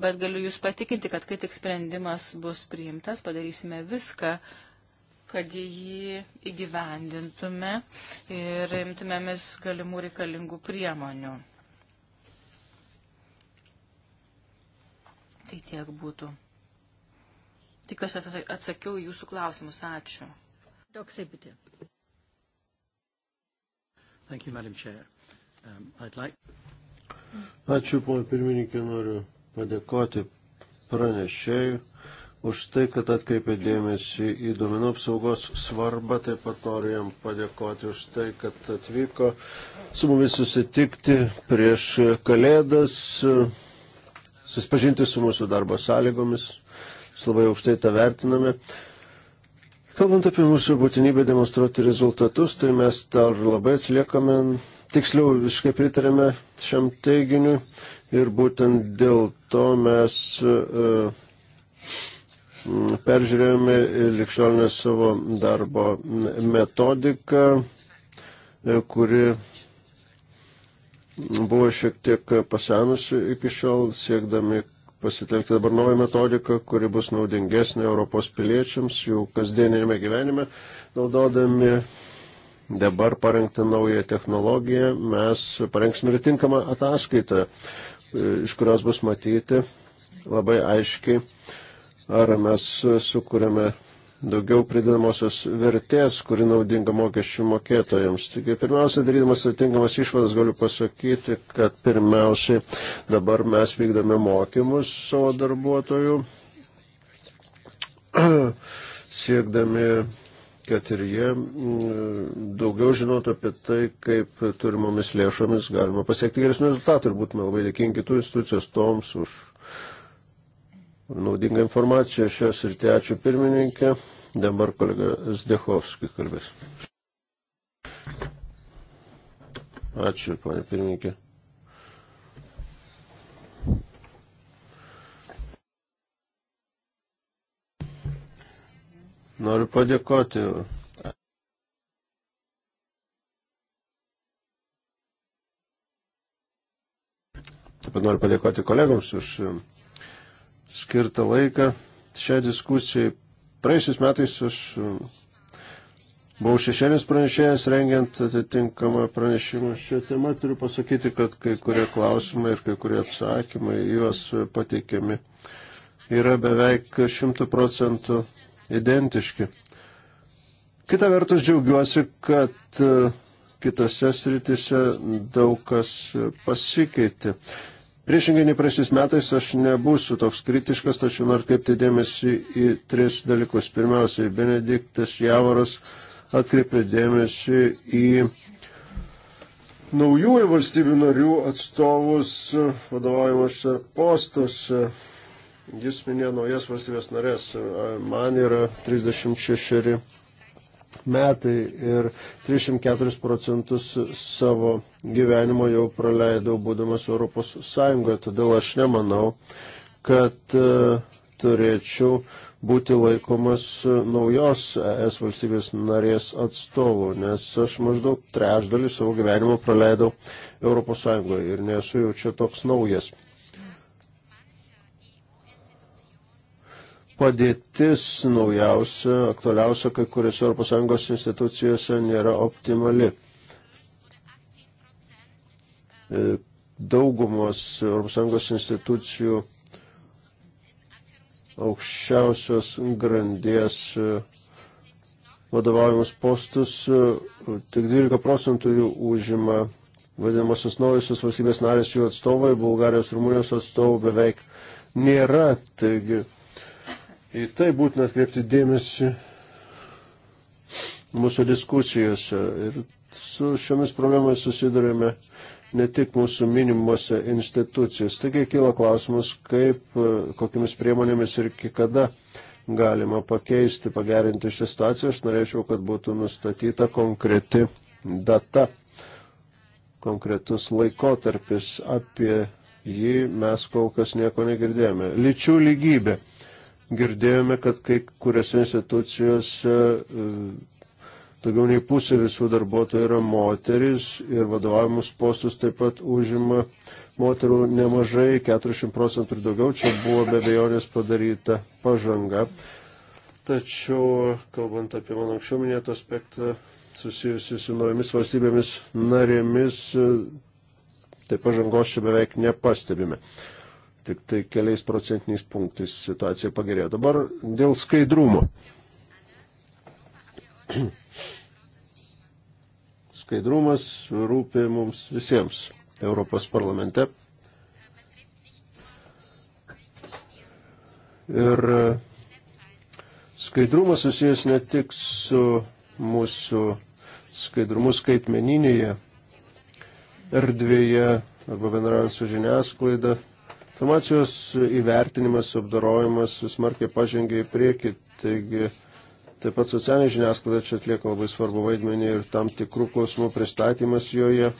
bet galiu Jūs patikinti, kad kai tik sprendimas bus priimtas, padarysime viską, kad jį įgyvendintume ir imtumėmis galimų reikalingų priemonių. Tai tiek būtų. Tikiuosi atsakiau jūsų klausimus. Ačiū. Toksai bitė. Um, Ačiū, pana pirmininkė, noriu padėkoti pranešėjui už tai, kad atkreipė dėmesį į duomenų apsaugos svarbą. Taip pat noriu jam padėkoti už tai, kad atvyko su mumis susitikti prieš Kalėdas, susipažinti su mūsų darbo sąlygomis. Mes labai aukštai tą vertiname. Kalbant apie mūsų būtinybę demonstruoti rezultatus, tai mes dar labai atsiliekame, tiksliau visiškai pritarėme šiam teiginiui ir būtent dėl to mes e, peržiūrėjome likščiolinę savo darbo metodiką, e, kuri buvo šiek tiek pasenusi iki šiol, siekdami pasitelkti dabar naują metodiką, kuri bus naudingesnė Europos piliečiams jų kasdieninėme gyvenime. Naudodami dabar parengtą naują technologiją, mes parengsime ir tinkamą ataskaitą iš kurios bus matyti labai aiškiai, ar mes sukūrėme daugiau pridedamosios vertės, kuri naudinga mokesčių mokėtojams. Taigi, pirmiausia, darydamas atitinkamas išvadas, galiu pasakyti, kad pirmiausiai dabar mes vykdame mokymus savo darbuotojų, siekdami kad ir jie daugiau žinotų apie tai, kaip turimomis lėšomis galima pasiekti geresnių rezultatų ir būtume labai dėkingi kitų institucijos toms už naudingą informaciją šios ir te ačiū pirmininkė. Dabar kolega Zdechovskis kalbės. Ačiū, panė pirmininkė. Noriu padėkoti. Taip pat noriu padėkoti kolegams už um, skirtą laiką šią diskusiją. Praėjusiais metais aš um, buvau šešėlis pranešėjas rengiant atitinkamą pranešimą šią temą. Turiu pasakyti, kad kai kurie klausimai ir kai kurie atsakymai juos pateikiami yra beveik šimtų procentų identiški. Kita vertus džiaugiuosi, kad e, kitose sritise daug kas pasikeitė. Priešingai nei praeisiais metais aš nebūsiu toks kritiškas, tačiau noriu kreipti dėmesį į tris dalykus. Pirmiausiai, Benediktas Javoras atkreipė dėmesį į naujųjų valstybių narių atstovus vadovaujamuose postuose. Jis minėjo naujas valstybės narės. Man yra 36 metai ir 304 procentus savo gyvenimo jau praleidau būdamas Europos Sąjungoje, todėl aš nemanau, kad e, turėčiau būti laikomas e, naujos es valstybės narės atstovu, nes aš maždaug trečdalį savo gyvenimo praleidau Europos Sąjungoje ir nesu jau čia toks naujas. padėtis naujausia, aktualiausia kai kuriuose ES institucijose nėra optimali. E, daugumos ES institucijų aukščiausios grandies e, vadovaujamus postus, e, tik 12 procentų jų užima vadinamosios naujosios valstybės narės jų atstovai, Bulgarijos, Rumunijos atstovų beveik nėra. Taigi, Į tai būtina atkreipti dėmesį mūsų diskusijose. Ir su šiomis problemais susidurėme ne tik mūsų minimuose institucijose. Taigi kyla klausimus, kaip, kokiamis priemonėmis ir iki kada galima pakeisti, pagerinti šią situaciją. Aš norėčiau, kad būtų nustatyta konkreti data, konkretus laikotarpis. Apie jį mes kol kas nieko negirdėjome. Lyčių lygybė girdėjome, kad kai kuriuose institucijose e, daugiau nei pusė visų darbuotojų yra moteris ir vadovavimus postus taip pat užima moterų nemažai, 40 procentų ir daugiau, čia buvo be abejonės padaryta pažanga. Tačiau, kalbant apie mano anksčiau minėtą aspektą, susijusi su naujomis valstybėmis narėmis, e, tai pažangos čia beveik nepastebime tik tai keliais procentiniais punktais situacija pagerėjo. Dabar dėl skaidrumo. Skaidrumas rūpė mums visiems Europos parlamente. Ir skaidrumas susijęs ne tik su mūsų skaidrumu skaitmeninėje erdvėje arba bendraujant su žiniasklaida, Informacijos įvertinimas, apdarojimas smarkiai pažengė į priekį, taigi taip pat socialinė žiniasklaida čia atlieka labai svarbu vaidmenį ir tam tikrų klausimų pristatymas joje,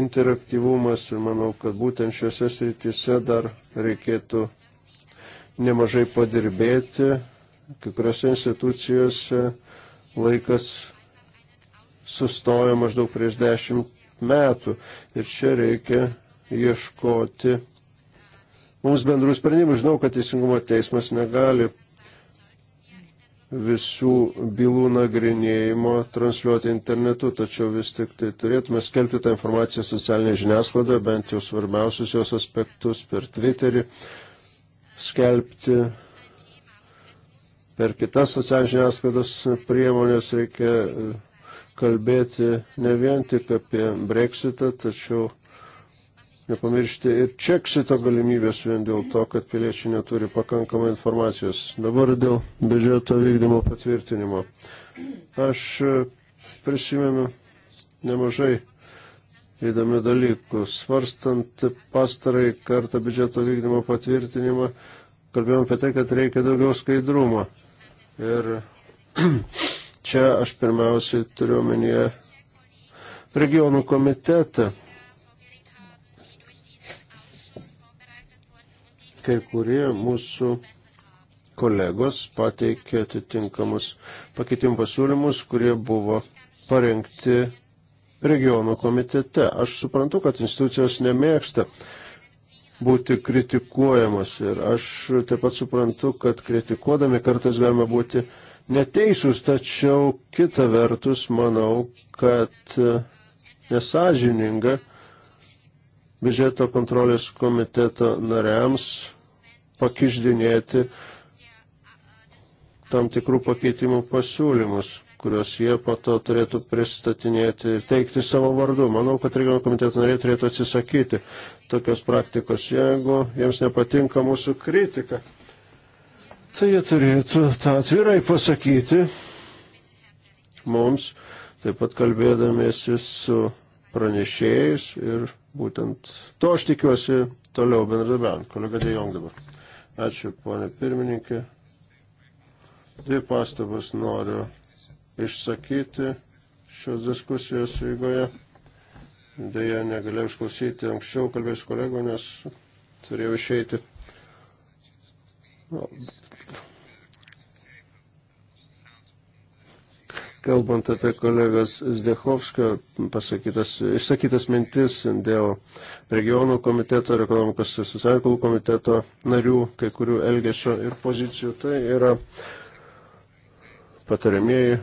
interaktyvumas ir manau, kad būtent šiuose srityse dar reikėtų nemažai padirbėti, kai kuriuose institucijose laikas sustojo maždaug prieš dešimt metų ir čia reikia ieškoti mums bendrų sprendimų. Žinau, kad Teisingumo teismas negali visų bylų nagrinėjimo transliuoti internetu, tačiau vis tik tai turėtume skelbti tą informaciją socialinėje žiniasklaidoje, bent jau svarbiausius jos aspektus per Twitterį, skelbti per kitas socialinės žiniasklaidos priemonės reikia e, kalbėti ne vien tik apie Brexitą, tačiau nepamiršti ir čeksito galimybės vien dėl to, kad piliečiai neturi pakankamai informacijos. Dabar dėl biudžeto vykdymo patvirtinimo. Aš e, prisimenu nemažai įdomių dalykų. Svarstant pastarai kartą biudžeto vykdymo patvirtinimą, kalbėjom apie tai, kad reikia daugiau skaidrumo. Ir čia aš pirmiausiai turiu omenyje regionų komitetą kai kurie mūsų kolegos pateikė atitinkamus pakeitimų pasiūlymus, kurie buvo parengti regionų komitete. Aš suprantu, kad institucijos nemėgsta būti kritikuojamos ir aš taip pat suprantu, kad kritikuodami kartais galima būti neteisūs, tačiau kita vertus manau, kad e, nesažininga biudžeto kontrolės komiteto nariams pakiždinėti tam tikrų pakeitimų pasiūlymus, kuriuos jie po to turėtų pristatinėti ir teikti savo vardu. Manau, kad regionų komiteto nariai turėtų atsisakyti tokios praktikos, jeigu jiems nepatinka mūsų kritika. Tai jie turėtų tą atvirai pasakyti mums, taip pat kalbėdamėsi su pranešėjais ir būtent to aš tikiuosi toliau bendradarbiaujant. Kolega Dejong dabar. Ačiū, ponė pirmininkė. Dvi pastabas noriu išsakyti šios diskusijos eigoje. Deja, negalėjau išklausyti anksčiau kalbės kolegų, nes turėjau išeiti. kalbant apie kolegos Zdechovskio pasakytas, išsakytas mintis dėl regionų komiteto ir ekonomikos ir socialinių komiteto narių, kai kurių elgesio ir pozicijų, tai yra patariamieji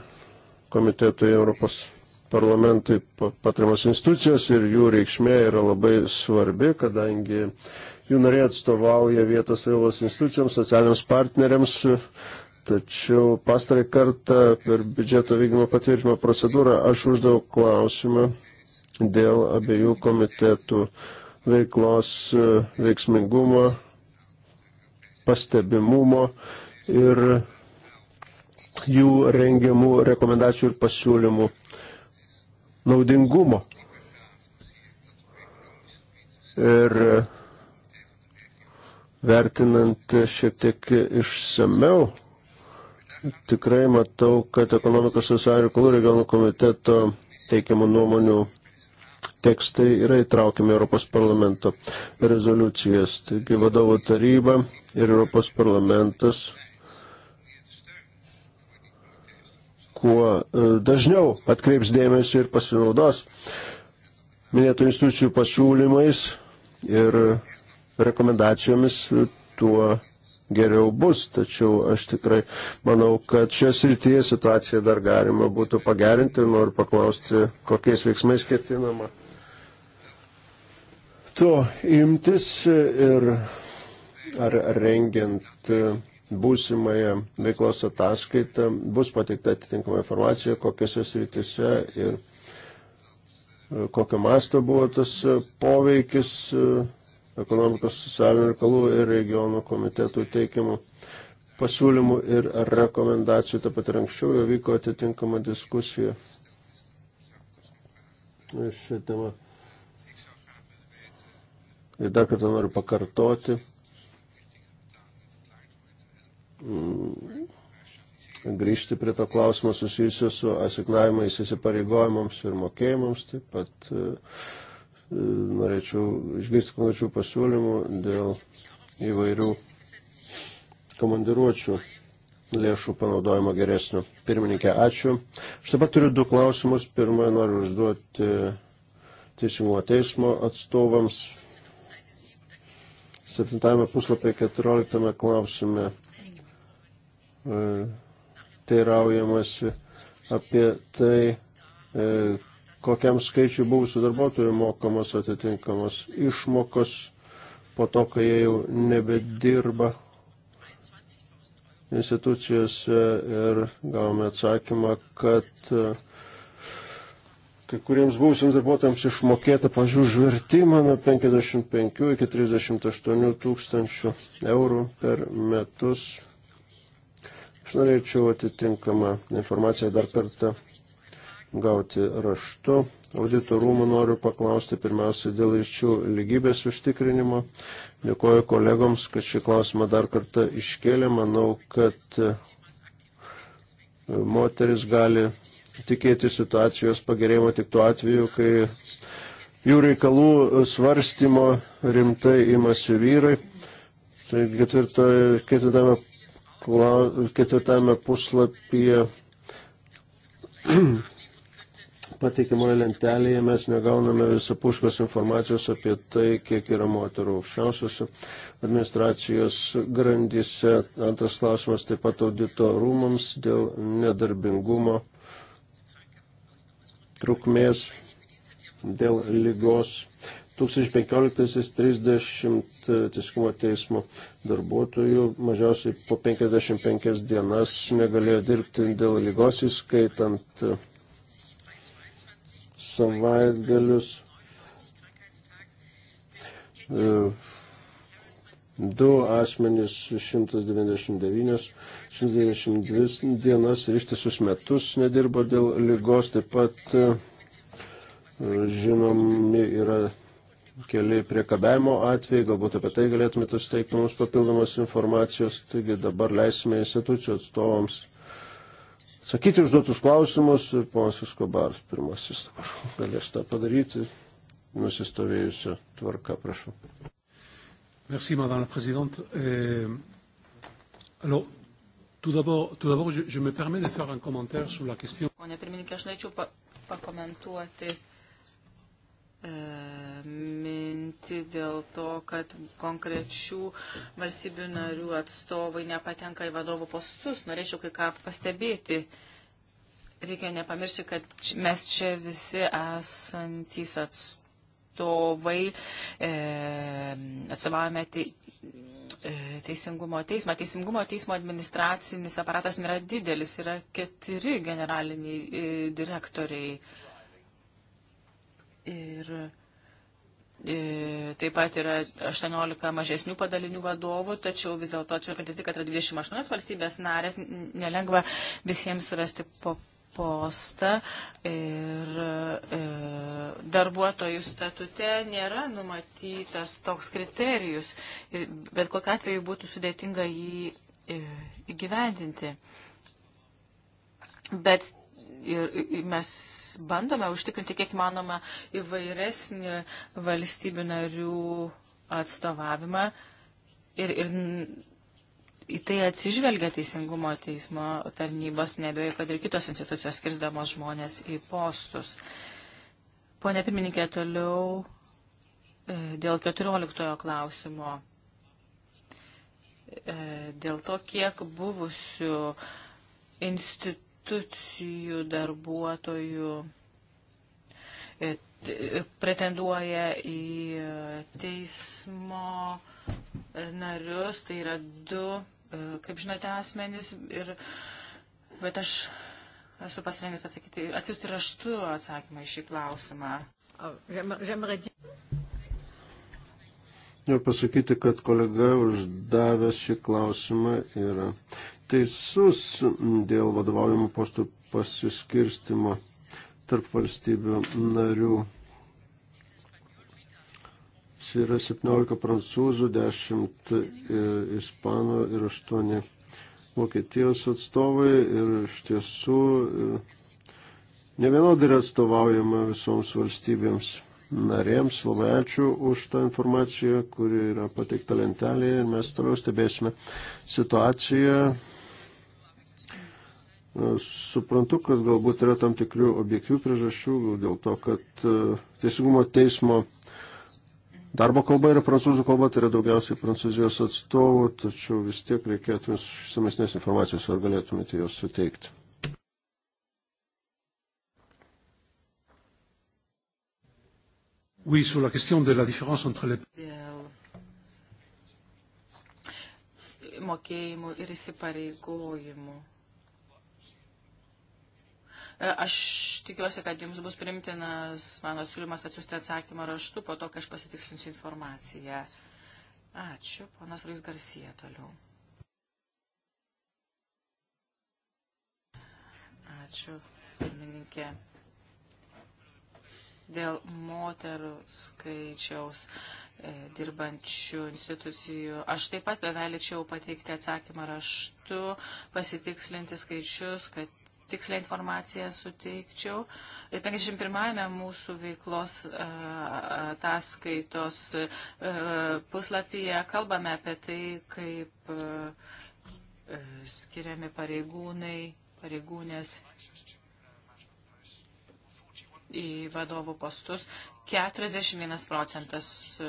komitetui Europos parlamentui patariamos institucijos ir jų reikšmė yra labai svarbi, kadangi jų nariai atstovauja vietos vėlos institucijoms, socialiniams partneriams Tačiau pastarį kartą per biudžeto vykdymo patvirtinimo procedūrą aš uždavau klausimą dėl abiejų komitetų veiklos e, veiksmingumo, pastebimumo ir jų rengiamų rekomendacijų ir pasiūlymų naudingumo. Ir vertinant šiek tiek išsameu Tikrai matau, kad ekonomikos visai reikalų regionų komiteto teikiamų nuomonių tekstai yra įtraukiami Europos parlamento rezoliucijas. Taigi vadovo taryba ir Europos parlamentas kuo e, dažniau atkreips dėmesį ir pasinaudos minėtų institucijų pasiūlymais ir rekomendacijomis tuo geriau bus. Tačiau aš tikrai manau, kad šioje srityje situaciją dar galima būtų pagerinti. Noriu paklausti, kokiais veiksmais ketinama to imtis ir ar rengiant būsimąją veiklos ataskaitą bus pateikta atitinkama informacija, kokiuose srityse ir kokio masto buvo tas poveikis ekonomikos socialinių reikalų ir regionų komitetų teikiamų pasiūlymų ir rekomendacijų. Taip pat ir anksčiau jau vyko atitinkama diskusija šią temą. Ir dar kartą noriu pakartoti. Mm, grįžti prie to klausimo susijusio su asignavimais įsipareigojimams ir mokėjimams, taip pat uh, norėčiau išgirsti konkrečių pasiūlymų dėl įvairių komandiruočių lėšų panaudojimo geresnio. Pirmininkė, ačiū. Aš taip pat turiu du klausimus. Pirmąjį noriu užduoti Teisingumo teismo atstovams. 7 puslapį 14 klausime e, teiraujamasi apie tai, e, kokiam skaičiu buvusių darbuotojų mokamos atitinkamos išmokos po to, kai jie jau nebedirba institucijose ir gavome atsakymą, kad e, kai kuriems būsiams darbuotojams išmokėta, pažiūrėjau, žvertimą nuo 55 iki 38 tūkstančių eurų per metus. Aš norėčiau atitinkamą informaciją dar kartą gauti raštu. Auditorumų noriu paklausti pirmiausia dėl iščių lygybės užtikrinimo. Dėkoju kolegoms, kad šį klausimą dar kartą iškėlė. Manau, kad e, moteris gali tikėti situacijos pagerėjimo tik tuo atveju, kai jų reikalų svarstymo rimtai imasi vyrai. Tai ketvirtame, ketvirtame puslapyje pateikiamoje lentelėje mes negauname visapuškos informacijos apie tai, kiek yra moterų aukščiausiose administracijos grandyse. Antras klausimas taip pat audito rūmams dėl nedarbingumo trukmės, dėl lygos. 1015-30 teisingumo teismo darbuotojų mažiausiai po 55 dienas negalėjo dirbti dėl lygos įskaitant savaitgalius. E, du asmenys 199, 192 dienas ir ištisus metus nedirbo dėl lygos. Taip pat e, žinomi yra keli priekabėjimo atvejai, galbūt apie tai galėtumėte suteikti mums papildomos informacijos. Taigi dabar leisime institucijų atstovams sakyti užduotus klausimus ir ponas Iskobaras pirmasis dabar galės tą padaryti nusistovėjusią tvarką, prašau. Merci, Madame la Présidente. Euh, alors, tout d'abord, tout d'abord je, je me permets de faire un commentaire sur la question. Pone pirmininkė, aš norėčiau pa pakomentuoti E, mintį dėl to, kad konkrečių valstybių narių atstovai nepatenka į vadovų postus. Norėčiau kai ką pastebėti. Reikia nepamiršti, kad mes čia visi esantys atstovai e, atstovavome te, e, Teisingumo teismą. Teisingumo teismo administracinis aparatas nėra didelis, yra keturi generaliniai e, direktoriai. E, Ir e, Taip pat yra 18 mažesnių padalinių vadovų, tačiau vis dėlto čia patirti, kad yra 28 valstybės narės, nelengva visiems surasti po postą ir e, darbuotojų statute nėra numatytas toks kriterijus, e, bet kokiu atveju būtų sudėtinga jį e, įgyvendinti. Bet ir mes bandome užtikrinti kiek manoma įvairesnį valstybių narių atstovavimą ir, ir į tai atsižvelgia Teisingumo teismo tarnybos, nebejoju, kad ir kitos institucijos skirdamos žmonės į postus. Pone pirmininkė, toliau e, dėl 14 klausimo. E, dėl to, kiek buvusių institucijų institucijų darbuotojų e, e, pretenduoja į teismo e, narius, tai yra du, kaip žinote, asmenys, ir, bet aš esu pasirengęs atsakyti, atsiųsti raštu atsakymą į šį klausimą. Noriu pasakyti, kad kolega uždavęs šį klausimą yra teisus dėl vadovaujamų postų pasiskirstimo tarp valstybių narių. Čia yra 17 prancūzų, 10 e, ispanų ir 8 Vokietijos atstovai ir iš tiesų e, ne vienodai yra atstovaujama visoms valstybėms narėms. Labai ačiū už tą informaciją, kuri yra pateikta lentelėje ir mes toliau stebėsime situaciją Suprantu, kad galbūt yra tam tikrių objektyvių priežasčių dėl to, kad e, Teisingumo teismo darbo kalba yra prancūzų kalba, tai yra daugiausiai prancūzijos atstovų, tačiau vis tiek reikėtų išsamesnės informacijos, ar galėtumėte jos suteikti. Oui, sur la question de la différence entre les... Dėl mokėjimų ir įsipareigojimų E, aš tikiuosi, kad jums bus primtinas mano siūlymas atsiųsti atsakymą raštu, po to, kai aš pasitikslinsiu informaciją. Ačiū, ponas Ruiz Garcija toliau. Ačiū, pirmininkė. Dėl moterų skaičiaus e, dirbančių institucijų. Aš taip pat beveličiau pateikti atsakymą raštu, pasitikslinti skaičius, kad tikslę informaciją suteikčiau. 51-ame mūsų veiklos e, ataskaitos e, puslapyje kalbame apie tai, kaip e, skiriami pareigūnai, pareigūnės į vadovų postus. 41 procentas e,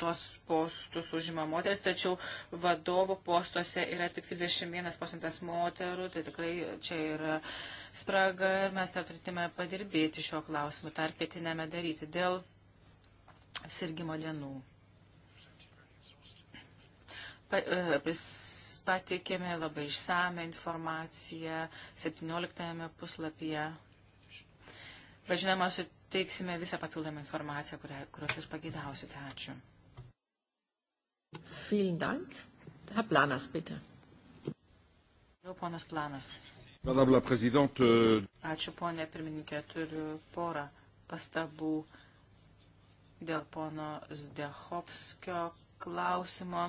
tuos postus užima moteris, tačiau vadovų postuose yra tik 31 procentas moterų, tai tikrai čia yra spraga ir mes tą turėtume padirbėti šiuo klausimu, tą ar ketiname daryti dėl sirgymo dienų. Pa, e, patikėme labai išsame informaciją 17 puslapyje Bet žinoma, suteiksime visą papildomą informaciją, kurią, kurios jūs pageidausite. Ačiū. Vielen Dank. Herr Planas, bitte. Jau ponas Planas. Madame la Prezidente. Euh, Ačiū, ponė pirmininkė, turiu porą pastabų dėl pono Zdechovskio klausimo.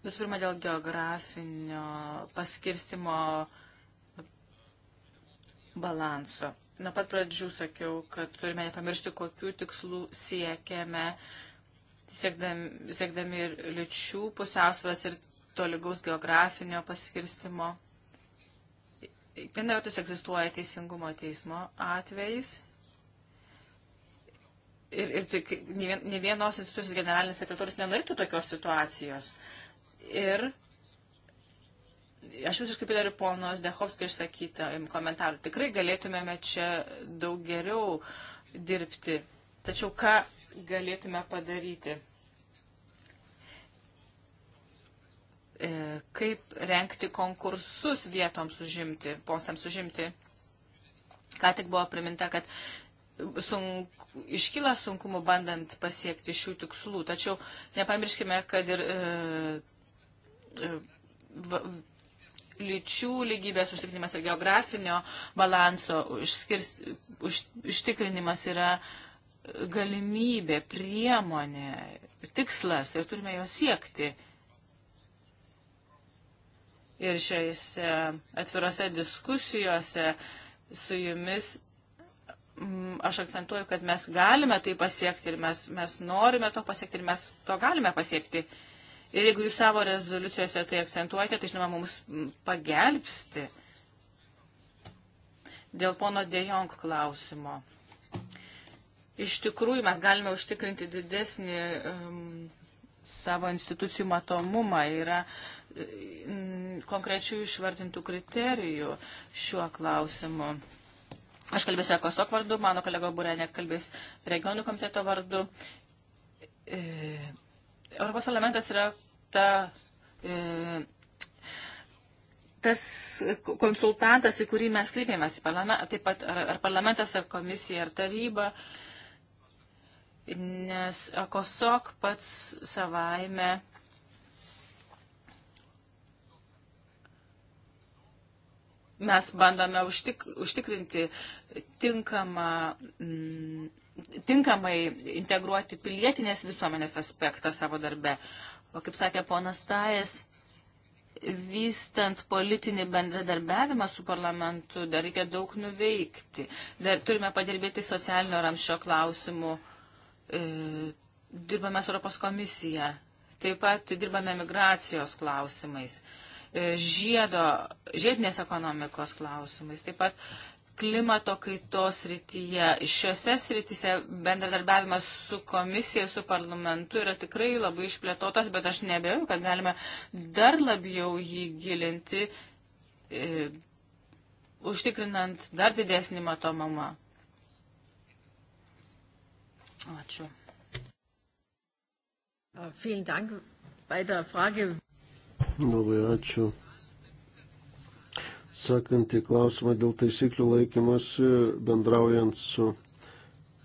Visų pirma, dėl geografinio paskirstimo uh, balanso. Nuo pat pradžių sakiau, kad turime nepamiršti, kokiu tikslu siekiame, siekdami, siekdami ir lyčių pusiausvės ir tolygaus geografinio paskirstimo. Viena vertus egzistuoja teisingumo teismo atvejais. Ir, ir tik ne vienos institucijos generalinis sekretorius nenorėtų tokios situacijos. Ir Aš visiškai pritariu ponos Dehovskio išsakytą komentarų. Tikrai galėtumėme čia daug geriau dirbti. Tačiau ką galėtume padaryti? E, kaip renkti konkursus vietoms užimti, postams užimti? Ką tik buvo priminta, kad sunk, iškyla sunkumų bandant pasiekti šių tikslų. Tačiau nepamirškime, kad ir e, e, lyčių lygybės užtikrinimas ir geografinio balanso užskirs, už, užtikrinimas yra galimybė, priemonė, tikslas ir turime jo siekti. Ir šiuose atvirose diskusijose su jumis mm, aš akcentuoju, kad mes galime tai pasiekti ir mes, mes norime to pasiekti ir mes to galime pasiekti. Uh, Ir jeigu jūs savo rezoliucijose tai akcentuojate, tai žinoma mums pagelbsti. Dėl pono Dejong klausimo. Iš tikrųjų, mes galime užtikrinti didesnį um, savo institucijų matomumą. Yra um, konkrečių išvardintų kriterijų šiuo klausimu. Aš kalbėsiu Ekosok vardu, mano kolega Burė nekalbės regionų komiteto vardu. E, Europos parlamentas yra ta, e, tas konsultantas, į kurį mes kreipėmės, taip pat ar, ar parlamentas, ar komisija, ar taryba, nes ECOSOC pats savaime mes bandome užtik, užtikrinti tinkamą. Mm, tinkamai integruoti pilietinės visuomenės aspektą savo darbe. O kaip sakė ponas Tajas, vystant politinį bendradarbiavimą su parlamentu dar reikia daug nuveikti. Dar turime padirbėti socialinio ramščio klausimų. E, dirbame su Europos komisija. Taip pat dirbame migracijos klausimais, e, žiedo, žiedinės ekonomikos klausimais. Taip pat klimato kaitos rytyje. Šiuose srityse bendradarbiavimas su komisija, su parlamentu yra tikrai labai išplėtotas, bet aš nebejoju, kad galime dar labiau jį gilinti, e, užtikrinant dar didesnį matomumą. Ačiū. Vielen Dank. Bei der Frage. Labai ačiū. Sakant į klausimą dėl taisyklių laikymosi, bendraujant su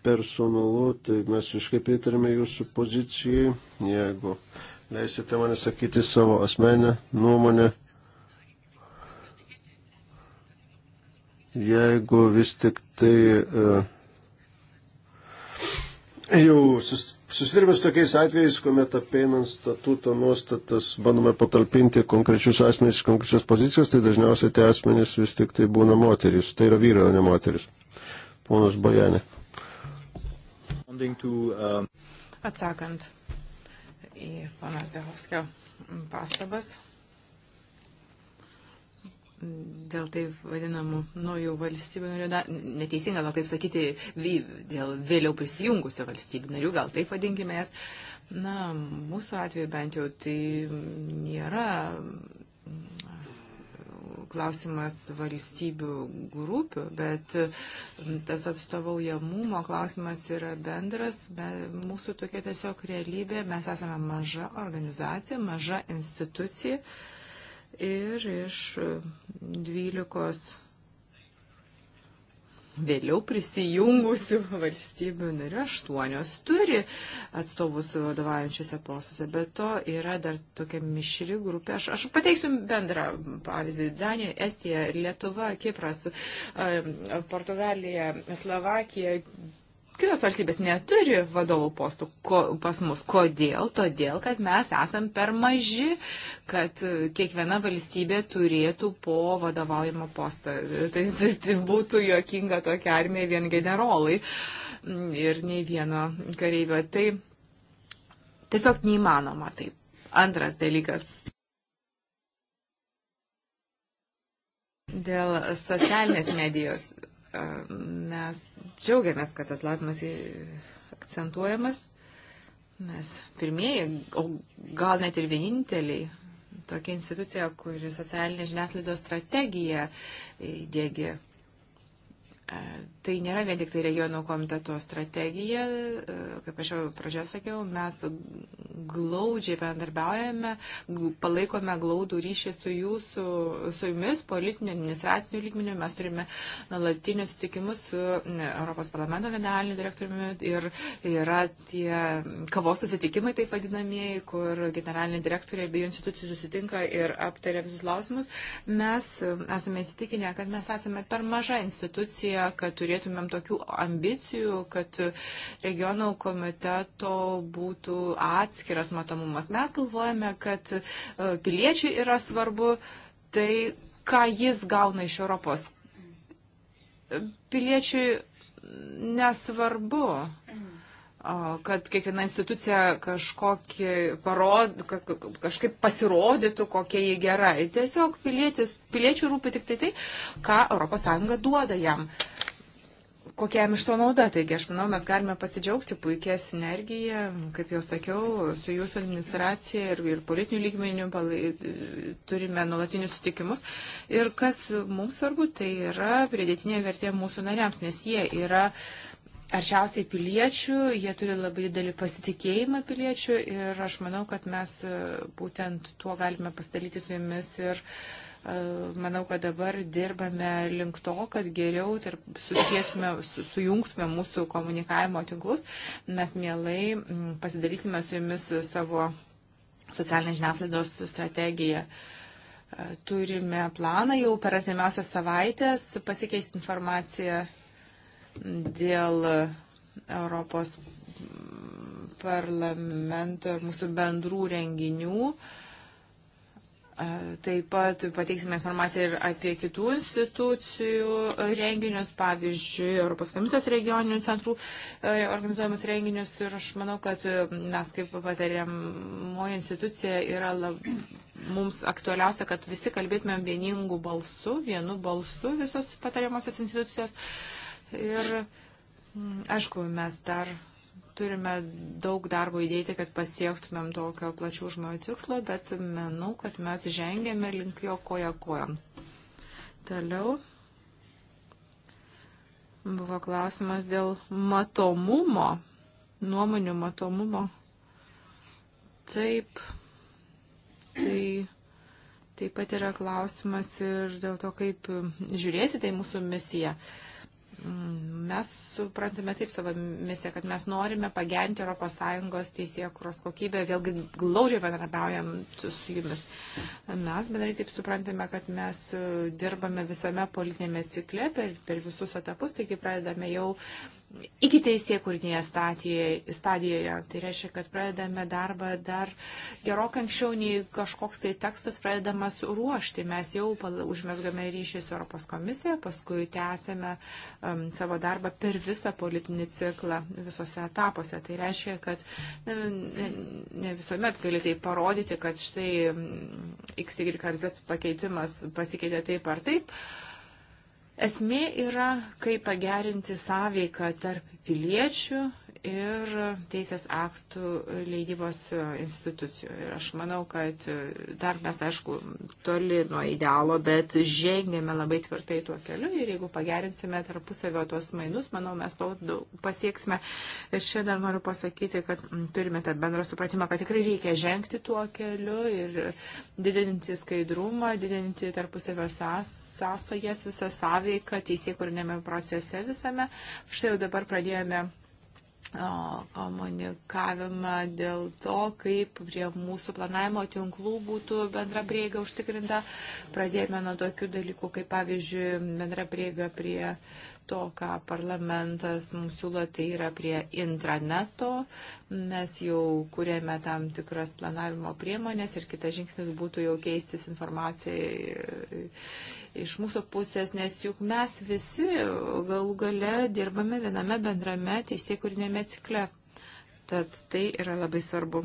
personalu, tai mes iškai pritarime jūsų pozicijai, jeigu leisite man sakyti savo asmenę nuomonę. Jeigu vis tik tai uh, jau susitikti Susidurime su tokiais atvejais, kuomet apeinant statuto nuostatas bandome patalpinti konkrečius asmenys į konkrečias pozicijas, tai dažniausiai tie asmenys vis tik tai būna moteris. Tai yra vyrai, o ne moteris. Ponas Bajanė. Atsakant į panas Zehovskio pastabas, dėl taip vadinamų naujų valstybių narių, na, neteisinga gal taip sakyti, vy, dėl vėliau prisijungusių valstybių narių, gal taip vadinkime jas, na, mūsų atveju bent jau tai nėra mm, klausimas valstybių grupių, bet mm, tas atstovaujamumo klausimas yra bendras, bet mūsų tokia tiesiog realybė, mes esame maža organizacija, maža institucija. Uh, ir iš 12 vėliau prisijungusių valstybių narių aštuonios turi atstovus vadovaujančiose postuose, bet to yra dar tokia mišri grupė. Aš, aš pateiksiu bendrą pavyzdį. Danija, Estija, Lietuva, Kipras, Portugalija, Slovakija, kitos valstybės neturi vadovų postų ko, pas mus. Kodėl? Todėl, kad mes esam per maži, kad e, kiekviena valstybė turėtų po vadovaujamą postą. Tai, tai, tai būtų jokinga tokia armija vien generolai mm, ir nei vieno kareivio. Tai tiesiog neįmanoma taip. Antras dalykas. Dėl socialinės medijos e, mes džiaugiamės, kad tas klausimas akcentuojamas. Mes pirmieji, o gal net ir vieninteliai, tokia institucija, kuri socialinė žiniaslaidos strategija įdėgi tai nėra vien tik tai regionų komiteto strategija, e, kaip aš jau pradžioje sakiau, mes glaudžiai bendarbiaujame, palaikome glaudų ryšį su jūsų, su jumis, politiniu, administraciniu lygmeniu, mes turime nuolatinius sutikimus su Europos parlamento generaliniu direktoriumi ir yra tie kavos susitikimai, taip vadinamieji, kur generaliniai direktoriai abiejų institucijų susitinka ir aptaria visus klausimus. Mes e, esame įsitikinę, kad mes esame per maža institucija, kad turėtume turėtumėm tokių ambicijų, kad regionų komiteto būtų atskiras matomumas. Mes galvojame, kad e, piliečiai yra svarbu tai, ką jis gauna iš Europos. Piliečiui nesvarbu kad kiekviena institucija kažkokį parod, kažkaip pasirodytų, kokia jį gera. Tiesiog pilietis, piliečių rūpi tik tai tai, ką ES duoda jam. Uh, kokia jam iš to nauda. Taigi aš manau, mes galime pasidžiaugti puikia sinergija, kaip jau sakiau, su jūsų administracija ir, ir politinių lygmenių palai, turime nuolatinius sutikimus. Ir kas mums svarbu, tai yra pridėtinė vertė mūsų nariams, nes jie yra arčiausiai piliečių, jie turi labai didelį pasitikėjimą piliečių ir aš manau, kad mes būtent tuo galime pasidalyti su jumis ir uh, manau, kad dabar dirbame link to, kad geriau susiesime, su, sujungtume mūsų komunikavimo tinklus. Mes mielai mm, pasidarysime su jumis savo socialinės žiniasklaidos strategiją. E, turime planą jau per artimiausias savaitės pasikeisti informaciją dėl Europos mm, parlamento ir mūsų bendrų renginių. Uh, Taip pat pateiksime informaciją ir apie kitų institucijų e, renginius, pavyzdžiui, Europos komisijos regioninių centrų e, organizuojamus renginius. Ir aš manau, kad e, mes kaip patariamoji institucija yra lab... mums aktualiausia, kad visi kalbėtumėm vieningų balsų, vienu balsu visos patariamosios institucijos. Ir aišku, mes dar turime daug darbo įdėti, kad pasiektumėm tokio plačių žmonių tikslo, bet manau, kad mes žengėme link jo koja kojon. Toliau buvo klausimas dėl matomumo, nuomonių matomumo. Taip, tai taip pat yra klausimas ir dėl to, kaip žiūrėsite į mūsų misiją. Uh, Mes suprantame taip savo misiją, kad mes norime pagerinti ES teisėje kuros kokybę, vėlgi glaudžiai bendrabiaujant su jumis. Mes bendrai taip suprantame, kad mes dirbame visame politinėme cikle per, per visus etapus, taigi pradedame jau iki teisėkūrinėje stadijoje, stadijoje. Tai reiškia, kad pradedame darbą dar gerokai anksčiau nei kažkoks tai tekstas pradedamas ruošti. Mes jau užmesgame ryšį su Europos komisija, paskui tęsėme um, savo darbą per visą politinį ciklą visose etapuose. Tai reiškia, kad ne, ne, ne visuomet gali tai parodyti, kad štai um, XYZ pakeitimas pasikeitė taip ar taip. Uh, Esmė yra, kaip pagerinti sąveiką tarp piliečių ir teisės aktų leidybos institucijų. Ir aš manau, kad dar mes, aišku, toli nuo idealo, bet žengėme labai tvirtai tuo keliu ir jeigu pagerinsime tarpusavio tos mainus, manau, mes to pasieksime. Ir čia dar noriu pasakyti, kad turime tą bendrą supratimą, kad tikrai reikia žengti tuo keliu ir didinti skaidrumą, didinti tarpusavio sąs sąsajas, visą sąveiką teisėkūrinėme procese visame. Štai jau dabar pradėjome komunikavimą dėl to, kaip prie mūsų planavimo tinklų būtų bendra prieiga užtikrinta. Pradėjome nuo tokių dalykų, kaip pavyzdžiui, bendra prieiga prie to, ką parlamentas mums siūlo, tai yra prie intraneto. Mes jau kūrėme tam tikras planavimo priemonės ir kitas žingsnis būtų jau keistis informacijai iš mūsų pusės, nes juk mes visi galų gale dirbame viename bendrame teisėkūrinėme cikle. Tad tai yra labai svarbu.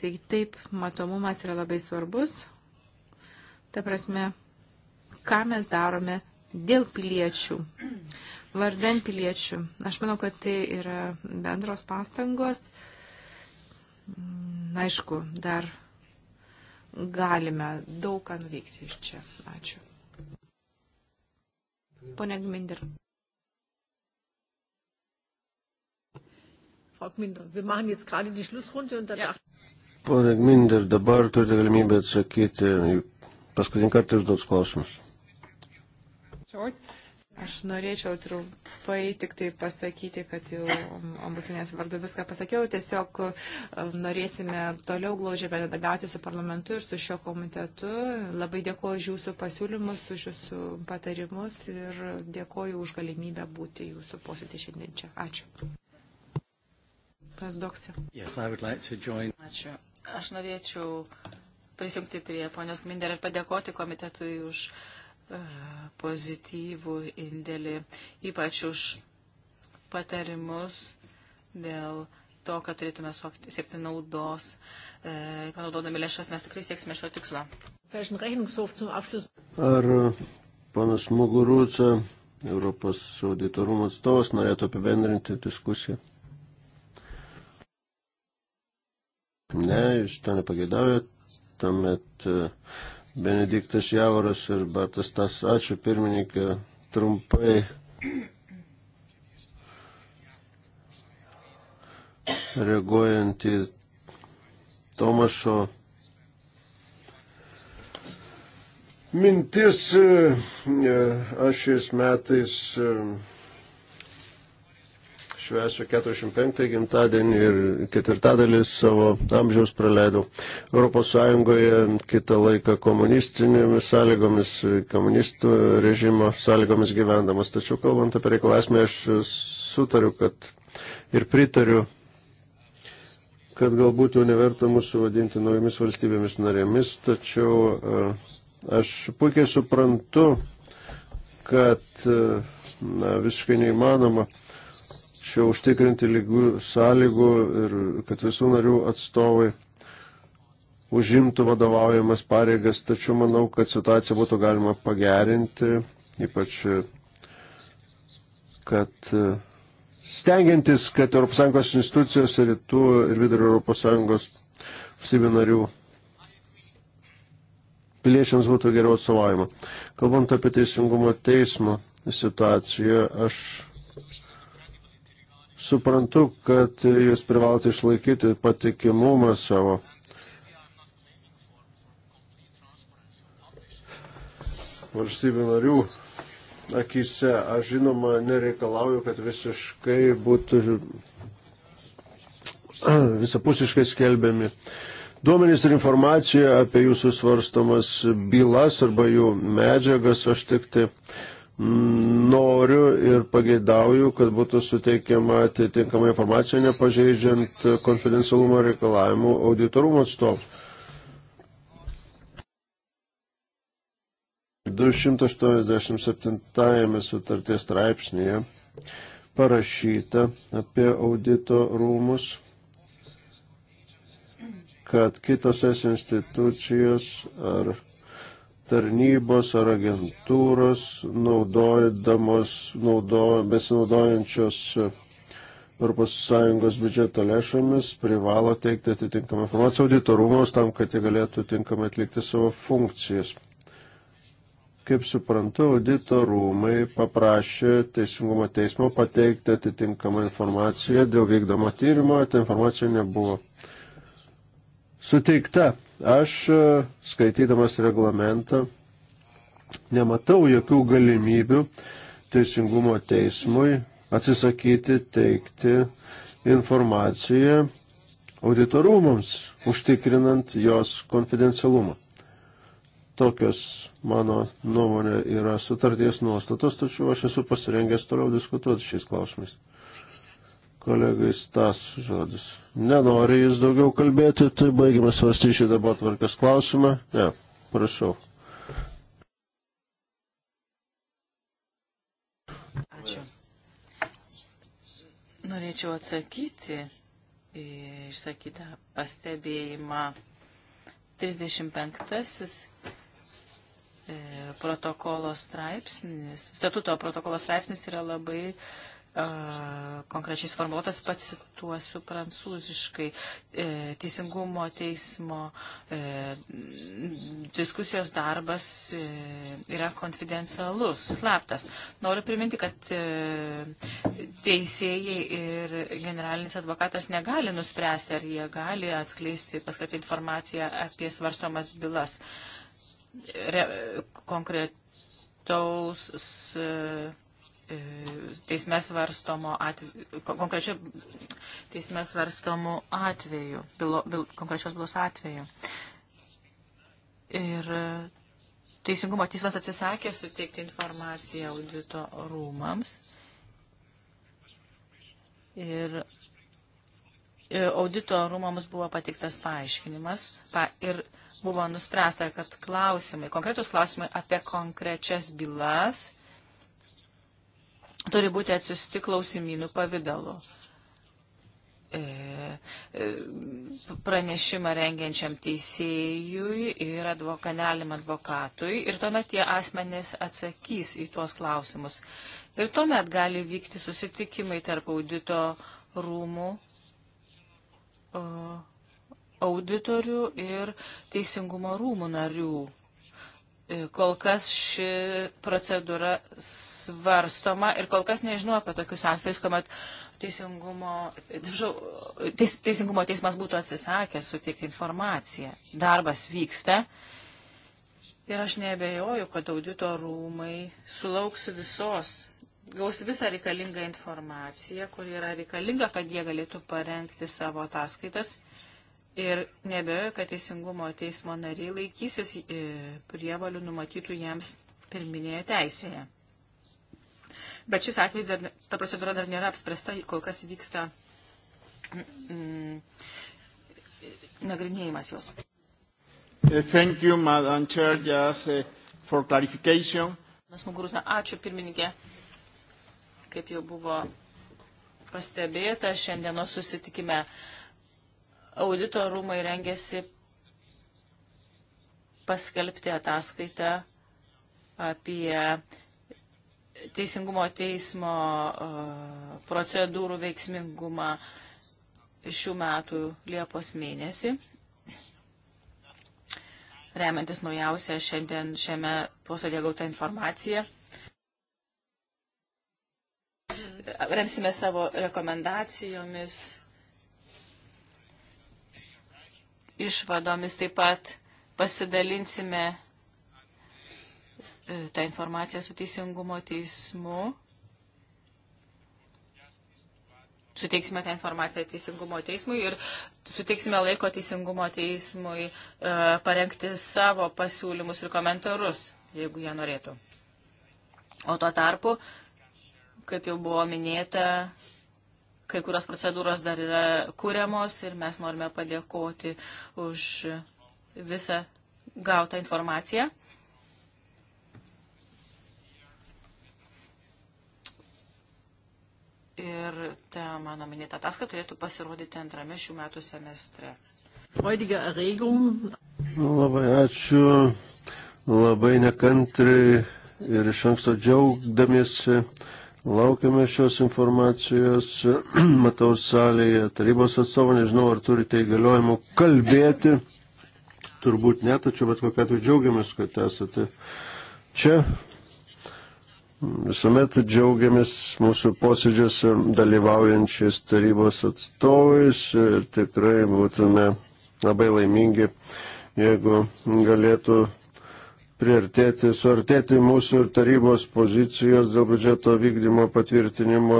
Taigi taip, matomumas yra labai svarbus. Ta prasme, ką mes darome dėl piliečių, vardan piliečių. Aš manau, kad tai yra bendros pastangos. Aišku, dar galime daug ką nuveikti iš čia. Ačiū. Pone Gminder. Frau Gminder, wir machen jetzt gerade die Schlussrunde und dann... Ja. Pone Gminder, dabar turite galimybę atsakyti paskutinį kartą užduotus klausimus. Short. Aš norėčiau trumpai tik tai pasakyti, kad jau ombusinės vardu viską pasakiau. Tiesiog e, norėsime toliau glaužiai bendradarbiauti su parlamentu ir su šio komitetu. Labai dėkuoju už jūsų pasiūlymus, už jūsų patarimus ir dėkuoju už galimybę būti jūsų posėdį šiandien čia. Ačiū. Kas doksė? Yes, like join... Ačiū. Aš norėčiau prisijungti prie ponios Minder ir padėkoti komitetui už. Už E, pozityvų indėlį, ypač už patarimus dėl to, kad turėtume siekti naudos, e, panaudodami lėšas, mes tikrai sieksime šio tikslo. Ar panas Muguruca, Europos auditorumo atstovas, norėtų apibendrinti diskusiją? Ne, jūs to nepagėdavote, tuomet. E, Benediktas Javoras ir Bartas Tas. Ačiū pirmininkė. Trumpai reaguojant į Tomašo mintis, e, e, aš šiais metais e, švesiu 45 gimtadienį ir ketvirtadalį savo amžiaus praleidau Europos Sąjungoje, kitą laiką komunistinėmis sąlygomis, komunistų režimo sąlygomis gyvendamas. Tačiau kalbant apie reikalasmę, aš sutariu, kad ir pritariu kad galbūt jau neverta mūsų vadinti naujomis valstybėmis narėmis, tačiau e, aš puikiai suprantu, kad e, na, visiškai neįmanoma čia užtikrinti lygių sąlygų ir kad visų narių atstovai užimtų vadovaujamas pareigas, tačiau manau, kad situaciją būtų galima pagerinti, ypač kad stengiantis, kad ES institucijos rytų ir vidurio ES valstybių narių piliečiams būtų geriau atstovaujama. Kalbant apie teisingumo teismo situaciją, aš Suprantu, kad jūs privalote išlaikyti patikimumą savo. Valstybių narių akise aš žinoma nereikalauju, kad visiškai būtų visapusiškai skelbiami duomenys ir informacija apie jūsų svarstomas bylas arba jų medžiagas. Aš tik tai noriu ir pageidauju, kad būtų suteikiama atitinkama informacija, nepažeidžiant konfidencialumo reikalavimų auditorumo atstovų. 287 sutarties straipsnėje parašyta apie audito rūmus, kad kitos institucijos ar tarnybos ar agentūros naudojamos, naudoja, besinaudojančios ES biudžeto lėšomis privalo teikti atitinkamą informaciją auditorumams tam, kad jie galėtų tinkamai atlikti savo funkcijas. Kaip suprantu, auditorumai paprašė Teisingumo teismo pateikti atitinkamą informaciją dėl vykdomo tyrimo, ta informacija nebuvo suteikta. Aš e, skaitydamas reglamentą nematau jokių galimybių teisingumo teismui atsisakyti teikti informaciją auditorumams, užtikrinant jos konfidencialumą. Tokios mano nuomonė yra sutarties nuostatos, tačiau aš esu pasirengęs toliau diskutuoti šiais klausimais kolegai Stas žodis. Nenori jis daugiau kalbėti, tai baigime svarstyti šį darbo tvarkės klausimą. Ne, prašau. Ačiū. Norėčiau atsakyti į išsakytą pastebėjimą. 35 e, protokolo straipsnis, statuto protokolo straipsnis yra labai uh, konkrečiai sformuotas, pats cituosiu prancūziškai. E, teisingumo teismo e, diskusijos darbas e, yra konfidencialus, slaptas. Noriu priminti, kad e, teisėjai ir generalinis advokatas negali nuspręsti, ar jie gali atskleisti paskatį informaciją apie svarstomas bylas. Re, konkretaus. E, E, teisme svarstomo atveju, konkrečiu teisme svarstomu atveju, bilo, bil, konkrečios bylos atveju. Ir e, Teisingumo teismas atsisakė suteikti informaciją audito rūmams. Ir e, audito rūmams buvo patiktas paaiškinimas pa, ir buvo nuspręsta, kad klausimai, konkretus klausimai apie konkrečias bylas turi būti atsiusti klausimynų pavydalu. E, e, pranešimą rengiančiam teisėjui ir advokaneliam advokatui ir tuomet tie asmenys atsakys į tuos klausimus. Ir tuomet gali vykti susitikimai tarp audito rūmų e, auditorių ir teisingumo rūmų narių. Kol kas ši procedūra svarstoma ir kol kas nežinau apie tokius atvejus, kuomet teisingumo, teis, teisingumo teismas būtų atsisakęs suteikti informaciją. Darbas vyksta ir aš nebejoju, kad audito rūmai sulauks visos, gaus visą reikalingą informaciją, kuri yra reikalinga, kad jie galėtų parengti savo ataskaitas ir nebejoju, kad teisingumo teismo nariai laikysis e, prievalių numatytų jiems pirminėje teisėje. Bet šis atvejs, dar, ta procedūra dar nėra apspręsta, kol kas vyksta mm, nagrinėjimas jos. Eh, thank you, Madam Chair, just eh, for clarification. Mes Muguruzna, ačiū pirmininkė. Kaip jau buvo pastebėta, šiandienos susitikime uh, audito rūmai rengėsi paskelbti ataskaitą apie teisingumo teismo procedūrų veiksmingumą šių metų Liepos mėnesį. Remiantis naujausią šiandien šiame posėdė gautą informaciją, remsime savo rekomendacijomis išvadomis taip pat pasidalinsime e, tą informaciją su teisingumo teismu. Suteiksime tą informaciją teisingumo teismui ir suteiksime laiko teisingumo teismui e, parengti savo pasiūlymus ir komentarus, jeigu jie norėtų. O tuo tarpu, kaip jau buvo minėta, kai kurios procedūros dar yra kūriamos ir mes norime padėkoti už visą gautą informaciją. Ir ta mano minėta ataskaita turėtų pasirodyti antrame šių metų semestre. Labai ačiū, labai nekantriai ir iš anksto džiaugdamiesi Laukiame šios informacijos. Matau salėje tarybos atstovą, nežinau, ar turite įgaliojimų kalbėti. Turbūt ne, tačiau bet kokia atveju džiaugiamės, kad esate čia. Visuomet džiaugiamės mūsų posėdžiuose dalyvaujančiais tarybos atstovais ir tikrai būtume labai laimingi, jeigu galėtų priartėti, suartėti mūsų ir tarybos pozicijos dėl biudžeto vykdymo patvirtinimo.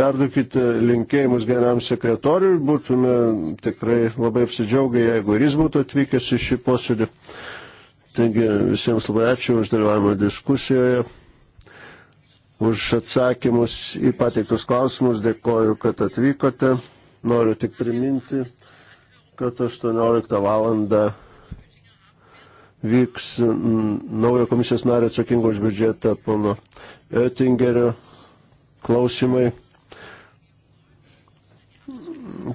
Perdukite linkėjimus geram sekretoriui, būtume tikrai labai apsidžiaugę, jeigu ir jis būtų atvykęs į šį posėdį. Taigi visiems labai ačiū už dalyvavimą diskusijoje, už atsakymus į pateiktus klausimus, dėkoju, kad atvykote. Noriu tik priminti, kad 18 valandą vyks mm, naujo komisijos nario atsakingo už biudžetą pono Oettingerio klausimai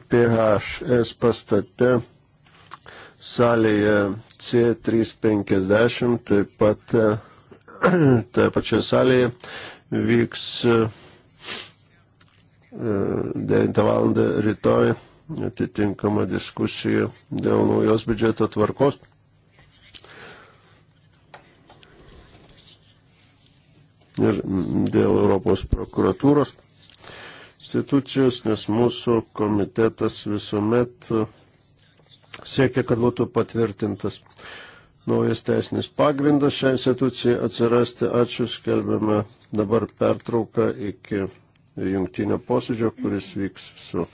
PHS pastate salėje C350, taip pat toje pačioje salėje vyks 9 e, val. rytoj atitinkama diskusija dėl naujos biudžeto tvarkos. ir dėl Europos prokuratūros institucijos, nes mūsų komitetas visuomet siekia, kad būtų patvirtintas naujas teisinis pagrindas šią instituciją atsirasti. Ačiū, skelbiame dabar pertrauką iki jungtinio posėdžio, kuris vyks su